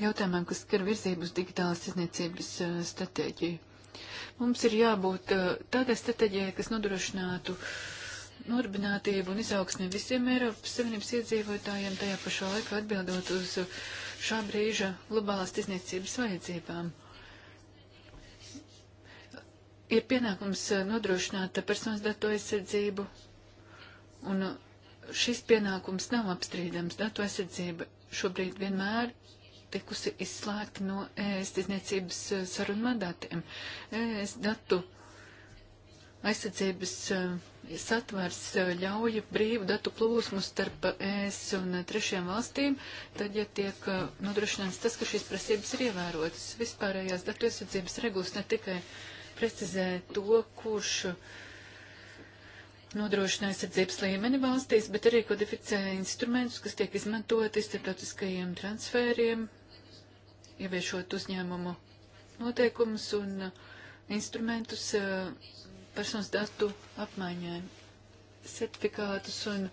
jautājumam, kas skar virzību uz digitālas izniecības uh, stratēģiju. Mums ir jābūt tādai stratēģijai, kas nodrošinātu uh, norbinātību un izaugsmi visiem Eiropas Savienības iedzīvotājiem, tajā pašā laikā atbildot uz šā brīža globālās tiesniecības vajadzībām. Ir pienākums nodrošināt personas datu aizsardzību, un šis pienākums nav apstrīdams. Datu aizsardzība šobrīd vienmēr tikusi izslēgta no ES tiesniecības sarunu mandātiem. ES datu aizsardzības uh, satvers eh, ļauj brīvu datu plūsmu starp eh, ES un eh, trešiem valstīm, tad, ja tiek nodrošināts tas, ka šīs prasības ir ievērotas, vispārējās datu aizsardzības regulas ne tikai precizē to, kurš nodrošina aizsardzības līmeni valstīs, bet arī kodificē instrumentus, kas tiek izmantoti starptautiskajiem transfēriem, ieviešot uzņēmumu noteikumus un instrumentus, personas datu apmaiņai, certifikātus un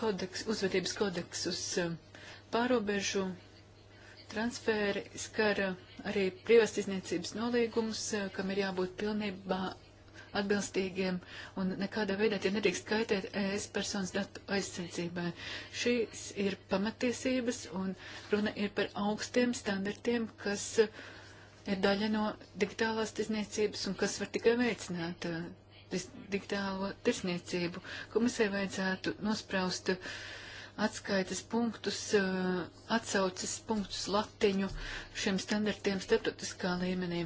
kodeks, uzvedības kodeksus um, pārobežu transferi skar uh, arī privātizniecības nolīgumus, uh, kam ir jābūt pilnībā atbilstīgiem un nekādā veidā tie nedrīkst kaitēt ES personas datu aizsardzībai. Šīs ir pamatiesības un runa ir par augstiem standartiem, kas uh, ir daļa no digitālās tirzniecības un kas var tikai veicināt uh, digitālo tirzniecību. Komisija vajadzētu nospraust uh, atskaites punktus, uh, atsauces punktus latiņu šiem standartiem starptautiskā līmenī.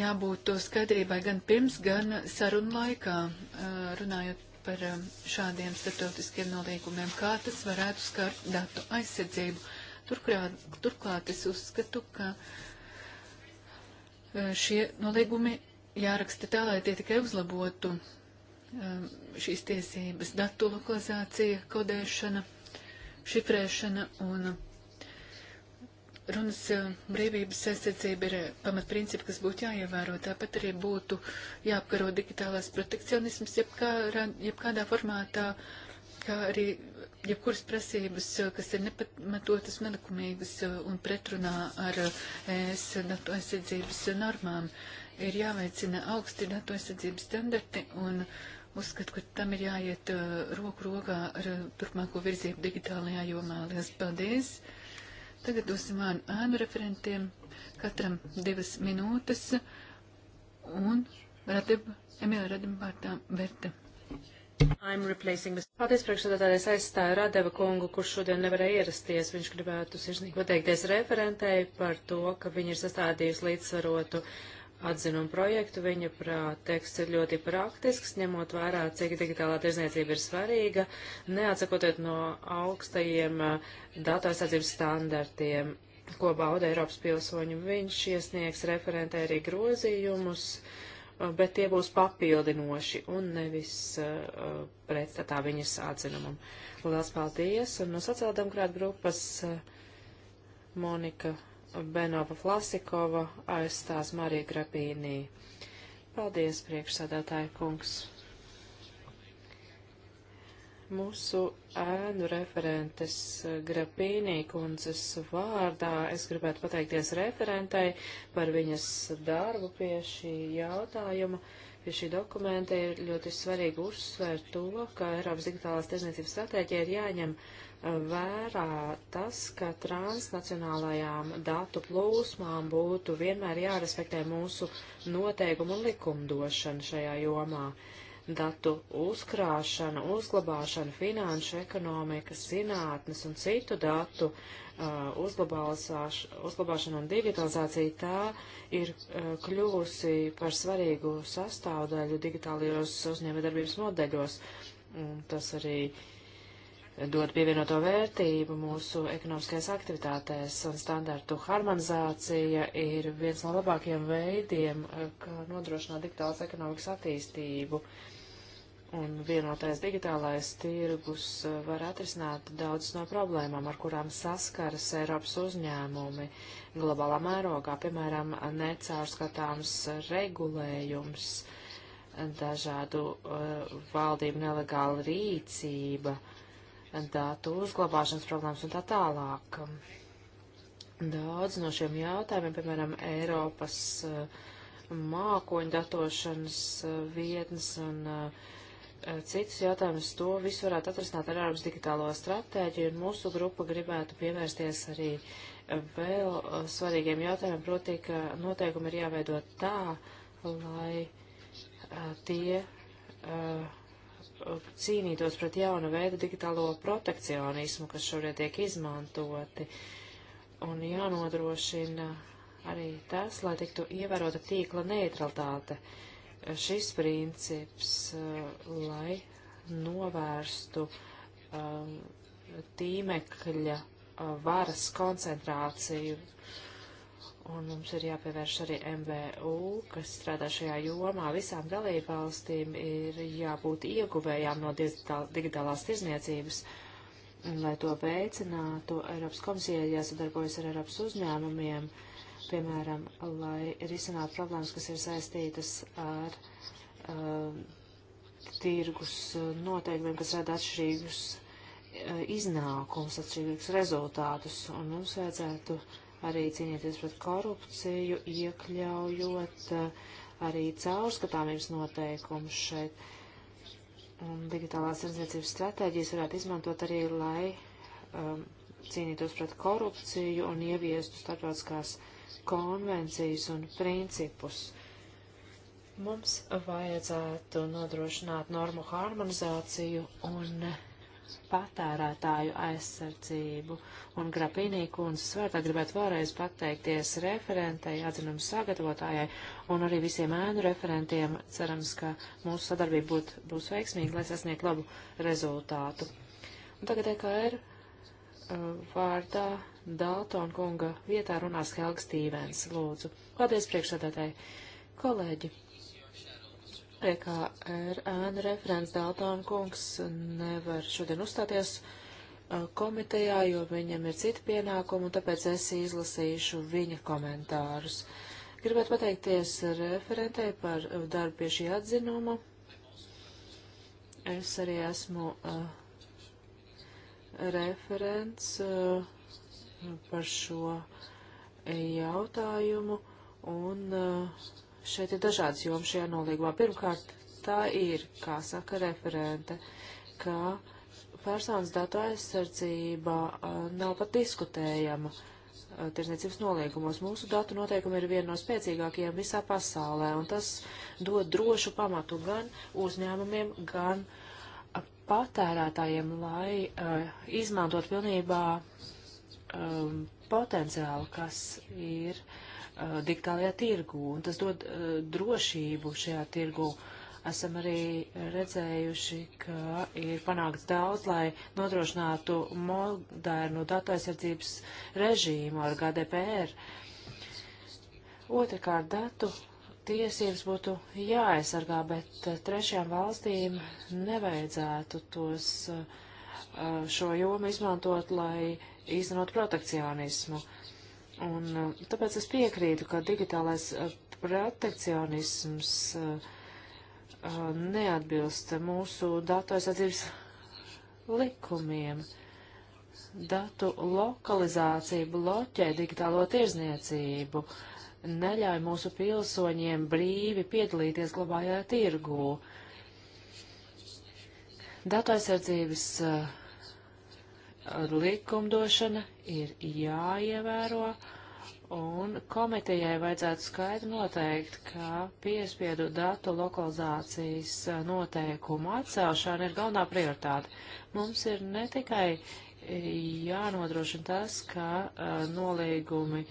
Jābūt to skaidrībai gan pirms, gan sarunu laikā, runājot par um, šādiem starptautiskiem nolīgumiem, kā tas varētu skart datu aizsardzību Turklāt, turklāt es uzskatu, ka e, šie nolīgumi jāraksta tā, lai tie tikai uzlabotu e, šīs tiesības datu lokalizācija, kodēšana, šifrēšana un runas e, brīvības aizsardzība ir pamatprincipi, kas būtu jāievēro. Tāpat arī būtu jāapkaro digitālās protekcionisms jebkā, jebkādā formātā kā arī jebkuras prasības, eh, kas ir nepamatotas nelikumīgas eh, un pretrunā ar eh, ES datu aizsardzības normām. Ir jāveicina augsti datu aizsardzības standarti un uzskatu, ka tam ir jāiet roku rokā ar turpmāko virzību digitālajā jomā. Lielas paldies! Tagad dosim vārdu ēnu referentiem, katram divas minūtes un Radib, Emīla Radim vārtā Verta. Paldies priekšsēdētājais aizstāju Radeva kungu, kurš šodien nevarēja ierasties. Viņš gribētu sirsnīgi pateikties referentei par to, ka viņa ir sastādījusi līdzsvarotu atzinumu projektu. Viņa prāt teksts ir ļoti praktisks, ņemot vērā, cik digitālā tirzniecība ir svarīga, neatsakoties no augstajiem eh, datu aizsardzības standartiem, ko bauda Eiropas pilsoņi. Viņš iesniegs referentē arī grozījumus. Uh, bet tie būs papildinoši un nevis uh, pretstatā viņas atzinumam. Lielas paldies! Un no sociāldemokrāta grupas uh, Monika Benova Flasikova aizstās Marija Grapīnī. Paldies, priekšsādātāja kungs! Mūsu ēnu referentes eh, Grapīnī kundzes vārdā es gribētu pateikties referentei par viņas darbu pie šī jautājuma. Pie šī dokumenta ir ļoti svarīgi uzsvērt to, ka Eiropas digitālās tirzniecības stratēģija ir jāņem eh, vērā tas, ka transnacionālajām datu plūsmām būtu vienmēr jārespektē mūsu noteikumu un likumdošana šajā jomā. Uh, datu uzkrāšana, uzglabāšana, finanšu, ekonomikas, zinātnes un citu datu uh, uzglabāšana un digitalizācija, tā ir uh, kļuvusi par svarīgu sastāvdaļu digitālajos uzņēmējdarbības modeļos. Un tas arī uh, dod pievienoto vērtību mūsu ekonomiskajās aktivitātēs, un standartu harmonizācija ir viens no labākajiem veidiem, eh, kā nodrošināt digitālas ekonomikas attīstību. Un vienotais digitālais tirgus eh, var atrisināt daudz no problēmām, ar kurām saskaras Eiropas uzņēmumi globālā mērogā, piemēram, necaurskatāms regulējums, dažādu uh, valdību nelegāla rīcība datu uzglabāšanas problēmas un tā tālāk. Daudz no šiem jautājumiem, piemēram, Eiropas eh, mākoņu datošanas eh, vietnes un uh, citus jautājumus, to visu varētu atrasināt ar Eiropas digitālo stratēģiju, un mūsu grupa gribētu pievērsties arī vēl svarīgiem jautājumiem, proti, ka noteikumi ir jāveido tā, lai tie uh, cīnītos pret jaunu veidu digitālo protekcionismu, kas šobrīd tiek izmantoti, un jānodrošina arī tas, lai tiktu ievērota tīkla neutralitāte. Šis princips, uh, lai novērstu um, tīmekļa uh, varas koncentrāciju Un mums ir jāpievērš arī MVU, kas strādā šajā jomā. Visām dalībvalstīm ir jābūt ieguvējām no digitālās tirzniecības. Un, lai to veicinātu, Eiropas komisija jāsadarbojas ar Eiropas uzņēmumiem, piemēram, lai risinātu problēmas, kas ir saistītas ar uh, tirgus noteikumiem, kas rada atšķirīgus uh, iznākums, atšķirīgus rezultātus. Un mums vajadzētu uh, arī cīnīties pret korupciju, iekļaujot eh, arī caurskatāmības noteikumus šeit. Un digitālās redzniecības stratēģijas varētu izmantot arī, lai um, cīnītos pret korupciju un ieviestu starptautiskās konvencijas un principus. Mums vajadzētu nodrošināt normu harmonizāciju un uh, patērētāju aizsardzību. Un Grapīnī kundze svērtā gribētu vēlreiz pateikties referentei, atzinumu sagatavotājai un arī visiem ēnu referentiem. Cerams, ka mūsu sadarbība būt, būs veiksmīga, lai sasniegtu labu rezultātu. Un tagad EKR uh, vārdā Daltona kunga vietā runās Helga Stīvens. Lūdzu, paldies priekšsēdētāji, kolēģi! EKR ēnu referents Dāltāna kungs nevar šodien uzstāties uh, komitejā, jo viņam ir citi pienākumi, un tāpēc es izlasīšu viņa komentārus. Gribētu pateikties referentei par uh, darbu pie šī atzinuma. Es arī esmu uh, referents uh, par šo jautājumu, un uh, Šeit ir dažādas jomas šajā nolīgumā. Pirmkārt, tā ir, kā saka referente, ka personas datu aizsardzība eh, nav pat diskutējama eh, tirsniecības nolīgumos. Mūsu datu noteikumi ir viena no spēcīgākajiem visā pasaulē, un tas dod drošu pamatu gan uzņēmumiem, gan eh, patērētājiem, lai uh, izmantot pilnībā um, potenciālu, kas ir uh, uh, digitālajā tirgu, un tas dod uh, drošību šajā tirgu. Esam arī redzējuši, ka ir panākts daudz, lai nodrošinātu modernu datu aizsardzības režīmu ar GDPR. Otrakārt, datu tiesības būtu jāaizsargā, bet uh, trešajām valstīm nevajadzētu tos uh, uh, šo jomu izmantot, lai īstenot protekcionismu. Un uh, tāpēc es piekrītu, ka digitālais uh, protekcionisms uh, neatbilst mūsu datu aizsardzības likumiem. Datu lokalizācija bloķē digitālo tirzniecību, neļauj mūsu pilsoņiem brīvi piedalīties globālajā tirgū. Datu aizsardzības uh, likumdošana ir jāievēro, un komitejai vajadzētu skaidri noteikt, ka piespiedu datu lokalizācijas noteikumu atcelšana ir galvenā prioritāte. Mums ir ne tikai jānodrošina tas, ka uh, nolīgumi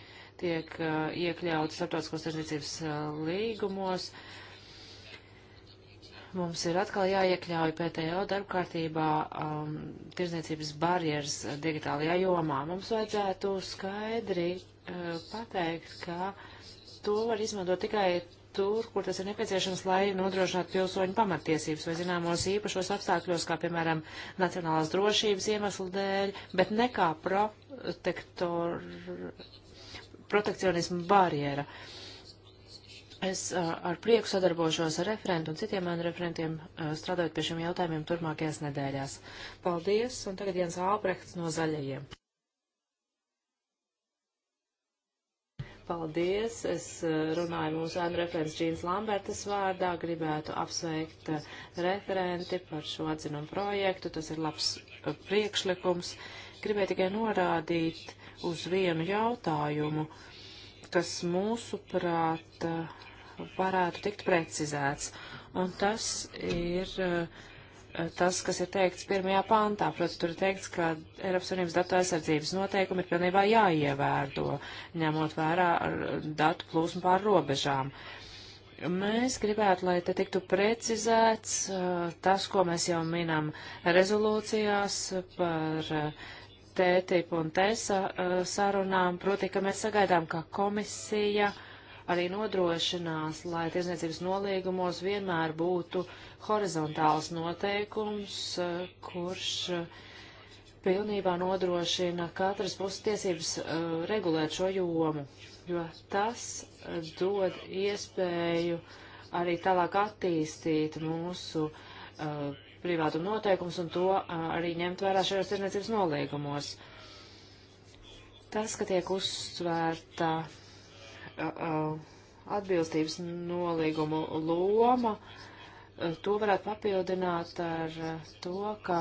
tiek uh, iekļauti starptautiskos tirdzniecības uh, līgumos, uh, mums ir atkal jāiekļauj PTO darbkārtībā um, tirzniecības barjeras digitālajā jomā. Mums vajadzētu skaidri uh, pateikt, ka to var izmantot tikai tur, kur tas ir nepieciešams, lai nodrošinātu pilsoņu pamatiesības vai zināmos īpašos apstākļos, kā piemēram nacionālās drošības iemeslu dēļ, bet ne kā protektor, protekcionismu barjera. Uh, Es a, ar prieku sadarbošos ar referentu un citiem ēnu referentiem a, strādājot pie šiem jautājumiem turpmākajās nedēļās. Paldies, un tagad Jens Ābrechts no zaļajiem. Paldies, es runāju mūsu ēnu referents Džīns Lambertas vārdā, gribētu apsveikt referenti par šo atzinumu projektu, tas ir labs a, priekšlikums. Gribēju tikai norādīt uz vienu jautājumu, kas mūsuprāt. Uh, varētu tikt precizēts. Un tas ir eh, tas, kas ir teikts pirmajā pāntā. Protams, tur ir teikts, ka Eiropas Savienības datu aizsardzības noteikumi ir pilnībā jāievērdo, ņemot vērā datu plūsmu pār robežām. Mēs gribētu, lai te tiktu precizēts eh, tas, ko mēs jau minam rezolūcijās par eh, TTIP un TESA sarunām, proti, ka mēs sagaidām, ka komisija uh, arī nodrošinās, lai tiesniecības noliegumos vienmēr būtu horizontāls noteikums, eh, kurš eh, pilnībā nodrošina katras puses tiesības eh, regulēt šo jomu, jo tas dod iespēju arī tālāk attīstīt mūsu privātu noteikumus un to arī ņemt vērā šajos tiesniecības noliegumos. Tas, ka tiek uzsvērta atbilstības nolīgumu loma. To varētu papildināt ar to, ka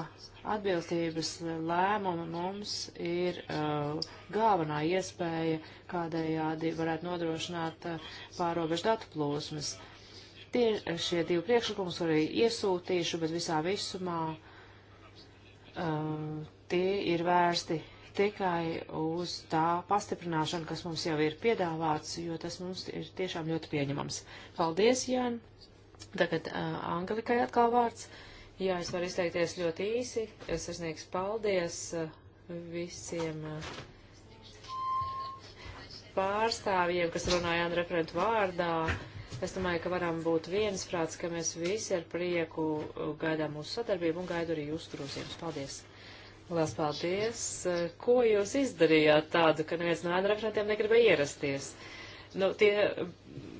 atbilstības lēmumi mums ir uh, galvenā iespēja, kādējādi varētu nodrošināt uh, pārobežu datu plūsmas. Tie šie divi priekšlikumus arī iesūtīšu, bet visā visumā uh, tie ir vērsti tikai uz tā pastiprināšanu, kas mums jau ir piedāvāts, jo tas mums ir tiešām ļoti pieņemams. Paldies, Jāni! Tagad uh, Angelikai atkal vārds. Jā, es varu izteikties ļoti īsi. Es sasniegs paldies uh, visiem uh, pārstāvjiem, kas runāja Andra Frentu vārdā. Es domāju, ka varam būt viensprāts, ka mēs visi ar prieku gaidām mūsu sadarbību un gaidu arī jūsu grozījumus. Paldies! Lielas paldies! Ko jūs izdarījāt tādu, ka neviens no ēnrakšņotiem negribēja ierasties? Nu, tie,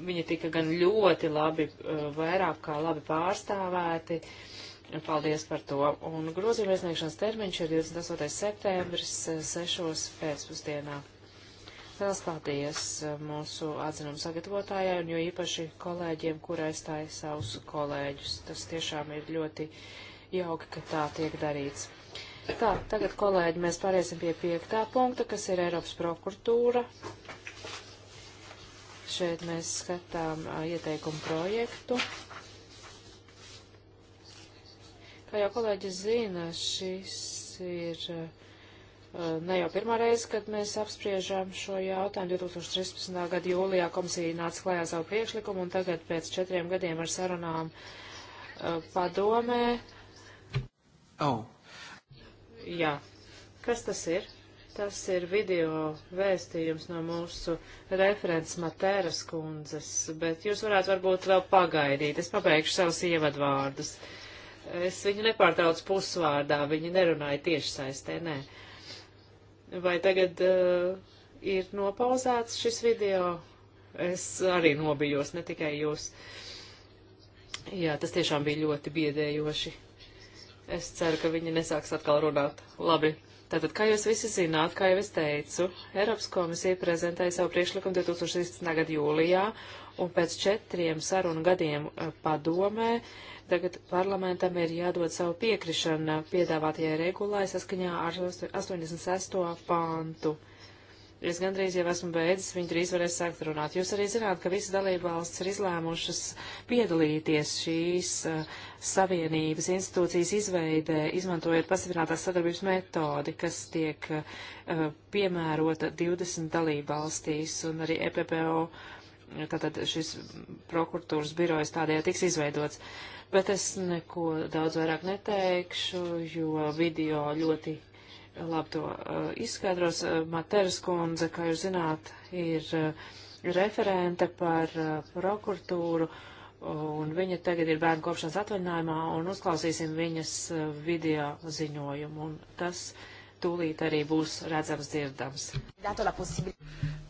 viņi tika gan ļoti labi, eh, vairāk kā labi pārstāvēti. Paldies par to. Un grozījuma iesniegšanas termiņš ir 28. septembris 6. Eh, pēcpusdienā. Lielas paldies eh, mūsu atzinumu sagatavotājai un jo īpaši kolēģiem, kur aizstāja savus kolēģus. Tas tiešām ir ļoti jauki, ka tā tiek darīts. Tā, tagad, kolēģi, mēs pāriesim pie piektā punkta, kas ir Eiropas prokuratūra. Šeit mēs skatām a, ieteikumu projektu. Kā jau kolēģis zina, šis ir a, ne jau pirmā reize, kad mēs apspriežām šo jautājumu. 2013. gada jūlijā komisija nāca klajā savu priekšlikumu, un tagad pēc četriem gadiem ar sarunām uh, padomē. Oh. Jā. Kas tas ir? Tas ir video vēstījums no mūsu referents Matēras kundzes, bet jūs varētu varbūt vēl pagaidīt. Es pabeigšu savus ievadvārdus. Es viņu nepārtraucu pusvārdā, viņi nerunāja tieši saistē, nē. Vai tagad uh, ir nopauzēts šis video? Es arī nobijos, ne tikai jūs. Jā, tas tiešām bija ļoti biedējoši. Es ceru, ka viņi nesāks atkal runāt. Labi. Tātad, kā jūs visi zināt, kā jau es teicu, Eiropas komisija prezentēja savu priekšlikumu 2016. gada jūlijā, un pēc četriem sarunu gadiem eh, padomē, tagad parlamentam ir jādod savu piekrišanu piedāvātajai regulai saskaņā ar 86. pantu. Es gandrīz jau esmu beidzis, viņi drīz varēs sākt runāt. Jūs arī zināt, ka visas dalībvalstis ir izlēmušas piedalīties šīs uh, savienības institūcijas izveidē, izmantojot pastiprinātās sadarbības metodi, kas tiek uh, uh piemērota 20 dalībvalstīs un arī EPPO, tātad šis prokuratūras birojas tādējā tiks izveidots. Bet es neko daudz vairāk neteikšu, jo video ļoti labi to uh, izskaidros. Eh, Materas kundze, kā jūs zināt, ir uh, referente par uh, prokuratūru, un viņa tagad ir bērnu kopšanas atvaļinājumā, un uzklausīsim viņas video ziņojumu, un tas tūlīt arī būs redzams, dzirdams.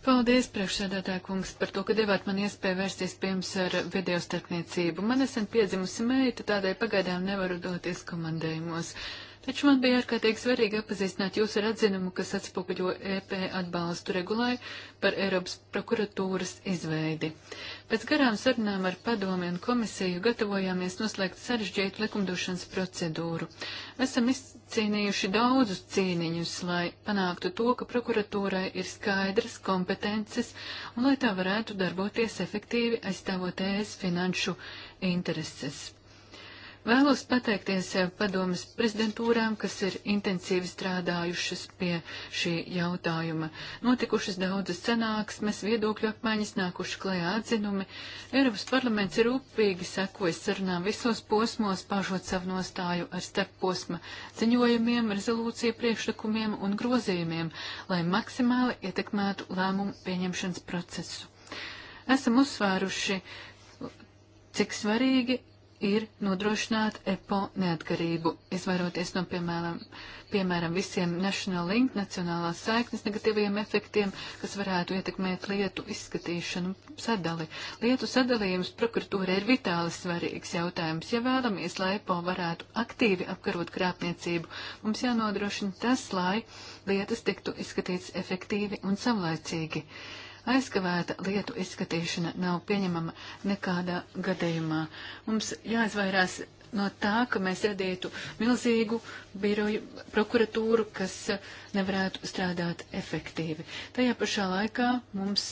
Paldies, priekšsēdētāja kungs, par to, ka devāt man iespēju vērsties pie jums ar video starpniecību. Man esen piedzimusi meita, tādēļ pagaidām nevaru doties komandējumos. Uh, Taču man bija ārkārtīgi svarīgi apzīstināt jūs ar atzinumu, kas atspoguļo EP atbalstu regulai par Eiropas prokuratūras izveidi. Pēc garām sarunām ar padomi un komisiju gatavojāmies noslēgt sarežģītu likumdošanas procedūru. Esam izcīnījuši daudzus cīniņus, lai panāktu to, ka prokuratūrai ir skaidras kompetences un lai tā varētu darboties efektīvi aizstāvot ES finanšu intereses. Vēlos pateikties padomas prezidentūrām, kas ir intensīvi strādājušas pie šī jautājuma. Notikušas daudzas sanāksmes, viedokļu apmaiņas, nākuši klajā atzinumi. Eiropas parlaments ir upīgi sekojis sarunām visos posmos, pāržot savu nostāju ar starpposma ziņojumiem, rezolūciju priekšlikumiem un grozījumiem, lai maksimāli ietekmētu lēmumu pieņemšanas procesu. Esam uzsvēruši cik svarīgi ir nodrošināt EPO neatkarību, izvairoties no, piemēram, piemēram visiem National Link, nacionālās saiknes negatīviem efektiem, kas varētu ietekmēt lietu izskatīšanu sadali. Lietu sadalījums prokuratūra ir vitāli svarīgs jautājums. Ja vēlamies, lai EPO varētu aktīvi apkarot krāpniecību, mums jānodrošina tas, lai lietas tiktu izskatītas efektīvi un savlaicīgi. Uh, Aizkavēta lietu izskatīšana nav pieņemama nekādā gadījumā. Mums jāizvairās no tā, ka mēs radītu milzīgu biroju prokuratūru, kas nevarētu strādāt efektīvi. Tajā pašā laikā mums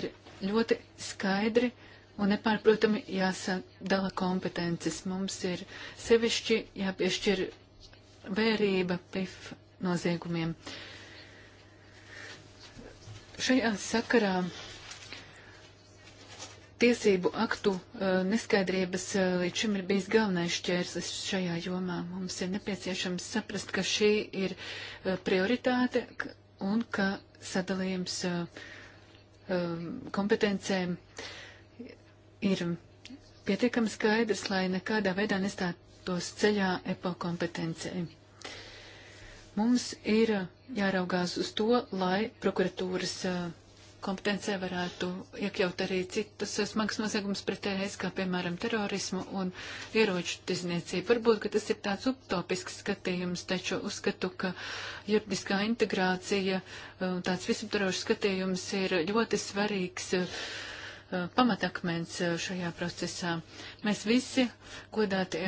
ir ļoti skaidri un nepārprotami jāsadala kompetences. Mums ir sevišķi jāpiešķir vērība PIF noziegumiem. Uh, Šajā sakarā tiesību aktu uh, neskaidrības uh, līdz šim ir bijis galvenais šķērslis šajā jomā. Mums ir nepieciešams saprast, ka šī ir uh, prioritāte un ka sadalījums um, kompetencēm ir pietiekami skaidrs, lai nekādā veidā nestātos ceļā EPO kompetencijai. Mums ir jāraugās uz to, lai prokuratūras kompetencē varētu iekļaut arī citas smagas noziegumus pret ES, kā piemēram terorismu un ieroču tirzniecību. Varbūt, ka tas ir tāds utopisks skatījums, taču uzskatu, ka juridiskā integrācija, tāds visaptarošs skatījums ir ļoti svarīgs pamatakmens šajā procesā. Mēs visi, godātie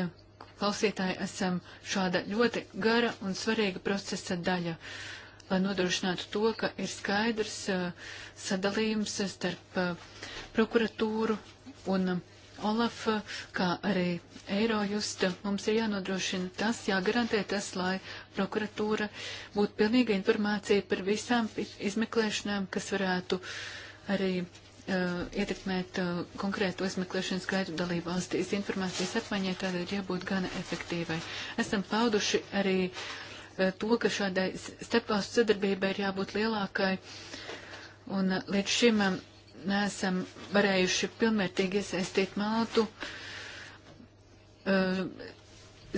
klausītāji esam šāda ļoti gara un svarīga procesa daļa, lai nodrošinātu to, ka ir skaidrs uh, sadalījums starp uh, prokuratūru un eh, Olaf, kā arī Eirojusta, mums ir jānodrošina tas, jāgarantē tas, lai prokuratūra būtu pilnīga informācija par visām izmeklēšanām, kas varētu arī Eh, ietekmēt eh, konkrētu izmeklēšanas gaitu dalību valstīs. Informācijas apmaiņai tādēļ jābūt gana efektīvai. Esam pauduši arī eh, to, ka šādai starpvalstu sadarbībai ir jābūt lielākai, un līdz šim neesam varējuši pilnvērtīgi iesaistīt Maltu,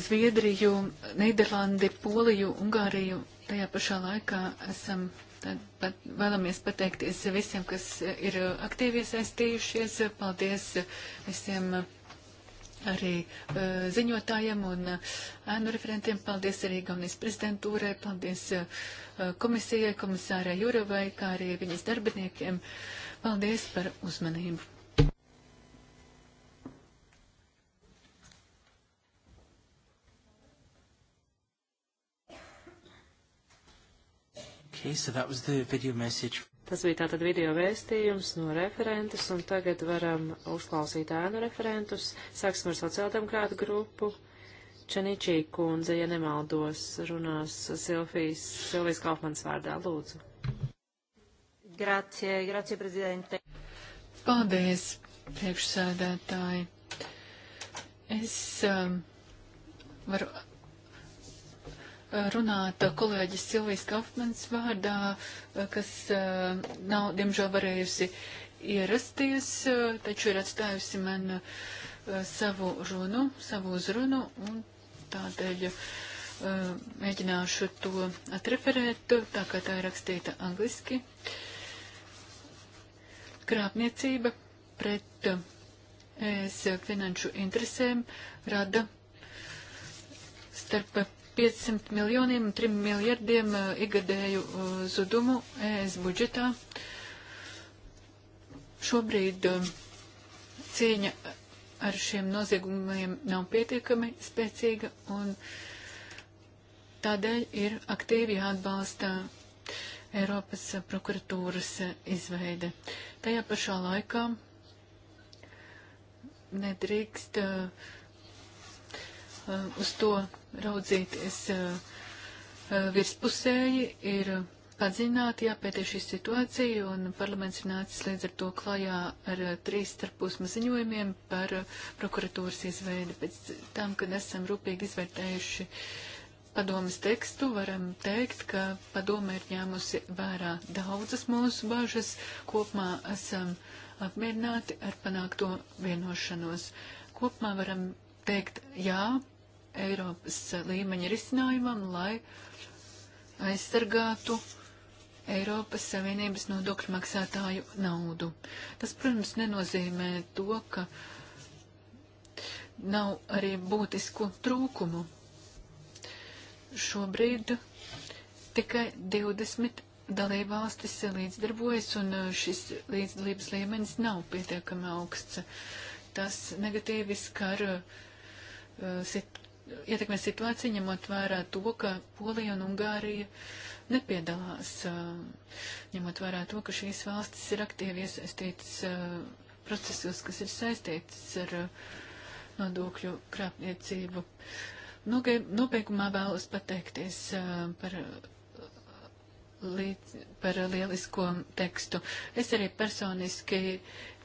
Zviedriju, Nīderlandi, Poliju, Ungāriju. Tajā pašā laikā esam Tad pat, vēlamies pateikties visiem, kas ir aktīvi iesaistījušies. Paldies visiem arī eh, ziņotājiem un eh, ēnu referentiem. Paldies arī Gaunijas prezidentūrai, paldies eh, komisijai, komisārai Juravai, kā arī viņas darbiniekiem. Paldies par uzmanību. Okay, so that was the video message. Tas bija tātad video vēstījums no referentes, un tagad varam uzklausīt ēnu referentus. Sāksim ar sociāldemokrātu grupu. Čeničī kundze, ja nemaldos, runās Silfijas, Silvijas Kaufmanas vārdā. Lūdzu. Grazie, grazie, prezidente. Paldies, priekšsēdētāji. Es um, varu runāt kolēģis Silvijas Kaufmans vārdā, eh, kas eh, nav, diemžēl, varējusi ierasties, eh, taču ir atstājusi man savu runu, savu uzrunu, un tādēļ mēģināšu to atreferēt, tā kā tā ir rakstīta angliski. Krāpniecība pret ES finanšu interesēm rada starp 500 miljoniem un 3 miljardiem eh, igadēju eh, zudumu ES budžetā. Šobrīd eh, cīņa ar šiem noziegumiem nav pietiekami spēcīga un tādēļ ir aktīvi jāatbalsta Eiropas prokuratūras izveide. Tajā pašā laikā nedrīkst uh, Eh, uz to raudzīties eh, eh, virspusēji, ir padziļināti jāpētē šī situācija, un parlaments ir nācis līdz ar to klajā ar trīs starpūsma ziņojumiem par prokuratūras izveidi. Pēc tam, kad esam rūpīgi izvērtējuši padomas tekstu, varam teikt, ka padoma ir ņēmusi vērā daudzas mūsu bažas. Kopumā esam apmierināti ar panākto vienošanos. Kopumā varam teikt jā Eiropas līmeņa risinājumam, lai aizsargātu Eiropas Savienības nodokļu maksātāju naudu. Tas, protams, nenozīmē to, ka nav arī būtisku trūkumu. Šobrīd tikai 20 dalībvalstis līdzdarbojas, un uh, šis līdzdalības līmenis nav pietiekami augsts. Tas negatīvi skar uh, sit, ietekmē situāciju, ņemot vērā to, ka Polija un Ungārija nepiedalās, ņemot vērā to, ka šīs valstis ir aktīvi iesaistītas procesos, kas ir saistītas ar nodokļu krāpniecību. Nobeigumā vēlos pateikties par līdz, par lielisko tekstu. Es arī personiski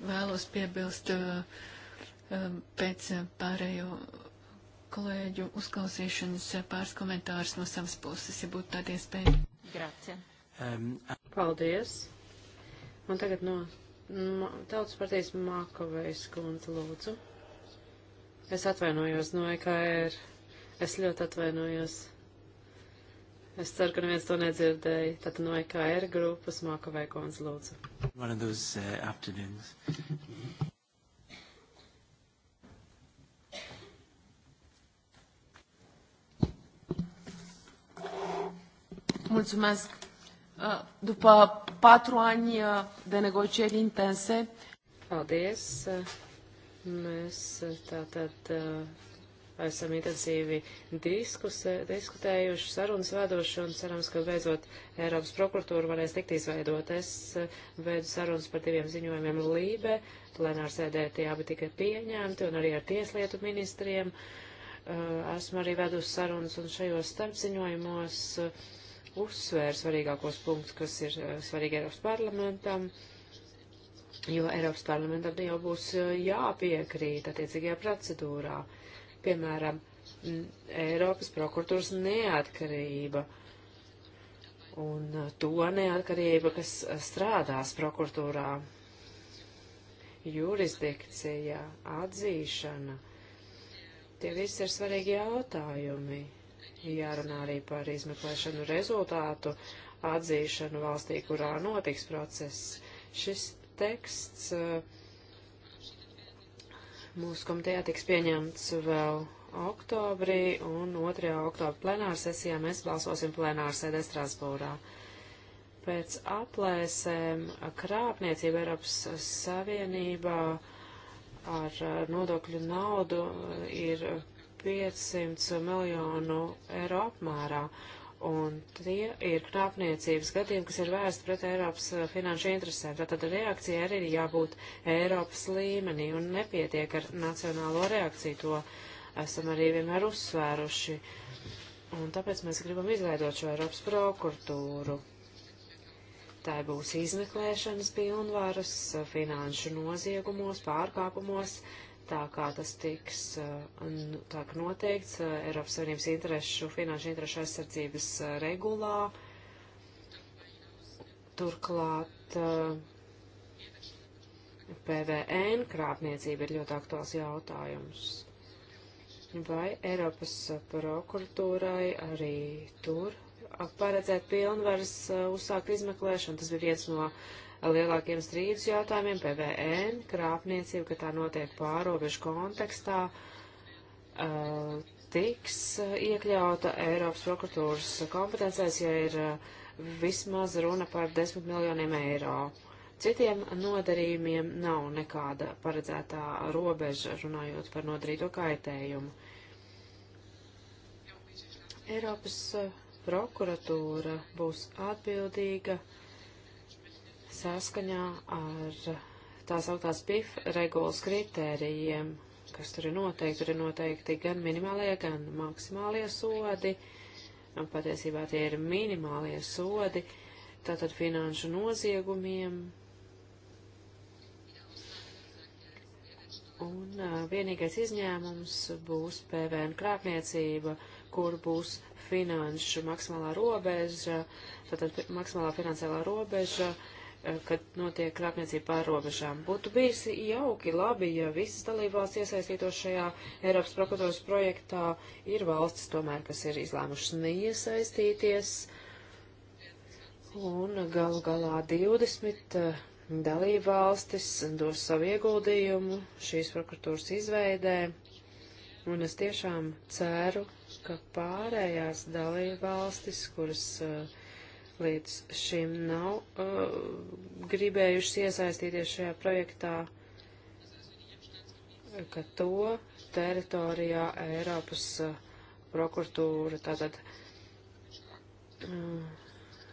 vēlos piebilst pēc pārējo kolēģu uzklausīšanas pāris komentārus no savas puses, ja būtu tāda iespēja. Grācija. Um, Paldies. Un tagad no Tautas partijas Mākovejas kundze lūdzu. Es atvainojos no EKR. Es ļoti atvainojos. Es ceru, ka neviens to nedzirdēja. Tad no EKR grupas Mākavai Kons lūdzu. One of those uh, afternoons. Mulțumesc. Uh, după patru ani uh, de negocieri intense. Paldies. Uh, mēs tātad esam intensīvi diskuse, diskutējuši, sarunas vedoši un cerams, ka beidzot Eiropas prokuratūra varēs tikt izveidot. Es veidu sarunas par diviem ziņojumiem Lībe, plenārsēdē tie abi tika pieņemti un arī ar tieslietu ministriem. Esmu arī vedusi sarunas un šajos starpziņojumos. Uh, uzsvēra svarīgākos punktus, kas ir eh, svarīgi Eiropas parlamentam, jo Eiropas parlamentam jau būs eh, jāpiekrīt attiecīgajā procedūrā. Piemēram, Eiropas prokuratūras neatkarība un eh, to neatkarība, kas strādās prokuratūrā, jurisdikcija, atzīšana. Tie visi ir svarīgi jautājumi jārunā arī par izmeklēšanu rezultātu atzīšanu valstī, kurā notiks process. Šis teksts eh, mūsu komitejā tiks pieņemts vēl oktobrī, un 2. oktobra plenāra sesijā mēs balsosim plenāra sēdē Strasbūrā. Pēc aplēsēm krāpniecība Eiropas Savienībā ar nodokļu naudu ir 500 miljonu eiro apmērā. Un tie ir krāpniecības gadījumi, kas ir vērsti pret Eiropas eh, finanšu interesēm. Tātad reakcija arī ir jābūt Eiropas līmenī un nepietiek ar nacionālo reakciju. To esam arī vienmēr uzsvēruši. Un tāpēc mēs gribam izveidot šo Eiropas prokuratūru. Tā būs izmeklēšanas pilnvaras eh, finanšu noziegumos, pārkāpumos. Uh, tā kā tas tiks uh, tā kā noteikts uh, Eiropas Savienības interesu, finanšu interesu aizsardzības uh, regulā. Turklāt PVN krāpniecība ir ļoti aktuāls jautājums. Vai Eiropas prokuratūrai arī tur paredzēt pilnvaras uzsākt izmeklēšanu? Tas bija viens no uh, lielākiem strīdus jautājumiem, PVN, krāpniecība, ka tā notiek pārobežu kontekstā, uh, tiks uh, iekļauta Eiropas prokuratūras kompetencēs, ja ir uh, vismaz runa par 10 miljoniem eiro. Citiem nodarījumiem nav nekāda paredzētā robeža, runājot par nodarīto kaitējumu. Eiropas uh, prokuratūra būs atbildīga uh, saskaņā ar tās augtās PIF regulas kritērijiem, kas tur ir noteikti. Tur ir noteikti gan minimālie, gan maksimālie sodi. Un patiesībā tie ir minimālie sodi, tātad finanšu noziegumiem. Un uh, vienīgais izņēmums būs PVN krāpniecība, kur būs finanšu maksimālā robeža, tātad maksimālā finansiālā robeža uh, kad notiek krāpniecība pār robežām. Būtu bijis jauki, labi, ja visas dalībvalsts iesaistītos šajā Eiropas prokuratūras projektā. Ir valstis tomēr, kas ir izlēmušas neiesaistīties. Un galu galā 20 eh, dalībvalstis dos savu ieguldījumu šīs prokuratūras izveidē. Un es tiešām ceru, ka pārējās dalībvalstis, kuras uh, līdz šim nav uh, gribējušas iesaistīties šajā projektā, ka to teritorijā Eiropas uh, prokuratūra tātad. Uh,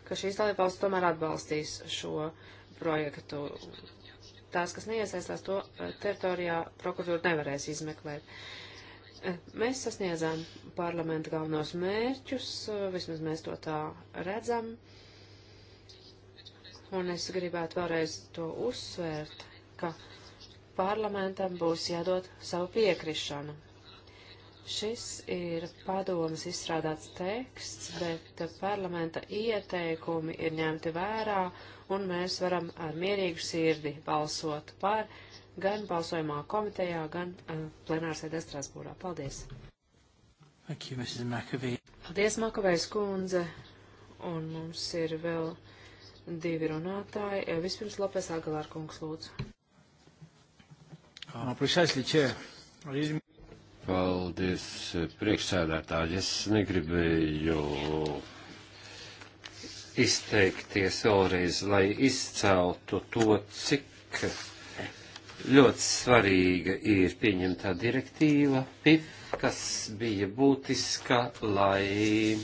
ka šīs dalībvalsts tomēr atbalstīs šo projektu. Tās, kas neiesaistās to uh, teritorijā, prokuratūra nevarēs izmeklēt. Uh, mēs sasniedzām parlamenta galvenos mērķus, uh, vismaz mēs to tā redzam un es gribētu vēlreiz to uzsvērt, ka parlamentam būs jādod savu piekrišanu. Šis ir padomas izstrādāts teksts, bet parlamenta ieteikumi ir ņemti vērā, un mēs varam ar mierīgu sirdi balsot par gan balsojumā komitejā, gan uh, plenārsēdē Strasbūrā. Paldies! You, Paldies, Makavējs kundze! Un mums ir vēl divi runātāji. E, vispirms Lopes Agalār kungs lūdzu. Paldies, priekšsēdētāji. Es negribēju izteikties vēlreiz, lai izceltu to, cik ļoti svarīga ir pieņemtā direktīva PIF, kas bija būtiska, lai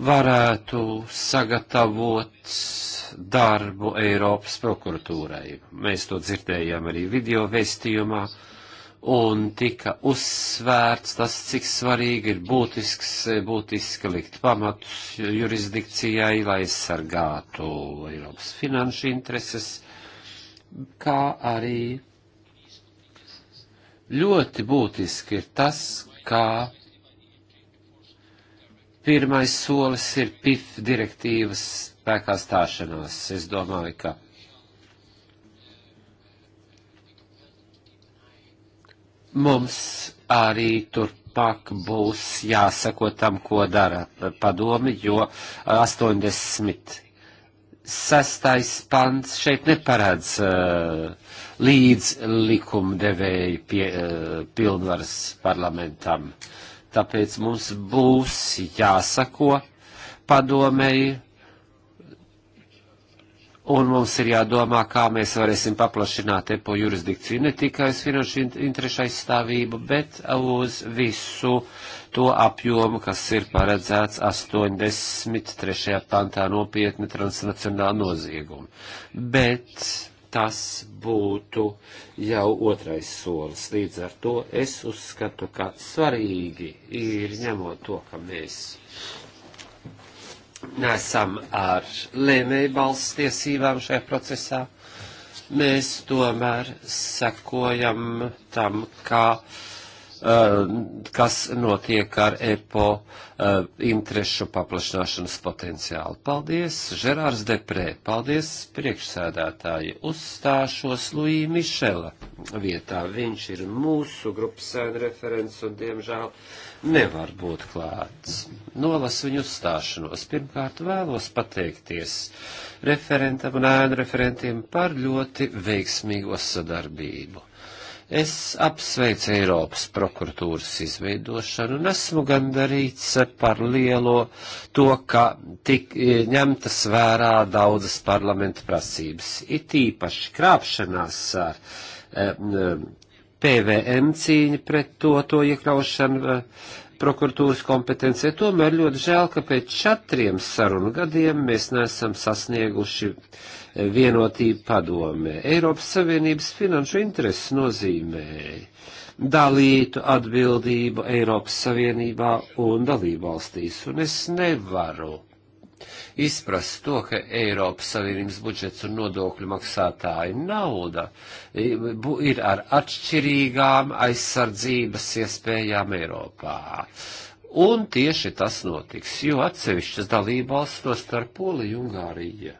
varētu sagatavot darbu Eiropas prokuratūrai. Mēs to dzirdējām arī video vēstījumā, un tika uzsvērts tas, cik svarīgi ir būtisks, būtiski likt pamatus jurisdikcijai, lai aizsargātu Eiropas finanšu intereses, kā arī ļoti būtiski ir tas, kā Pirmais solis ir PIF direktīvas spēkā stāšanās. Es domāju, ka mums arī turpāk būs jāsako tam, ko dara padomi, jo 80 sastais pants šeit neparādz uh, līdz likumdevēju pie, uh, pilnvaras parlamentam. Uh, Tāpēc mums būs jāsako padomēji, un mums ir jādomā, kā mēs varēsim paplašināt EPO jurisdikciju ne tikai uz finanšu interešu aizstāvību, bet uz visu to apjomu, kas ir paredzēts 83. pantā nopietni transnacionāla nozieguma. Bet tas būtu jau otrais solis. Līdz ar to es uzskatu, ka svarīgi ir ņemot to, ka mēs nesam ar lēmēju balsts tiesībām šajā procesā. Mēs tomēr sekojam tam, kā. Ka Uh, kas notiek ar EPO uh, interešu paplašināšanas potenciālu. Paldies, Žerārs Deprē, paldies priekšsēdētāji. Uzstāšos Luī Mišela vietā. Viņš ir mūsu grupas sēna referents un, diemžēl, nevar būt klāts. Nolas viņu uzstāšanos. Pirmkārt vēlos pateikties referentam un ēnu referentiem par ļoti veiksmīgo sadarbību Es apsveicu Eiropas prokuratūras izveidošanu un esmu gandarīts par lielo to, ka tik e, ņemtas vērā daudzas parlamenta prasības, it īpaši krāpšanās ar um, e, e, PVN cīņa pret to, to iekļaušanu prokuratūras kompetencija. Tomēr ļoti žēl, ka pēc četriem sarunu gadiem mēs nesam sasnieguši vienotību padomē. Eiropas Savienības finanšu intereses nozīmē dalītu atbildību Eiropas Savienībā un dalībvalstīs, un es nevaru izprast to, ka Eiropas Savienības budžets un nodokļu maksātāja nauda e, ir ar atšķirīgām aizsardzības iespējām Eiropā. Un tieši tas notiks, jo atsevišķas dalībvalsts, to starp Poliju un Ungāriju,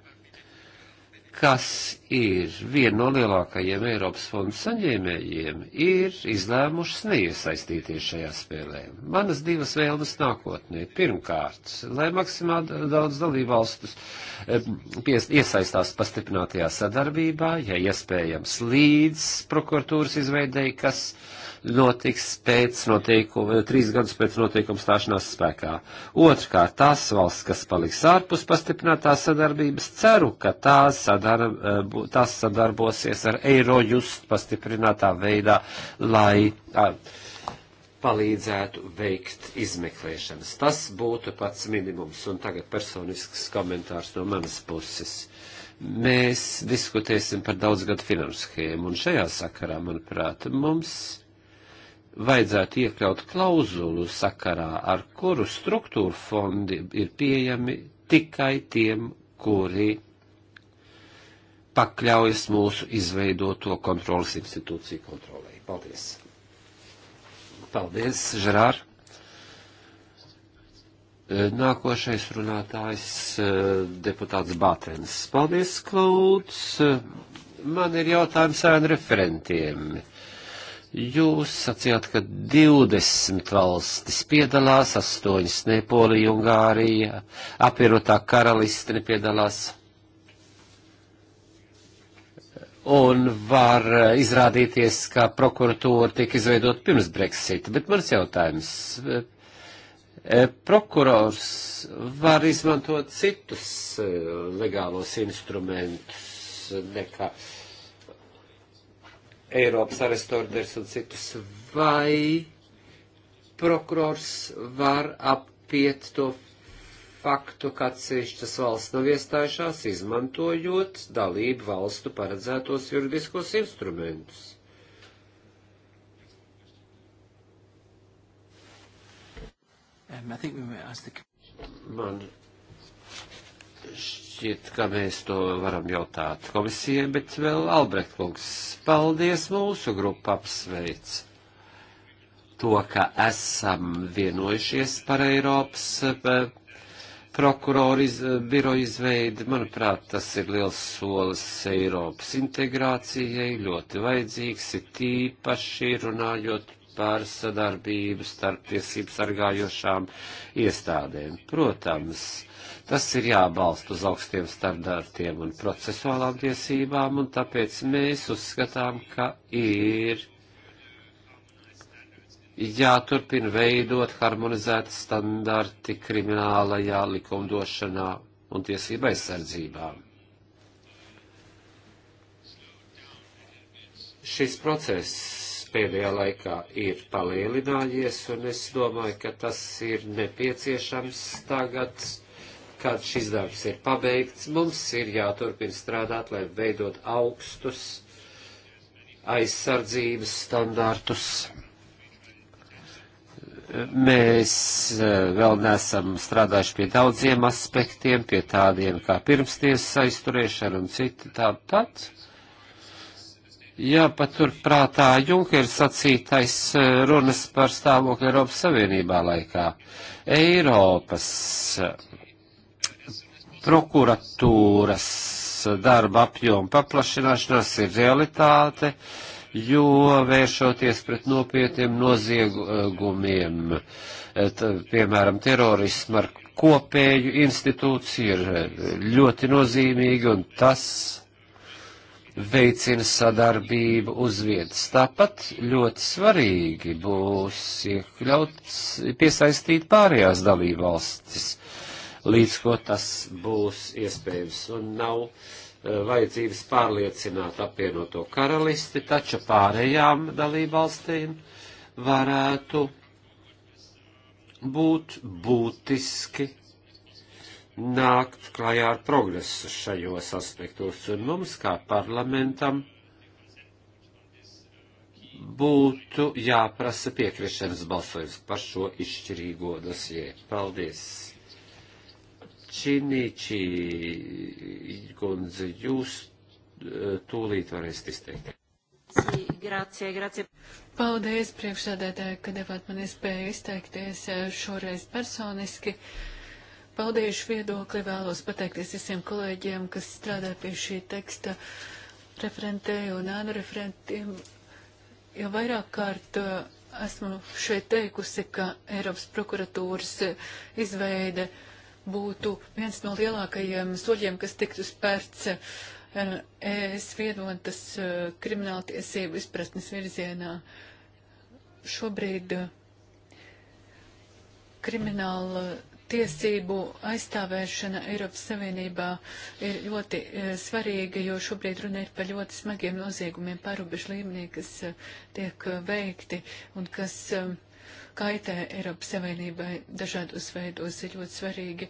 kas ir viena no lielākajiem Eiropas fondu saņēmējiem, ir izlēmušas neiesaistīties šajā spēlē. Manas divas vēlmes nākotnē. Pirmkārt, lai maksimāli daudz dalībvalstus eh, iesaistās pastiprinātajā sadarbībā, ja iespējams līdz prokuratūras izveidēji, kas uh, notiks pēc noteikuma, eh, trīs gadus pēc noteikuma stāšanās spēkā. Otrkārt, tās valsts, kas paliks ārpus pastiprinātās sadarbības, ceru, ka tās, sadarb, eh, tās sadarbosies ar Eirojust pastiprinātā veidā, lai. Ar, palīdzētu veikt izmeklēšanas. Tas būtu pats minimums, un tagad personisks komentārs no manas puses. Mēs diskutēsim par daudzgadu finanšu schēmu, un šajā sakarā, manuprāt, mums vajadzētu iekļaut klauzulu sakarā, ar kuru struktūra fondi ir pieejami tikai tiem, kuri pakļaujas mūsu izveidoto kontrolas institūciju kontrolē. Paldies! Paldies, Žerār! Nākošais runātājs eh, deputāts Bātens. Paldies, Klauds! Man ir jautājums ēnu referentiem Jūs sacījāt, ka 20 valstis piedalās, 8 Nepolija, Ungārija, apvienotā karaliste nepiedalās. Un var izrādīties, ka prokuratūra tika izveidot pirms Brexita, bet mans jautājums. E, prokurors var izmantot citus e, legālos instrumentus nekā. Uh, Eiropas arestorders un citus, vai prokurors var apiet to faktu, ka atsevišķas valsts nav iestājušās, izmantojot dalību valstu paredzētos juridiskos instrumentus. Um, I think we were asked the... Man šķiet, šķiet, ka mēs to varam jautāt komisijai, bet vēl Albrecht kungs, paldies mūsu grupu apsveic to, ka esam vienojušies par Eiropas eh, prokuroru iz, biroju izveidi. Manuprāt, tas ir liels solis Eiropas integrācijai, ļoti vajadzīgs, ir tīpaši runājot par sadarbību starp tiesību sargājošām iestādēm. Protams, Tas ir jābalst uz augstiem standartiem un procesuālām tiesībām, un tāpēc mēs uzskatām, ka ir jāturpina veidot harmonizēti standarti kriminālajā likumdošanā un tiesība aizsardzībā. Šis process pēdējā laikā ir palielinājies, un es domāju, ka tas ir nepieciešams tagad kad šis darbs ir pabeigts, mums ir jāturpina strādāt, lai veidot augstus aizsardzības standartus. Mēs eh, vēl neesam strādājuši pie daudziem aspektiem, pie tādiem kā pirmstiesa aizturēšana un citi tāpat. Jāpaturprātā Junkers sacītais eh, runas par stāvokli Eiropas Savienībā laikā. Eiropas prokuratūras darba apjoma paplašināšanās ir realitāte, jo vēršoties pret nopietniem noziegumiem, eh, piemēram, terorismu ar kopēju institūciju ir eh, ļoti nozīmīgi un tas veicina sadarbību uz vietas. Tāpat ļoti svarīgi būs iekļauts, piesaistīt pārējās dalībvalstis līdz ko tas būs iespējams. Un nav eh, vajadzības pārliecināt apvienoto karalisti, taču pārējām dalībvalstīm varētu būt būtiski nākt klajā ar progresu šajos aspektos, un mums kā parlamentam būtu jāprasa piekrišanas balsojums par šo izšķirīgo dosie. Paldies! Činīčī kundze, jūs e, tūlīt varēsiet izteikt. Grācie, grācie. Paldies, priekšsēdētāji, ka devāt man iespēju izteikties e, šoreiz personiski. Paldies viedokli, vēlos pateikties visiem kolēģiem, kas strādā pie šī teksta referentēju un ānu referentiem. Jau vairāk kārt e, esmu šeit teikusi, ka Eiropas prokuratūras izveide uh, būtu viens no lielākajiem soļiem, kas tiktu spērts eh, ES vienotas eh, krimināltiesību izpratnes virzienā. Šobrīd eh, krimināla tiesību aizstāvēšana Eiropas Savienībā ir ļoti svarīga, jo šobrīd runa ir par ļoti smagiem noziegumiem parubežu līmenī, kas tiek veikti un kas uh, kaitē Eiropas Savienībai dažādos veidos, ir ļoti svarīgi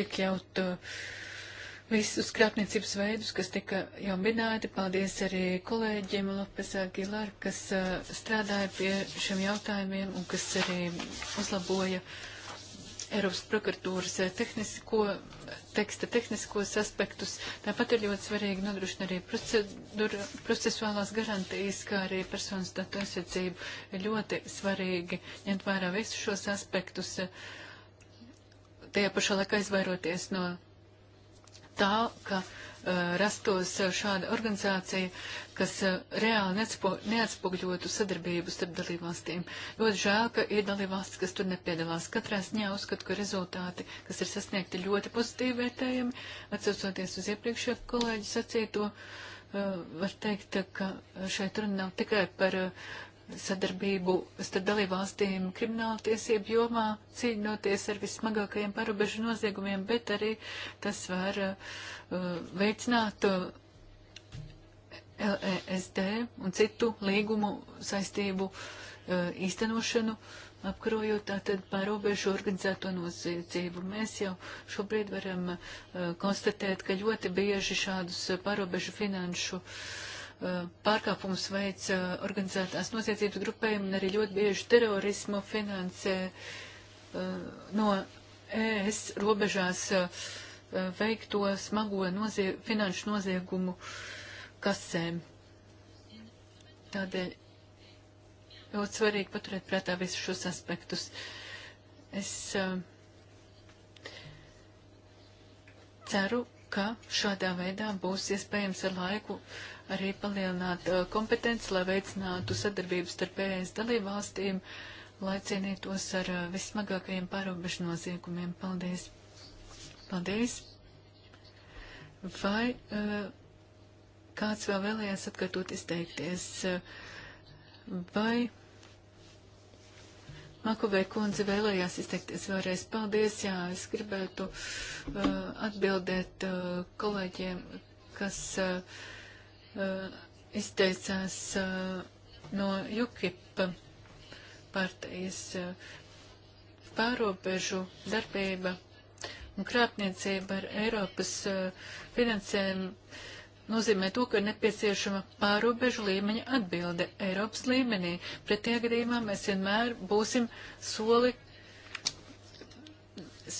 iekļaut uh, visus krāpniecības veidus, kas tika jau minēti. Paldies arī kolēģiem Lopesā Gilar, kas uh, strādāja pie šiem jautājumiem un kas arī uzlaboja uh, Eiropas prokuratūras eh, tehnisko, teksta tehniskos aspektus. Tāpat ir ļoti svarīgi nodrošina arī procesuālās garantijas, kā arī personas datu aizsardzību. Ir ļoti svarīgi ņemt vērā visus šos aspektus, eh, tajā pašā laikā izvairoties no tā, ka uh, Uh, rastos uh, šāda organizācija, kas uh, reāli neatspogļotu sadarbību starp dalībvalstīm. Ļoti žēl, ka ir dalībvalstis, kas tur nepiedalās. Katrā ziņā uzskatu, ka rezultāti, kas ir sasniegti, ļoti pozitīvi vērtējami, atsaucoties uz iepriekšējo kolēģi sacīto var teikt, ka šeit runa nav tikai par sadarbību starp dalībvalstīm krimināltiesību jomā, cīnoties ar vismagākajiem parobežu noziegumiem, bet arī tas var uh, veicināt uh, LESD un citu līgumu saistību uh, īstenošanu, apkarojot tātad pārobežu organizēto noziedzību. Mēs jau šobrīd varam uh, konstatēt, ka ļoti bieži šādus uh, pārobežu finanšu uh, pārkāpumus veids organizētās noziedzības grupējumi un arī ļoti bieži terorismu finansē no ES robežās veikto smago nozie finanšu noziegumu kasēm. Tādēļ ļoti svarīgi paturēt prātā visus šos aspektus. Es uh, ceru, ka šādā veidā būs iespējams ar laiku uh, arī palielināt uh, kompetenci, lai veicinātu sadarbību starp ES dalībvalstīm, lai cienītos ar uh, vismagākajiem pārobežu noziegumiem. Paldies! Paldies! Vai uh, kāds vēl vēlējās atkārtot izteikties? Vai Makovē kundze vēlējās izteikties vēlreiz? Paldies, jā, es gribētu atbildēt kolēģiem, kas uh, uh, izteicās uh, no UKIP partijas uh, pārobežu darbība un krāpniecība ar Eiropas finansēm nozīmē to, ka ir nepieciešama pārobežu līmeņa atbilde Eiropas līmenī. Pretējā gadījumā mēs vienmēr būsim soli,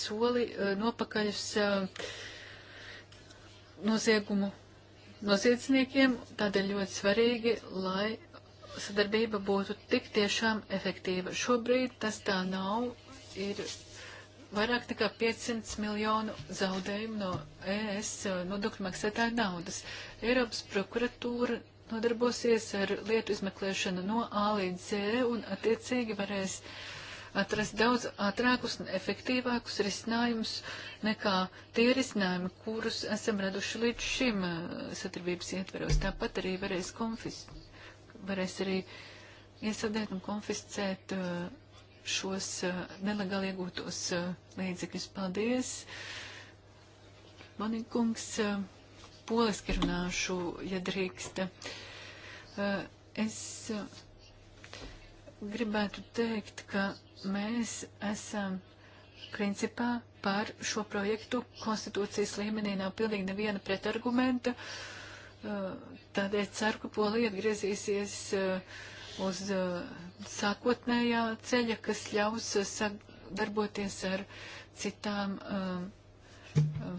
soli nopakaļ uz noziegumu noziedzniekiem, tādēļ ļoti svarīgi, lai sadarbība būtu tik tiešām efektīva. Šobrīd tas tā nav, ir vairāk nekā 500 miljonu zaudējumu no ES eh, nodokļu maksātāju naudas. Eiropas prokuratūra nodarbosies ar lietu izmeklēšanu no A līdz Z un attiecīgi varēs uh, atrast daudz ātrākus un efektīvākus risinājumus nekā tie risinājumi, kurus esam raduši līdz šim uh, sadarbības ietveros. Tāpat arī varēs, konfis, varēs arī iesaudēt un konfiscēt uh, šos uh, nelegāli iegūtos līdzekļus. Paldies! Manikungs, poliski runāšu, ja drīkst. Es gribētu teikt, ka mēs esam principā par šo projektu konstitūcijas līmenī nav pilnīgi neviena pretargumenta. Uh, tādēļ ceru, ka Polija atgriezīsies uh, uz uh, sākotnējā ceļa, kas ļaus sadarboties ar citām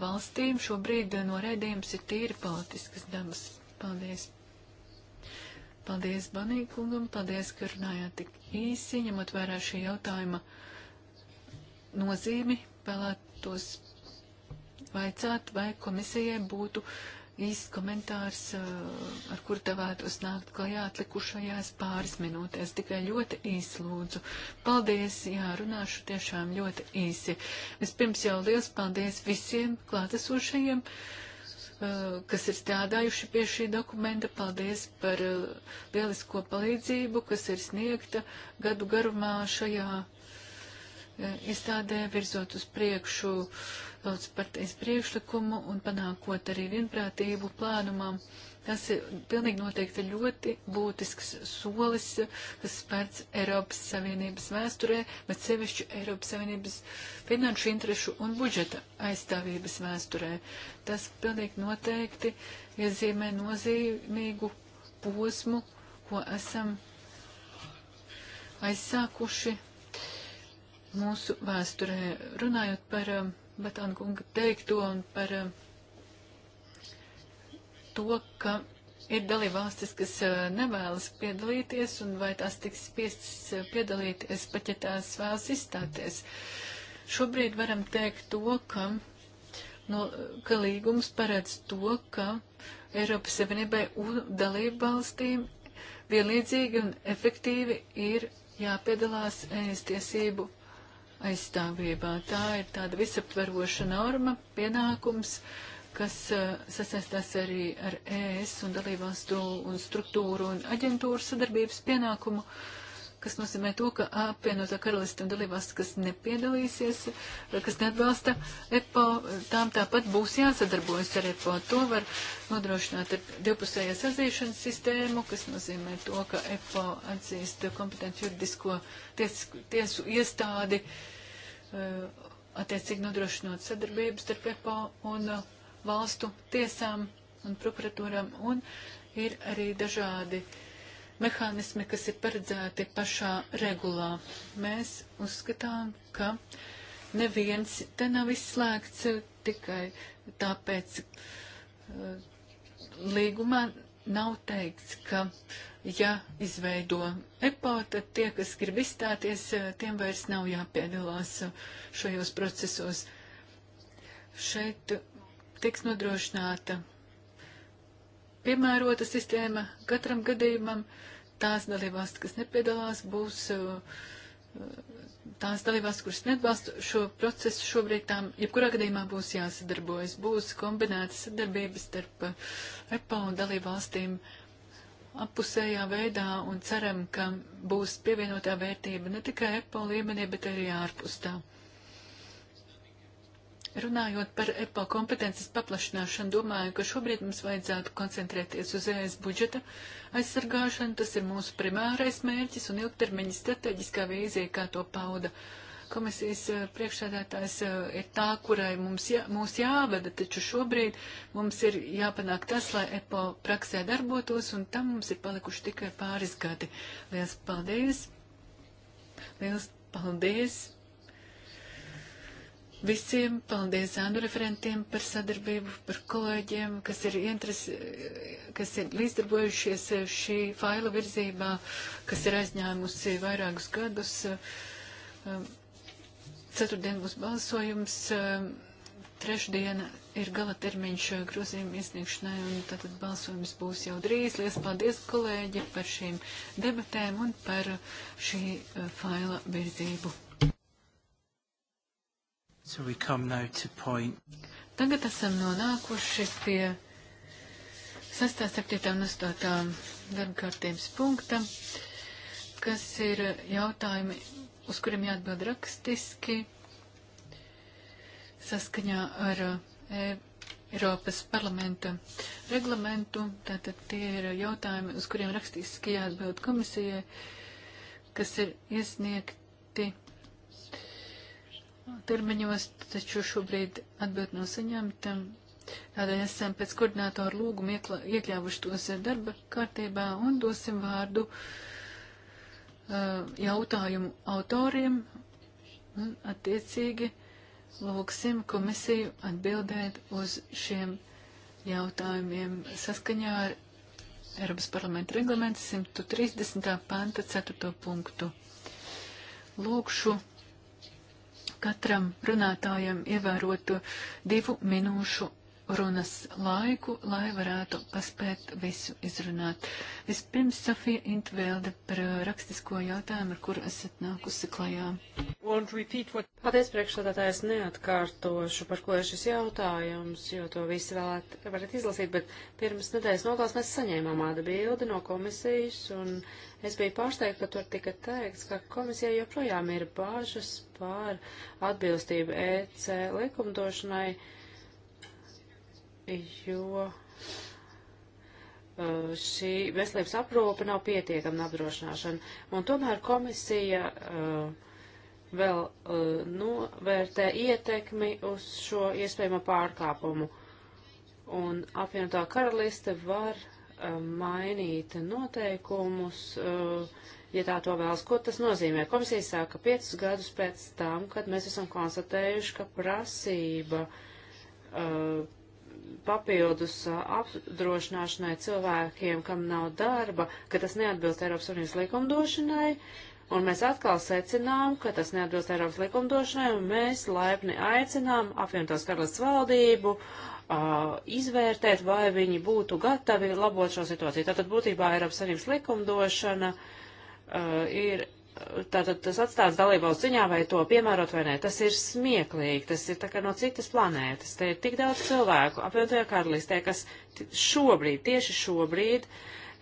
valstīm. Šobrīd noraidījums ir tīri politiskas dabas. Paldies! Paldies Banīkungam, paldies, ka runājāt tik īsi, ņemot vērā šī jautājuma nozīmi, vēlētos vaicāt, vai komisijai būtu īsts komentārs, eh, ar kur tā vēlētos nākt klajā atlikušajās pāris minūtēs. Tikai ļoti īsi lūdzu. Paldies, jā, runāšu tiešām ļoti īsi. Vispirms jau liels paldies visiem klātesošajiem. Uh, Eh, kas ir strādājuši pie šī dokumenta. Paldies par eh, lielisko palīdzību, kas ir sniegta gadu garumā šajā eh, izstādē, virzot uz priekšu daudz partijas priekšlikumu un panākot arī vienprātību plānumam Tas ir pilnīgi noteikti ļoti būtisks solis, kas spērts Eiropas Savienības vēsturē, bet sevišķi Eiropas Savienības finanšu interešu un budžeta aizstāvības vēsturē. Tas pilnīgi noteikti iezīmē nozīmīgu posmu, ko esam aizsākuši mūsu vēsturē. Runājot par um, Batānkunga teikto un par uh, to, ka ir dalībvalstis, kas nevēlas piedalīties, un vai tās tiks spiestas piedalīties, pat ja tās vēlas izstāties. Šobrīd varam teikt to, ka, no, nu, ka līgums paredz to, ka Eiropas Savienībai un dalībvalstīm vienlīdzīgi un efektīvi ir jāpiedalās tiesību aizstāvībā. Tā ir tāda visaptveroša norma, pienākums. Uh, kas eh, sasaistās arī ar ES un dalībvalstu un struktūru un aģentūru sadarbības pienākumu, kas nozīmē to, ka apvienotā karalista un dalībvalsts, kas nepiedalīsies, eh, kas neatbalsta EPO, tām tāpat būs jāsadarbojas ar EPO. To var nodrošināt ar divpusējās atzīšanas sistēmu, kas nozīmē to, ka EPO atzīst kompetentu juridisko ties, tiesu iestādi, eh, attiecīgi nodrošinot sadarbības starp EPO un. Uh, valstu tiesām un prokuratūram, un ir arī dažādi mehānismi, kas ir paredzēti pašā regulā. Mēs uzskatām, ka neviens te nav izslēgts tikai tāpēc eh, līgumā nav teikts, ka ja izveido EPO, tad tie, kas grib izstāties, eh, tiem vairs nav jāpiedalās šajos procesos. Šeit tiks nodrošināta piemērota sistēma katram gadījumam. Tās dalībvalstis, kas nepiedalās, būs uh, tās dalībvalstis, kuras neatbalsta šo procesu, šobrīd tām, jebkurā gadījumā būs jāsadarbojas, būs kombinēta sadarbības starp EPA un dalībvalstīm appusējā veidā un ceram, ka būs pievienotā vērtība ne tikai EPA līmenī, bet arī ārpus tā. Runājot par EPO kompetences paplašināšanu, domāju, ka šobrīd mums vajadzētu koncentrēties uz ES budžeta aizsargāšanu. Tas ir mūsu primārais mērķis un ilgtermiņa strateģiskā vīzija, kā to pauda. Komisijas eh, priekšsēdētājs eh, ir tā, kurai mums jā, mūs jāvada, taču šobrīd mums ir jāpanāk tas, lai EPO praksē darbotos, un tam mums ir palikuši tikai pāris gadi. Lielas paldies! Lielas paldies! visiem, paldies ēnu referentiem par sadarbību, par kolēģiem, kas ir, interes, kas ir līdzdarbojušies šī faila virzībā, kas ir aizņēmusi vairākus gadus. Um, ceturtdien būs balsojums, um, trešdiena ir gala termiņš grozījuma iesniegšanai, un tātad balsojums būs jau drīz. Lies paldies, kolēģi, par šīm debatēm un par šī uh, faila virzību. So we come now to point. Tagad esam nonākuši pie 6, 7 un 8 darba kārtības punkta, kas ir jautājumi, uz kuriem jāatbild rakstiski saskaņā ar e, Eiropas parlamenta reglamentu. Tātad tie ir jautājumi, uz kuriem rakstiski jāatbild komisijai, kas ir iesniegti termiņos, taču šobrīd atbild no saņemta. Tādēļ esam pēc koordinātoru lūgumu iekļāvuši tos darba kārtībā un dosim vārdu uh, jautājumu autoriem un attiecīgi lūgsim komisiju atbildēt uz šiem jautājumiem saskaņā ar Eiropas parlamenta reglamentu 130. panta 4. punktu. Lūkšu katram runātājam ievērotu divu minūšu runas laiku, lai varētu paspēt visu izrunāt. Vispirms Sofija Intvēlde par rakstisko jautājumu, ar kuru esat nākusi klajā. What... Paldies, priekšsādātāji, es neatkārtošu, par ko ir šis jautājums, jo to visi vēlēt, varat izlasīt, bet pirms nedēļas nogals mēs saņēmām āda bildi no komisijas, un es biju pārsteigta, ka tur tika teikts, ka komisija joprojām ir bāžas par atbilstību EC likumdošanai jo eh, šī veselības aprūpe nav pietiekama apdrošināšana. Un tomēr komisija uh, vēl uh, novērtē ietekmi uz šo iespējamo pārkāpumu. Un apvienotā karaliste var uh, mainīt noteikumus, ja tā to vēlas. Ko tas nozīmē? Komisija sāka piecus gadus pēc tam, kad mēs esam konstatējuši, ka prasība papildus apdrošināšanai cilvēkiem, kam nav darba, ka tas neatbilst Eiropas Savienības likumdošanai, Un mēs atkal secinām, ka tas neatbilst Eiropas likumdošanai, un mēs laipni aicinām apvienotās karalists valdību uh, izvērtēt, vai viņi būtu gatavi labot šo situāciju. Tātad būtībā Eiropas Savienības likumdošana uh, ir tātad tas atstāts dalībvalsts ziņā, vai to piemērot vai nē. Tas ir smieklīgi, tas ir tā kā no citas planētas. Te ir tik daudz cilvēku apvienotajā karalistē, kas šobrīd, tieši šobrīd,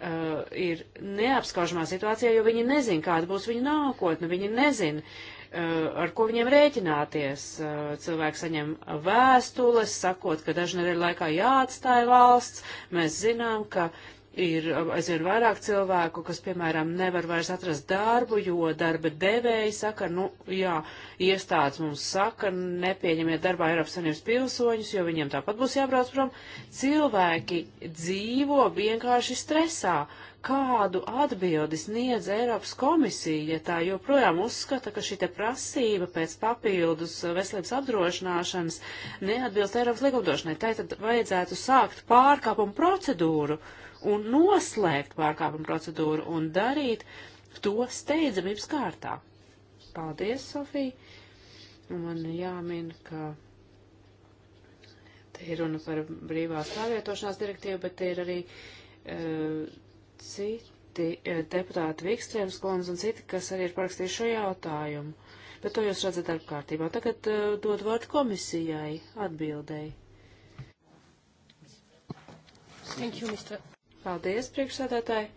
Uh, ir neapskaužamā situācijā, jo viņi nezin, kāda būs viņu nākotne, viņi nezin, uh, ar ko viņiem rēķināties. Uh, cilvēki saņem vēstules, sakot, ka daži nedēļu laikā jāatstāja valsts. Mēs zinām, ka uh, ir aizvien vairāk cilvēku, kas, piemēram, nevar vairs atrast darbu, jo darba devēji saka, nu, jā, iestādes mums saka, nepieņemiet darbā Eiropas Savienības pilsoņus, jo viņiem tāpat būs jābrauc prom. Cilvēki dzīvo vienkārši stresā. Kādu atbildi sniedz Eiropas komisija, ja tā joprojām uzskata, ka šī prasība pēc papildus veselības apdrošināšanas neatbilst Eiropas likumdošanai? Tā tad vajadzētu sākt pārkāpumu procedūru. Uh, un noslēgt pārkāpumu procedūru un darīt to steidzamības kārtā. Paldies, Sofija! Man jāmin, ka te ir runa par brīvās pārvietošanās direktīvu, bet te ir arī uh, citi uh, deputāti Vikstrēms Klons un citi, kas arī ir parakstījuši šo jautājumu. Bet to jūs redzat darba kārtībā. Tagad uh, dod vārdu komisijai atbildēji. Thank you, Mr. Paldies, priekšsādātāji.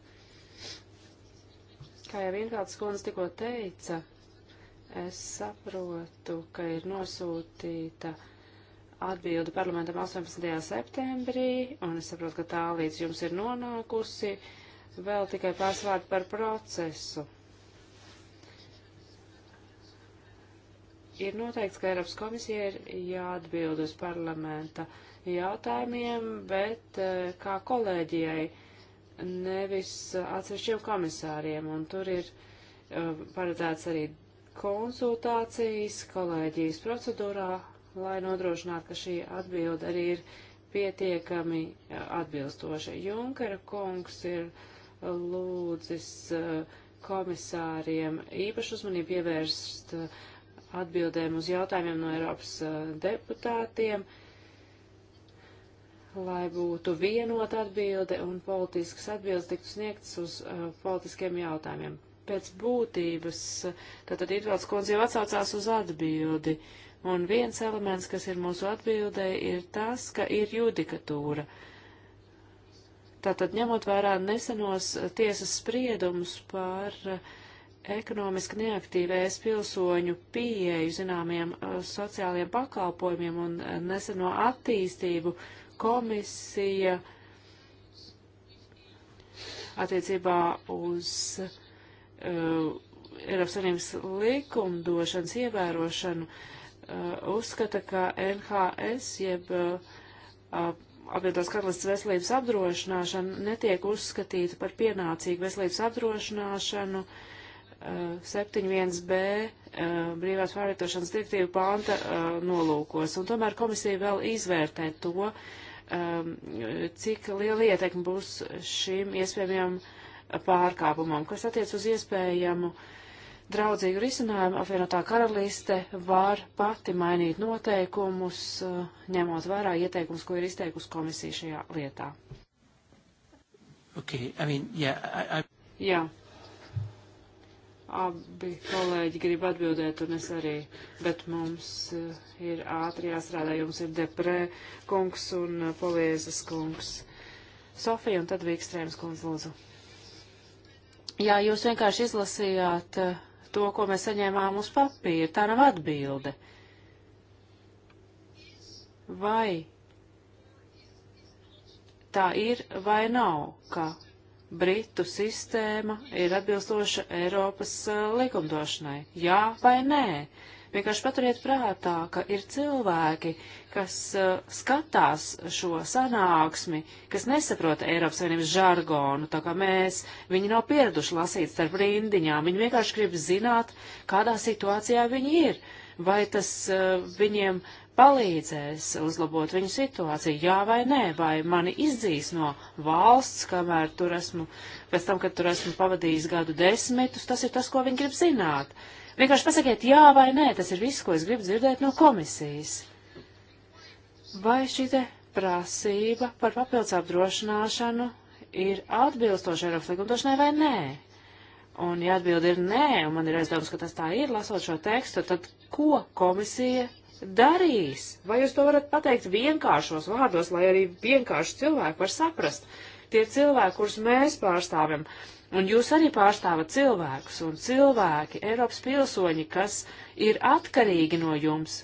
Kā jau vienkārši skundze tikko teica, es saprotu, ka ir nosūtīta atbildi parlamentam 18. septembrī, un es saprotu, ka tā līdz jums ir nonākusi vēl tikai pārsvārdi par procesu. ir noteikts, ka Eiropas komisija ir jāatbild uz parlamenta jautājumiem, bet eh, kā kolēģijai, nevis atsevišķiem komisāriem. Un tur ir eh, paredzēts arī konsultācijas kolēģijas procedūrā, lai nodrošinātu, ka šī atbilde arī ir pietiekami eh, atbilstoša. Junkera kungs ir lūdzis komisāriem īpašu uzmanību pievērst uh, atbildēm uz jautājumiem no Eiropas deputātiem, lai būtu vienota atbilde un politiskas atbildes tiktu sniegtas uz uh, politiskiem jautājumiem. Pēc būtības, tātad Idvalds kundze jau atsaucās uz atbildi, un viens elements, kas ir mūsu atbildē, ir tas, ka ir judikatūra. Tātad ņemot vērā nesenos tiesas spriedumus par uh, ekonomiski neaktīvēs pilsoņu pieeju zināmiem uh, sociālajiem pakalpojumiem un uh, neseno attīstību komisija attiecībā uz uh, Eiropas Savienības likumdošanas ievērošanu uh, uzskata, ka NHS jeb uh, apvienotās karalistas veselības apdrošināšana netiek uzskatīta par pienācīgu veselības apdrošināšanu uh, 7.1b eh, brīvās pārvietošanas direktīva panta eh, nolūkos. Un tomēr komisija vēl izvērtē to, eh, cik liela ietekme būs šīm iespējamajām pārkāpumam, kas attiec uz iespējamu draudzīgu risinājumu. Apvienotā karaliste var pati mainīt noteikumus, ņemot vērā ieteikumus, ko ir izteikusi komisija šajā lietā. Okay, I mean, yeah, I, I... Jā. Abi kolēģi grib atbildēt, un es arī, bet mums eh, ir ātri jāstrādā, jums ir deprē kungs un eh, poliezas kungs. Sofija un tad Vīkstrēms kungs lūdzu. Jā, jūs vienkārši izlasījāt eh, to, ko mēs saņēmām uz papīra. Tā nav atbilde. Vai tā ir vai nav, ka Britu sistēma ir atbilstoša Eiropas uh, likumdošanai. Jā vai nē? Vienkārši paturiet prātā, ka ir cilvēki, kas uh, skatās šo sanāksmi, kas nesaprota Eiropas Savienības žargonu, tā kā mēs, viņi nav pieraduši lasīt starp rindiņām, viņi vienkārši grib zināt, kādā situācijā viņi ir. Vai tas uh, viņiem palīdzēs uzlabot viņu situāciju, jā vai nē, vai mani izdzīs no valsts, kamēr tur esmu, pēc tam, kad tur esmu pavadījis gadu desmitus, tas ir tas, ko viņi grib zināt. Vienkārši pasakiet jā vai nē, tas ir viss, ko es gribu dzirdēt no komisijas. Vai šī te prasība par papildus apdrošināšanu ir atbilstoša Eiropas likumdošanai vai nē? Un, ja atbildi ir nē, un man ir aizdevums, ka tas tā ir, lasot šo tekstu, tad ko komisija darīs? Vai jūs to varat pateikt vienkāršos vārdos, lai arī vienkārši cilvēki var saprast? Tie cilvēki, kurus mēs pārstāvjam, un jūs arī pārstāvat cilvēkus, un cilvēki, Eiropas pilsoņi, kas ir atkarīgi no jums,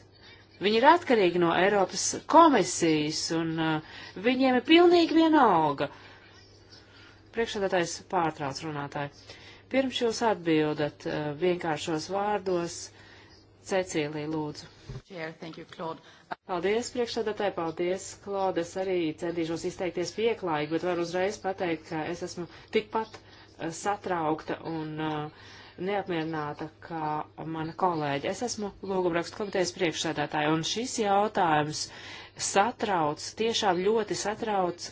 Viņi ir atkarīgi no Eiropas komisijas, un uh, viņiem ir pilnīgi vienalga. Priekšsēdētājs pārtrauc runātāju. Pirms jūs atbildat uh, vienkāršos vārdos, Cecīlija, lūdzu. Chair, thank you, Claude. Paldies, priekšsēdētāji, paldies, Klaude. Es arī centīšos izteikties pieklājīgi, bet varu uzreiz pateikt, ka es esmu tikpat eh, satraukta un uh, neapmierināta kā mana kolēģa. Es esmu lūgumrakstu komitejas priekšsēdētāja, un šis jautājums satrauc, tiešām ļoti satrauc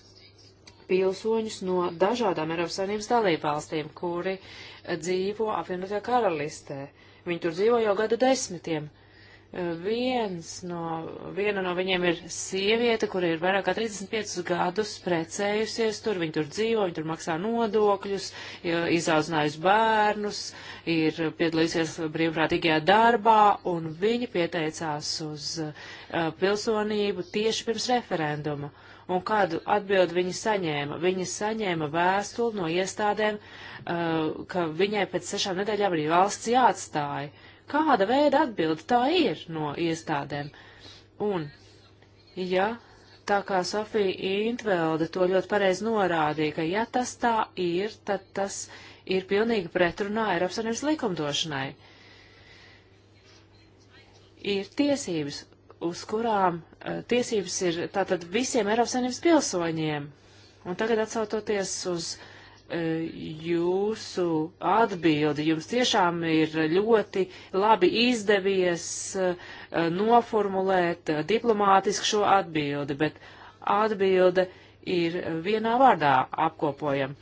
pilsoņus no dažādām Eiropas Savienības dalībvalstīm, kuri eh, dzīvo apvienotajā karalistē. Uh, Viņi tur dzīvo jau gadu desmitiem. Viens no, viena no viņiem ir sieviete, kur ir vairāk kā 35 gadus precējusies tur, viņa tur dzīvo, viņa tur maksā nodokļus, izauzinājusi bērnus, ir piedalījusies brīvprātīgajā darbā, un viņa pieteicās uz uh, pilsonību tieši pirms referenduma. Uh, un kādu atbildi viņa saņēma. Viņa saņēma vēstuli no iestādēm, uh, ka viņai pēc sešām nedēļām arī valsts jāatstāja. Kāda veida atbildi tā ir no iestādēm? Un, ja tā kā Sofija Intvelde to ļoti pareizi norādīja, ka ja tas tā ir, tad tas ir pilnīgi pretrunā Eiropas Savienības likumdošanai. Ir tiesības, uz kurām Eh, tiesības ir tātad visiem Eiropas Savienības pilsoņiem. Un tagad atsautoties uz eh, jūsu atbildi, jums tiešām ir ļoti labi izdevies eh, noformulēt diplomātiski šo atbildi, bet atbilde ir vienā vārdā apkopojam.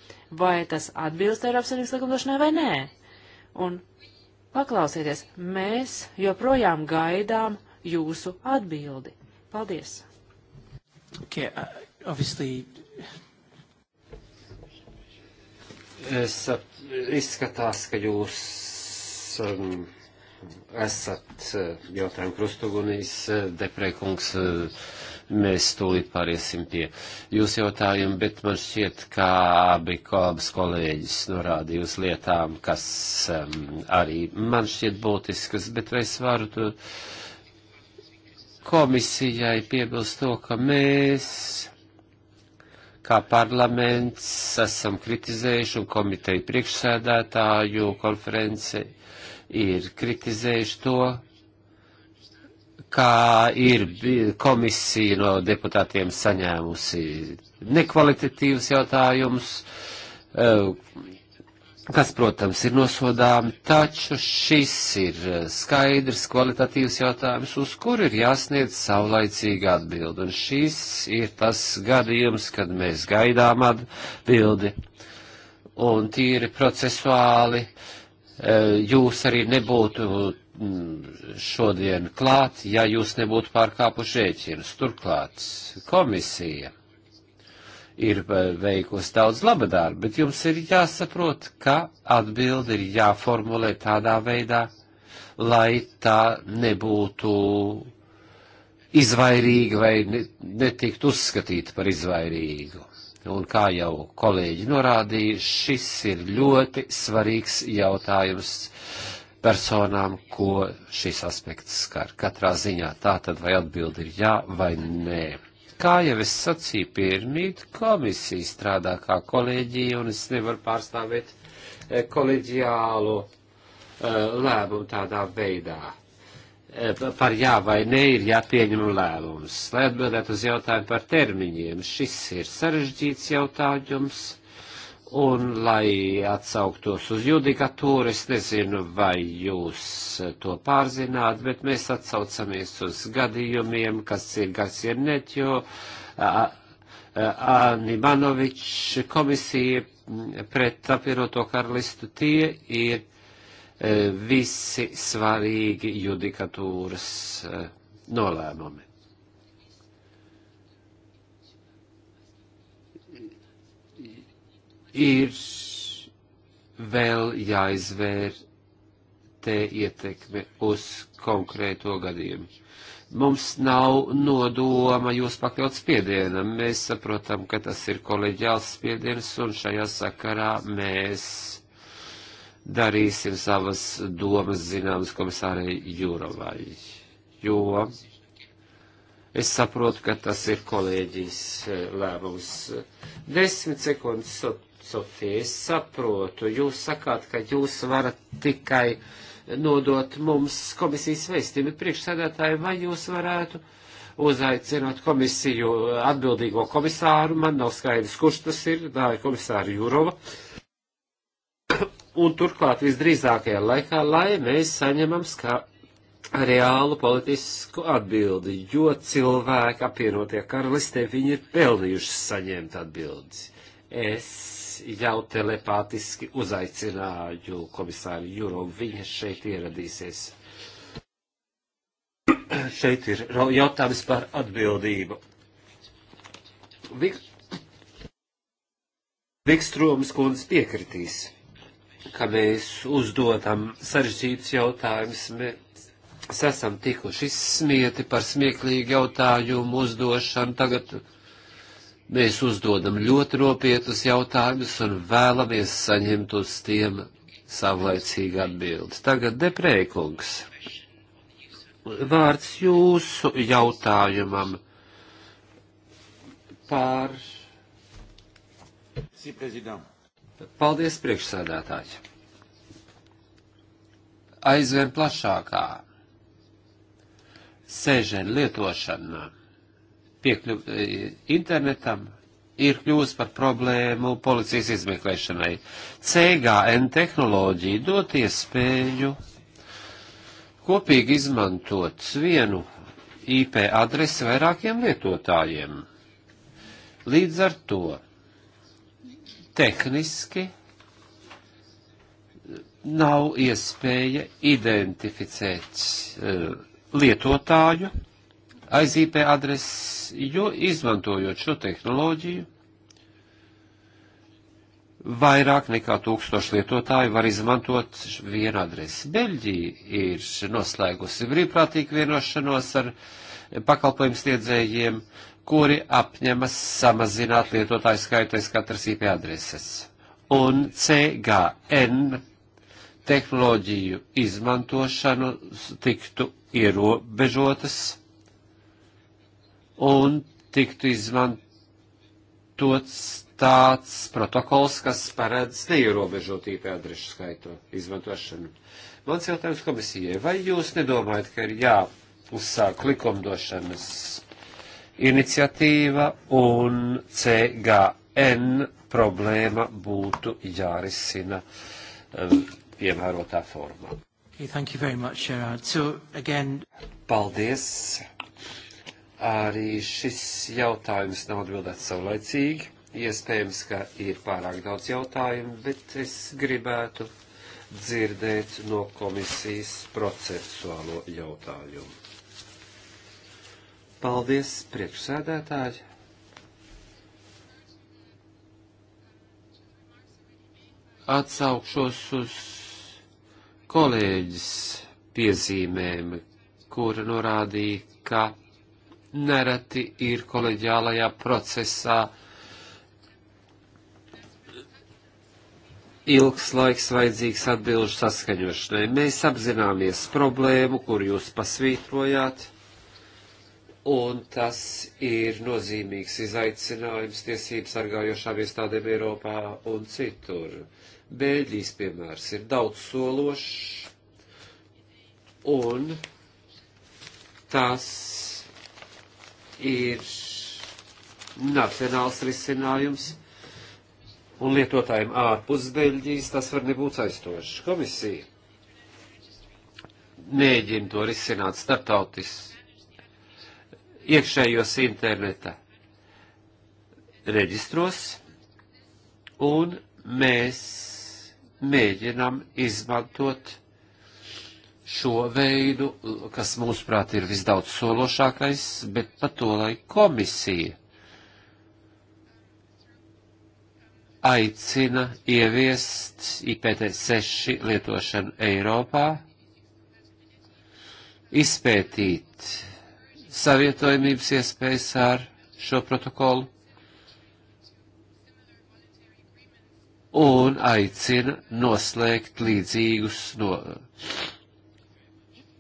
Vai tas atbilst Eiropas Savienības likumdošanai vai nē? Un paklausieties, mēs joprojām gaidām jūsu atbildi. Paldies! Okay, uh, obviously... Es, izskatās, ka jūs um, esat uh, jautājumu krustugunīs, uh, deprēkungs, uh, mēs tūlīt pāriesim pie jūs jautājumu, bet man šķiet, kā abi kolabas kolēģis norādīja uz lietām, kas um, arī man šķiet būtiskas, bet vai es varu tu. Uh, komisijai piebilst to, ka mēs, kā parlaments, esam kritizējuši un komiteju priekšsēdētāju konference ir kritizējuši to, kā ir komisija no deputātiem saņēmusi nekvalitatīvus jautājumus, eh, kas, protams, ir nosodāmi, taču šis ir eh, skaidrs kvalitatīvs jautājums, uz kuru ir jāsniedz saulaicīga atbildi. Un šis ir tas gadījums, kad mēs gaidām atbildi. Un tīri procesuāli eh, jūs arī nebūtu mm, šodien klāt, ja jūs nebūtu pārkāpuši rēķinus. Turklāt komisija ir eh, veikusi daudz laba darba, bet jums ir jāsaprot, ka atbildi ir jāformulē tādā veidā, lai tā nebūtu izvairīga vai netiktu uzskatīta par izvairīgu. Un kā jau kolēģi norādīja, šis ir ļoti svarīgs jautājums personām, ko šis aspekts skar. Katrā ziņā tā tad vai atbildi ir jā vai nē. Kā jau es sacīju pirmīt, komisija strādā kā kolēģija, un es nevaru pārstāvēt eh, kolēģiālu eh, lēmumu tādā veidā. Eh, par jā vai nē ir jāpieņem lēmums. Lai atbildētu uz jautājumu par termiņiem, šis ir sarežģīts jautājums Un, lai atsauktos uz judikatūru, es nezinu, vai jūs to pārzināt, bet mēs atsaucamies uz gadījumiem, kas ir Gacienetjo, Animanovičs komisija pret apvienoto karalistu. Tie ir e, visi svarīgi judikatūras e, nolēmumi. ir vēl jāizvērtē ietekme uz konkrēto gadījumu. Mums nav nodoma jūs pakļaut spiedienam. Mēs saprotam, ka tas ir koleģiāls spiediens, un šajā sakarā mēs darīsim savas domas zināmas komisārei Jūrovai. Jo es saprotu, ka tas ir kolēģis eh, lēmums. Desmit sekundes Koferatsuti, es saprotu, jūs sakāt, ka jūs varat tikai nodot mums komisijas vēstījumu priekšsēdētāju, vai jūs varētu uzaicināt komisiju atbildīgo komisāru, man nav skaidrs, kurš tas ir, tā ir komisāra Jurova. Un turklāt visdrīzākajā laikā, lai mēs saņemam skā reālu politisku atbildi, jo cilvēki apvienotie karalistē viņi ir pelnījuši saņemt atbildes. Es jau telepātiski uzaicināju komisāru Jurovu. Viņa šeit ieradīsies. [CLEARS THROAT] šeit ir jautājums par atbildību. Vik... Vikstroms kundze piekritīs, ka mēs uzdodam sarežģītus jautājumus. Mēs esam tikuši izsmieti par smieklīgu jautājumu uzdošanu. Tagad Mēs uzdodam ļoti nopietnus jautājumus un vēlamies saņemt uz tiem savlaicīgi atbildi. Tagad deprēkungs. Vārds jūsu jautājumam par. Paldies, priekšsēdētāji. Aizvien plašākā sēžena lietošana piekļuvi e, internetam ir kļūst par problēmu policijas izmeklēšanai. CGN tehnoloģija dot iespēju kopīgi izmantot vienu IP adresi vairākiem lietotājiem. Līdz ar to tehniski nav iespēja identificēt uh, lietotāju, aiz IP adreses, jo izmantojot šo tehnoloģiju, vairāk nekā tūkstoši lietotāji var izmantot vienu adresi. Beļģija ir noslēgusi brīvprātīgu vienošanos ar pakalpojumu sniedzējiem, kuri apņemas samazināt lietotāju skaitais katras IP adreses. Un CGN tehnoloģiju izmantošanu tiktu ierobežotas un tiktu izmantots tāds protokols, kas paredz neierobežot IP adrešu skaitu izmantošanu. Mans jautājums komisijai, vai jūs nedomājat, ka ir jāuzsāk likumdošanas iniciatīva un CGN problēma būtu jārisina um, ievērotā formā? Okay, thank you very much, Gerard. So, again... Paldies arī šis jautājums nav atbildēts savlaicīgi. Iespējams, ka ir pārāk daudz jautājumu, bet es gribētu dzirdēt no komisijas procesuālo jautājumu. Paldies, priekšsēdētāji! Atsaukšos uz kolēģis piezīmēm, kura norādīja, ka nereti ir koleģiālajā procesā ilgs laiks vajadzīgs atbilžu saskaņošanai. Mēs apzināmies problēmu, kur jūs pasvītrojāt, un tas ir nozīmīgs izaicinājums tiesības sargājošām iestādēm Eiropā un citur. Bēļģijas piemērs ir daudz sološs, un tas ir nacionāls risinājums, un lietotājiem ārpus Beļģijas tas var nebūt saistošs. Komisija mēģina to risināt startautis iekšējos interneta reģistros, un mēs mēģinam izmantot šo veidu, kas mūsuprāt ir visdaudz sološākais, bet pa to, lai komisija aicina ieviest IPT6 lietošanu Eiropā, izpētīt savietojumības iespējas ar šo protokolu un aicina noslēgt līdzīgus no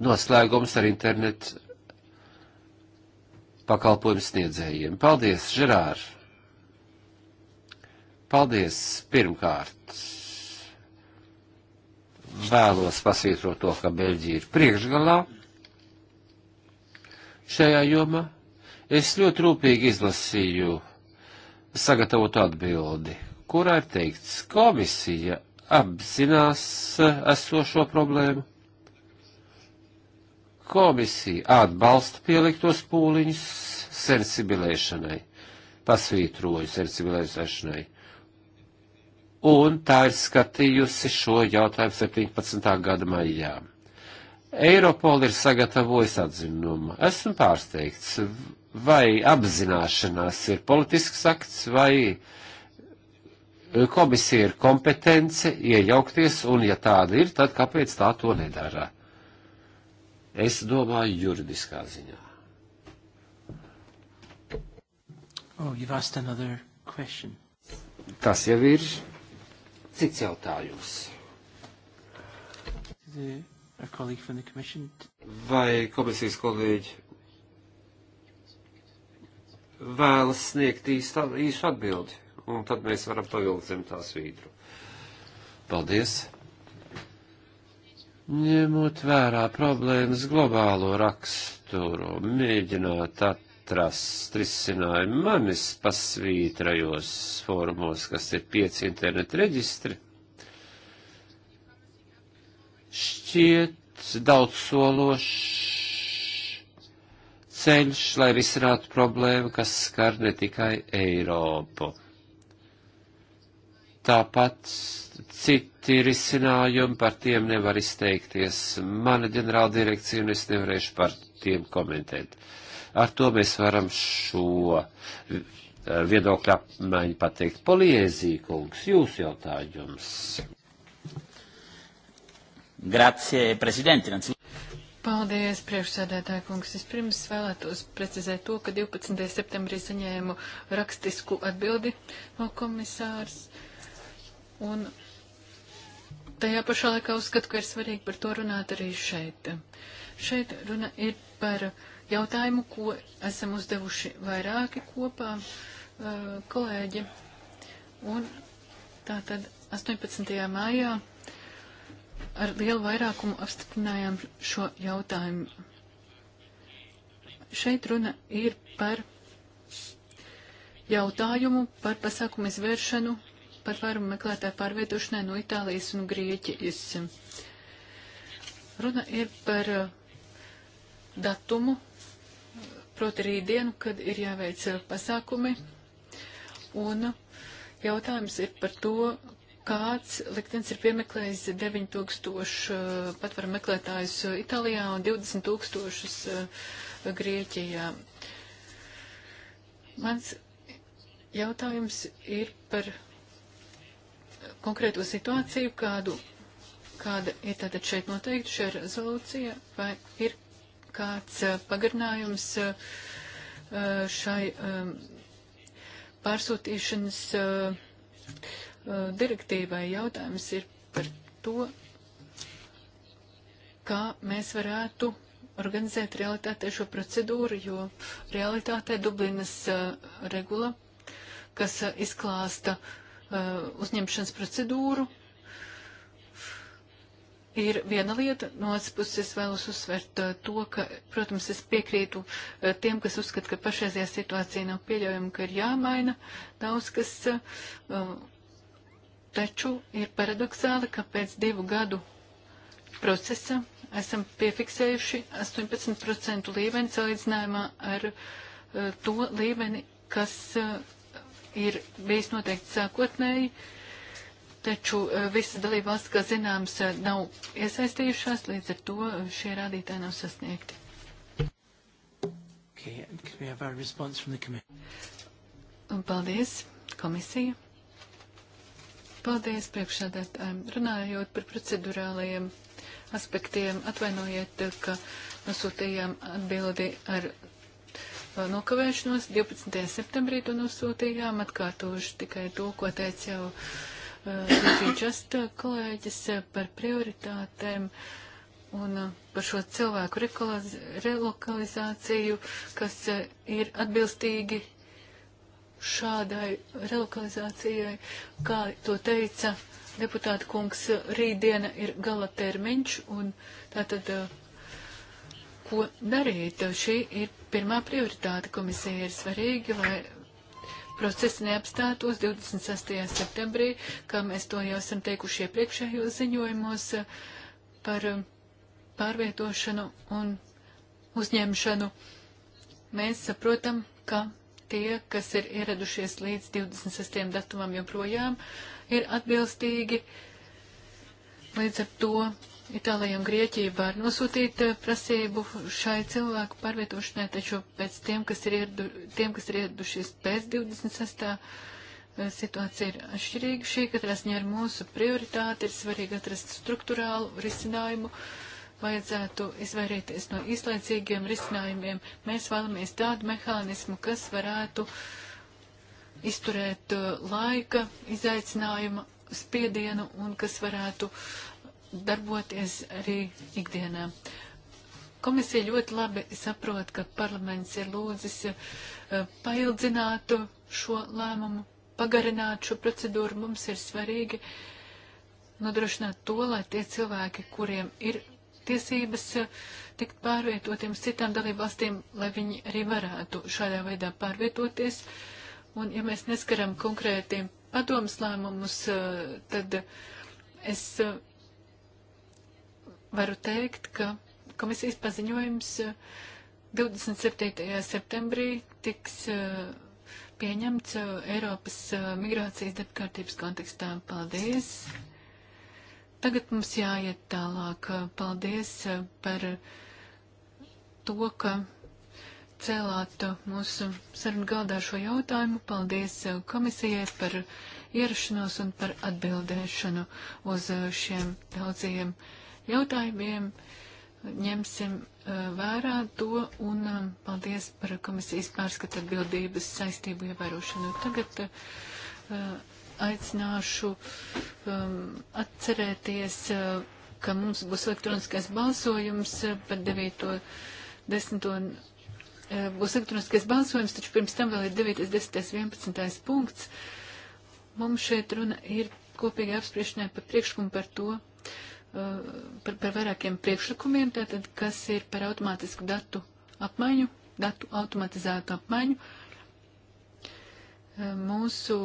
noslēgums ar internetu pakalpojumu sniedzējiem. Paldies, Žerār! Paldies pirmkārt! Vēlos pasvītrot to, ka Beļģija ir priekšgalā šajā jomā. Es ļoti rūpīgi izlasīju sagatavotu atbildi, kurā ir teikts, komisija apzinās eh, esošo problēmu komisija atbalsta pieliktos pūliņus sensibilēšanai, pasvītroju sensibilēšanai. Un tā ir skatījusi šo jautājumu 17. gada maijā. Eiropola ir sagatavojis atzinumu. Esmu pārsteigts, vai apzināšanās ir politisks akts, vai komisija ir kompetence iejaukties, un ja tāda ir, tad kāpēc tā to nedara? Es domāju juridiskā ziņā. Oh, you've asked another question. Tas jau ir cits jautājums. The, Vai komisijas kolēģi vēlas sniegt īstu, īstu atbildi, un tad mēs varam pavilkt zem tā svītru. Paldies! ņemot vērā problēmas globālo raksturu, mēģinot atrast risinājumu manis pasvītrajos formos, kas ir pieci internetu reģistri, šķiet daudz sološs ceļš, lai risinātu problēmu, kas skar ne tikai Eiropu. Tāpat citi risinājumi par tiem nevar izteikties. Mana ģenerāla direkcija un es nevarēšu par tiem komentēt. Ar to mēs varam šo viedokļu apmaiņu pateikt. Poliezī, kungs, jūsu jautājums. Grazie, prezidenti. Paldies, priekšsēdētāja kungs. Es pirms vēlētos precizēt to, ka 12. septembrī saņēmu rakstisku atbildi no komisārs. Uh, Un tajā pašā laikā uzskatu, ka ir svarīgi par to runāt arī šeit. Šeit runa ir par jautājumu, ko esam uzdevuši vairāki kopā uh, kolēģi. Un tātad 18. maijā ar lielu vairākumu apstiprinājām šo jautājumu. Šeit runa ir par jautājumu par pasākumu izvēršanu par varumu meklētāju pārvietošanai no Itālijas un Grieķijas. Runa ir par uh, datumu, proti rītdienu, kad ir jāveic uh, pasākumi, un jautājums ir par to, kāds liktenis ir piemeklējis 9000 uh, patvaru meklētājus Itālijā un 20 tūkstošus Grieķijā. Mans jautājums ir par konkrēto situāciju, kādu, kāda ir tātad šeit noteikti šajā rezolūcija, vai ir kāds eh, pagarinājums eh, šai ehm, pārsūtīšanas eh, direktīvai. Jautājums ir par to, kā mēs varētu organizēt realitātē šo procedūru, jo realitātē Dublinas regula, kas izklāsta Eh, uzņemšanas procedūru, ir viena lieta. No otras puses vēlos uzsvērt eh, to, ka, protams, es piekrītu eh, tiem, kas uzskata, ka pašreizajā situācija nav pieļaujama, ka ir jāmaina daudz kas. Taču ir paradoxāli, ka pēc divu gadu procesa esam piefiksējuši 18% līmeni salīdzinājumā ar to līmeni, kas ir bijis noteikts sākotnēji, taču eh, visas dalībvalstis, kā zināms, eh, nav iesaistījušās, līdz ar to eh, šie rādītāji nav sasniegti. Okay, Paldies, komisija. Paldies priekšādātājiem. Runājot par procedurālajiem aspektiem, atvainojiet, ka nosūtījām atbildi ar nokavēšanos. 12. septembrī to nosūtījām, atkārtošu tikai to, ko teica jau uh, Just kolēģis par prioritātēm un par šo cilvēku relokalizāciju, kas ir atbilstīgi šādai relokalizācijai, kā to teica deputāta kungs, rītdiena ir gala termiņš, un tātad ko darīt. Šī ir pirmā prioritāte komisija. Ir svarīgi, lai procesi neapstātos 26. septembrī, kā mēs to jau esam teikuši iepriekšējos ziņojumos par um, pārvietošanu un uzņemšanu. Mēs saprotam, ka tie, kas ir ieradušies līdz 26. datumam joprojām, ir atbilstīgi uh, Līdz ar to Itālijai un Grieķijai var nosūtīt eh, prasību šai cilvēku pārvietošanai, taču pēc tiem, kas ir, ierdu, tiem, kas ir ieradušies pēc 26. Eh, situācija ir atšķirīga. Šī katrā ziņā ir mūsu prioritāte, ir svarīgi atrast struktūrālu risinājumu, vajadzētu izvairīties no izlaicīgiem risinājumiem. Mēs vēlamies tādu mehānismu, kas varētu izturēt eh, laika izaicinājuma spiedienu un kas varētu darboties arī ikdienā. Komisija ļoti labi saprot, ka parlaments ir lūdzis eh, paildzināt šo lēmumu, pagarināt šo procedūru. Mums ir svarīgi nodrošināt to, lai tie cilvēki, kuriem ir tiesības eh, tikt pārvietotiem uz citām dalībvalstīm, lai viņi arī varētu šādā veidā pārvietoties. Un ja mēs neskaram konkrētiem padomas lēmumus, eh, tad es eh, varu teikt, ka komisijas paziņojums 27. Eh, septembrī tiks pieņemts Eiropas migrācijas debkārtības kontekstā. Paldies! Tagad mums jāiet tālāk. Paldies par to, ka cēlāt uh, mūsu sarunu galdā šo jautājumu. Paldies uh, komisijai par ierašanos un par atbildēšanu uz uh, šiem daudziem jautājumiem. Ņemsim vērā to un um, paldies par komisijas pārskata atbildības saistību ievērošanu. Tagad aicināšu um, atcerēties, ka mums būs elektroniskais balsojums par 9. 10. Eh, būs elektroniskais balsojums, taču pirms tam vēl ir 9, 10, 11 punkts. Mums šeit runa ir kopīgi apspriešanai par priekšlikumu par to, eh, par, par vairākiem priekšlikumiem, tātad, kas ir par automātisku datu apmaiņu, datu automatizētu apmaiņu. Eh, mūsu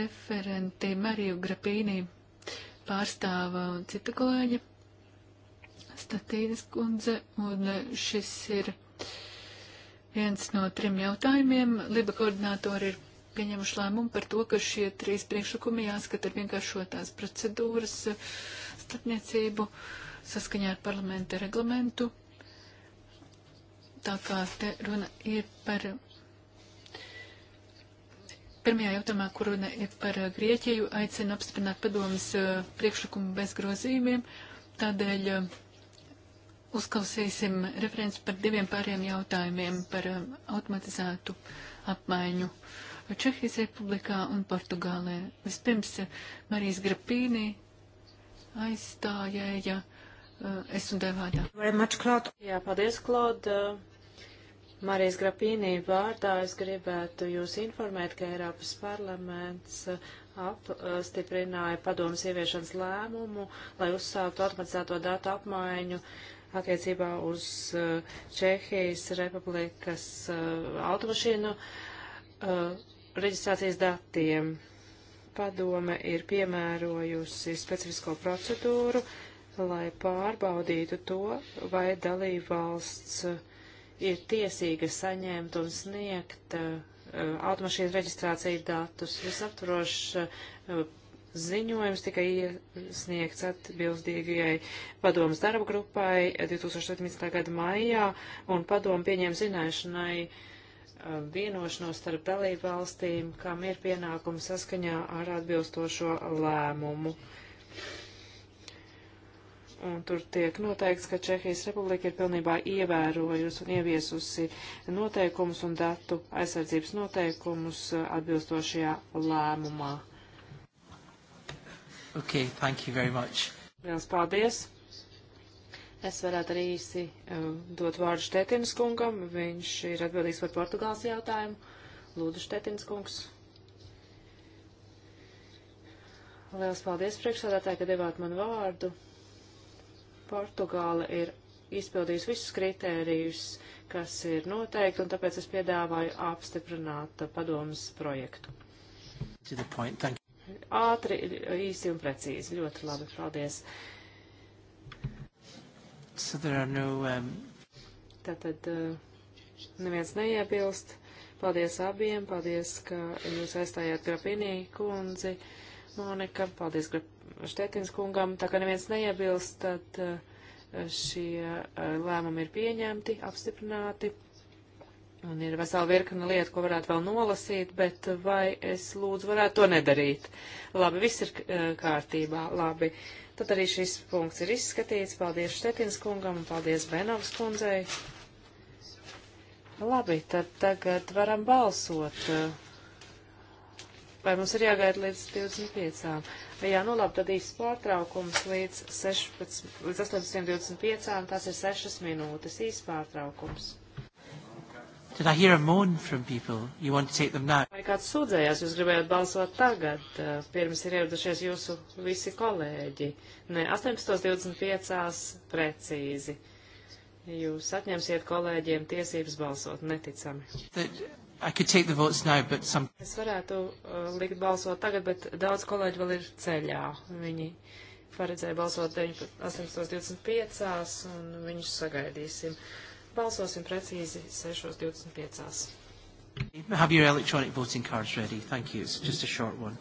referenti Mariju Grapīnī pārstāva cita kolēģa Statīnas kundze, un šis ir uh, viens no trim jautājumiem. Liba koordinātori ir pieņemuši lēmumu par to, ka šie trīs priekšlikumi jāskat ar vienkāršotās procedūras eh, starpniecību saskaņā ar parlamenta reglamentu. Tā kā te runa ir par. Pirmajā jautājumā, kur runa ir par eh, Grieķiju, aicina apstiprināt padomas eh, priekšlikumu bez grozījumiem. Tādēļ uh, uzklausīsim referents par diviem pāriem jautājumiem par um, automatizētu apmaiņu Čehijas republikā un Portugālē. Vispirms uh, Marijas Grapīnī aizstājēja uh, es un devādā. Jā, paldies, Klauda. Marijas Grapīnī vārdā es gribētu jūs informēt, ka Eiropas parlaments uh, apstiprināja uh, padomas ieviešanas lēmumu, lai uzsāktu automatizēto datu apmaiņu attiecībā uz eh, Čehijas republikas eh, automašīnu eh, reģistrācijas datiem. Padome ir piemērojusi specifisko procedūru, lai pārbaudītu to, vai dalībvalsts ir tiesīga saņemt un sniegt automašīnu reģistrāciju datus. Visaptvarošs ziņojums tika iesniegts atbildīgajai padomas darba grupai 2017. gada maijā, un padoma pieņēma zināšanai um, vienošanos starp dalību valstīm, kam ir pienākumi saskaņā ar atbilstošo lēmumu. Un tur tiek noteikts, ka Čehijas Republika ir pilnībā ievērojusi un ieviesusi noteikumus un datu aizsardzības noteikumus uh, atbilstošajā lēmumā. Okay, thank you very much. Liels paldies. Es varētu arī īsi uh, dot vārdu Štetins kungam. Viņš ir atbildīgs par Portugāles jautājumu. Lūdzu, Štetins kungs. Liels paldies priekšsādātāji, ka devāt man vārdu. Portugāla ir izpildījusi visus kritērijus, kas ir noteikti, un tāpēc es piedāvāju apstiprināt padomas projektu ātri, īsi un precīzi. Ļoti labi, paldies. So no, um... Tātad uh, neviens neiebilst. Paldies abiem, paldies, ka jūs aizstājāt Grapinī kundzi, Monika, paldies Štetins kungam. Tā kā neviens neiebilst, tad uh, šie uh, lēmumi ir pieņemti, apstiprināti. Un ir vesela virkne lietu, ko varētu vēl nolasīt, bet vai es lūdzu varētu to nedarīt? Labi, viss ir eh, kārtībā, labi. Tad arī šis punkts ir izskatīts. Paldies Štetins kungam un paldies Benovs kundzei. Labi, tad tagad varam balsot. Vai mums ir jāgaida līdz 25? Jā, nu labi, tad īsts pārtraukums līdz, 16, līdz 18.25. Tas ir 6 minūtes īsts pārtraukums. Did I hear a moan from people? You want to take them now? Vai kāds sūdzējās, jūs gribējāt balsot tagad, uh, pirms ir ieradušies jūsu visi kolēģi? Nē, 18.25. precīzi. Jūs atņemsiet kolēģiem tiesības balsot, neticami. That... I could take the votes now, but some... Es varētu uh, likt balsot tagad, bet daudz kolēģi vēl ir ceļā. Viņi paredzēja balsot 18.25, un viņus sagaidīsim. Uh, Balsosim precīzi 6.25. Have your electronic voting cards ready. Thank you. It's just a short one.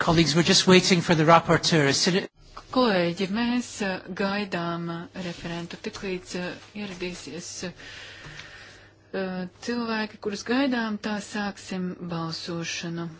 Colleagues, we're just waiting for the rapporteur. Kolēģi, mēs uh, gaidām uh, referentu tiklīdz uh, ieradīsies cilvēki, kurus gaidām, tā sāksim balsošanu.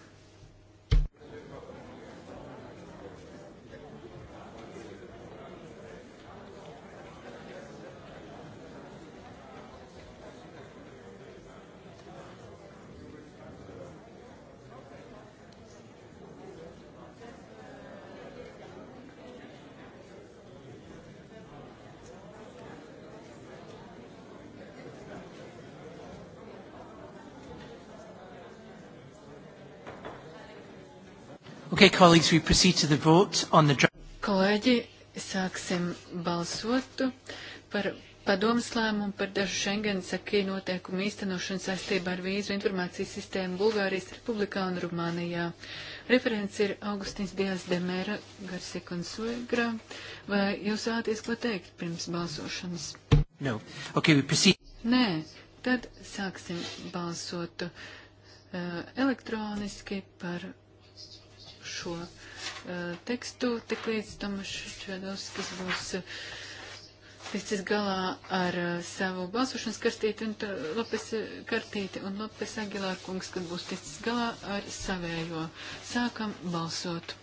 Okay, colleagues, we proceed to the vote on the draft. Kolēģi, sāksim balsot par padomas lēmumu par dažu Schengens akī noteikumu īstenošanu saistībā ar vīzu informācijas sistēmu Bulgārijas Republikā un Rumānijā. Referents ir Augustins Dijas Demēra, Garsik un Suegra. Vai jūs vēlaties ko teikt pirms balsošanas? No. Okay, we proceed. Nē, tad sāksim balsot uh, elektroniski par šo uh, tekstu, tik līdz Tomašs Čvedovskis būs uh, ticis galā ar uh, savu balsošanas kartīti un Lopes kartīti un Lopes Agilārkungs, kad būs ticis galā ar savējo. Sākam balsot.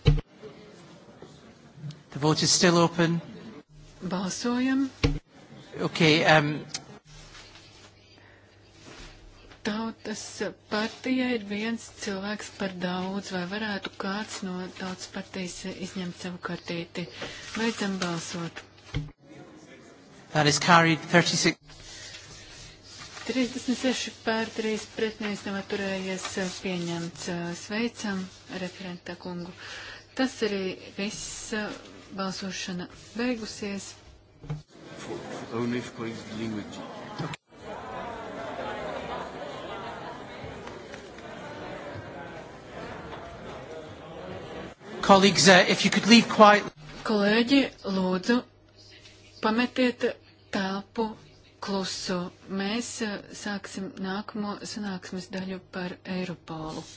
The vote is still open. Balsojam. Okay, um, tautas partija ir viens cilvēks par daudz, vai varētu kāds no tautas partijas izņemt savu kartīti. Beidzam balsot. That is carried 36. 36 pār 3 pretnieks nav turējies pieņemts. Sveicam referenta kungu. Tas arī viss balsošana beigusies. For, for Colleagues, uh, if you could leave quiet. Kolēģi, lūdzu, pametiet telpu klusu. Mēs uh, sāksim nākamo sanāksmes daļu par Eiropolu.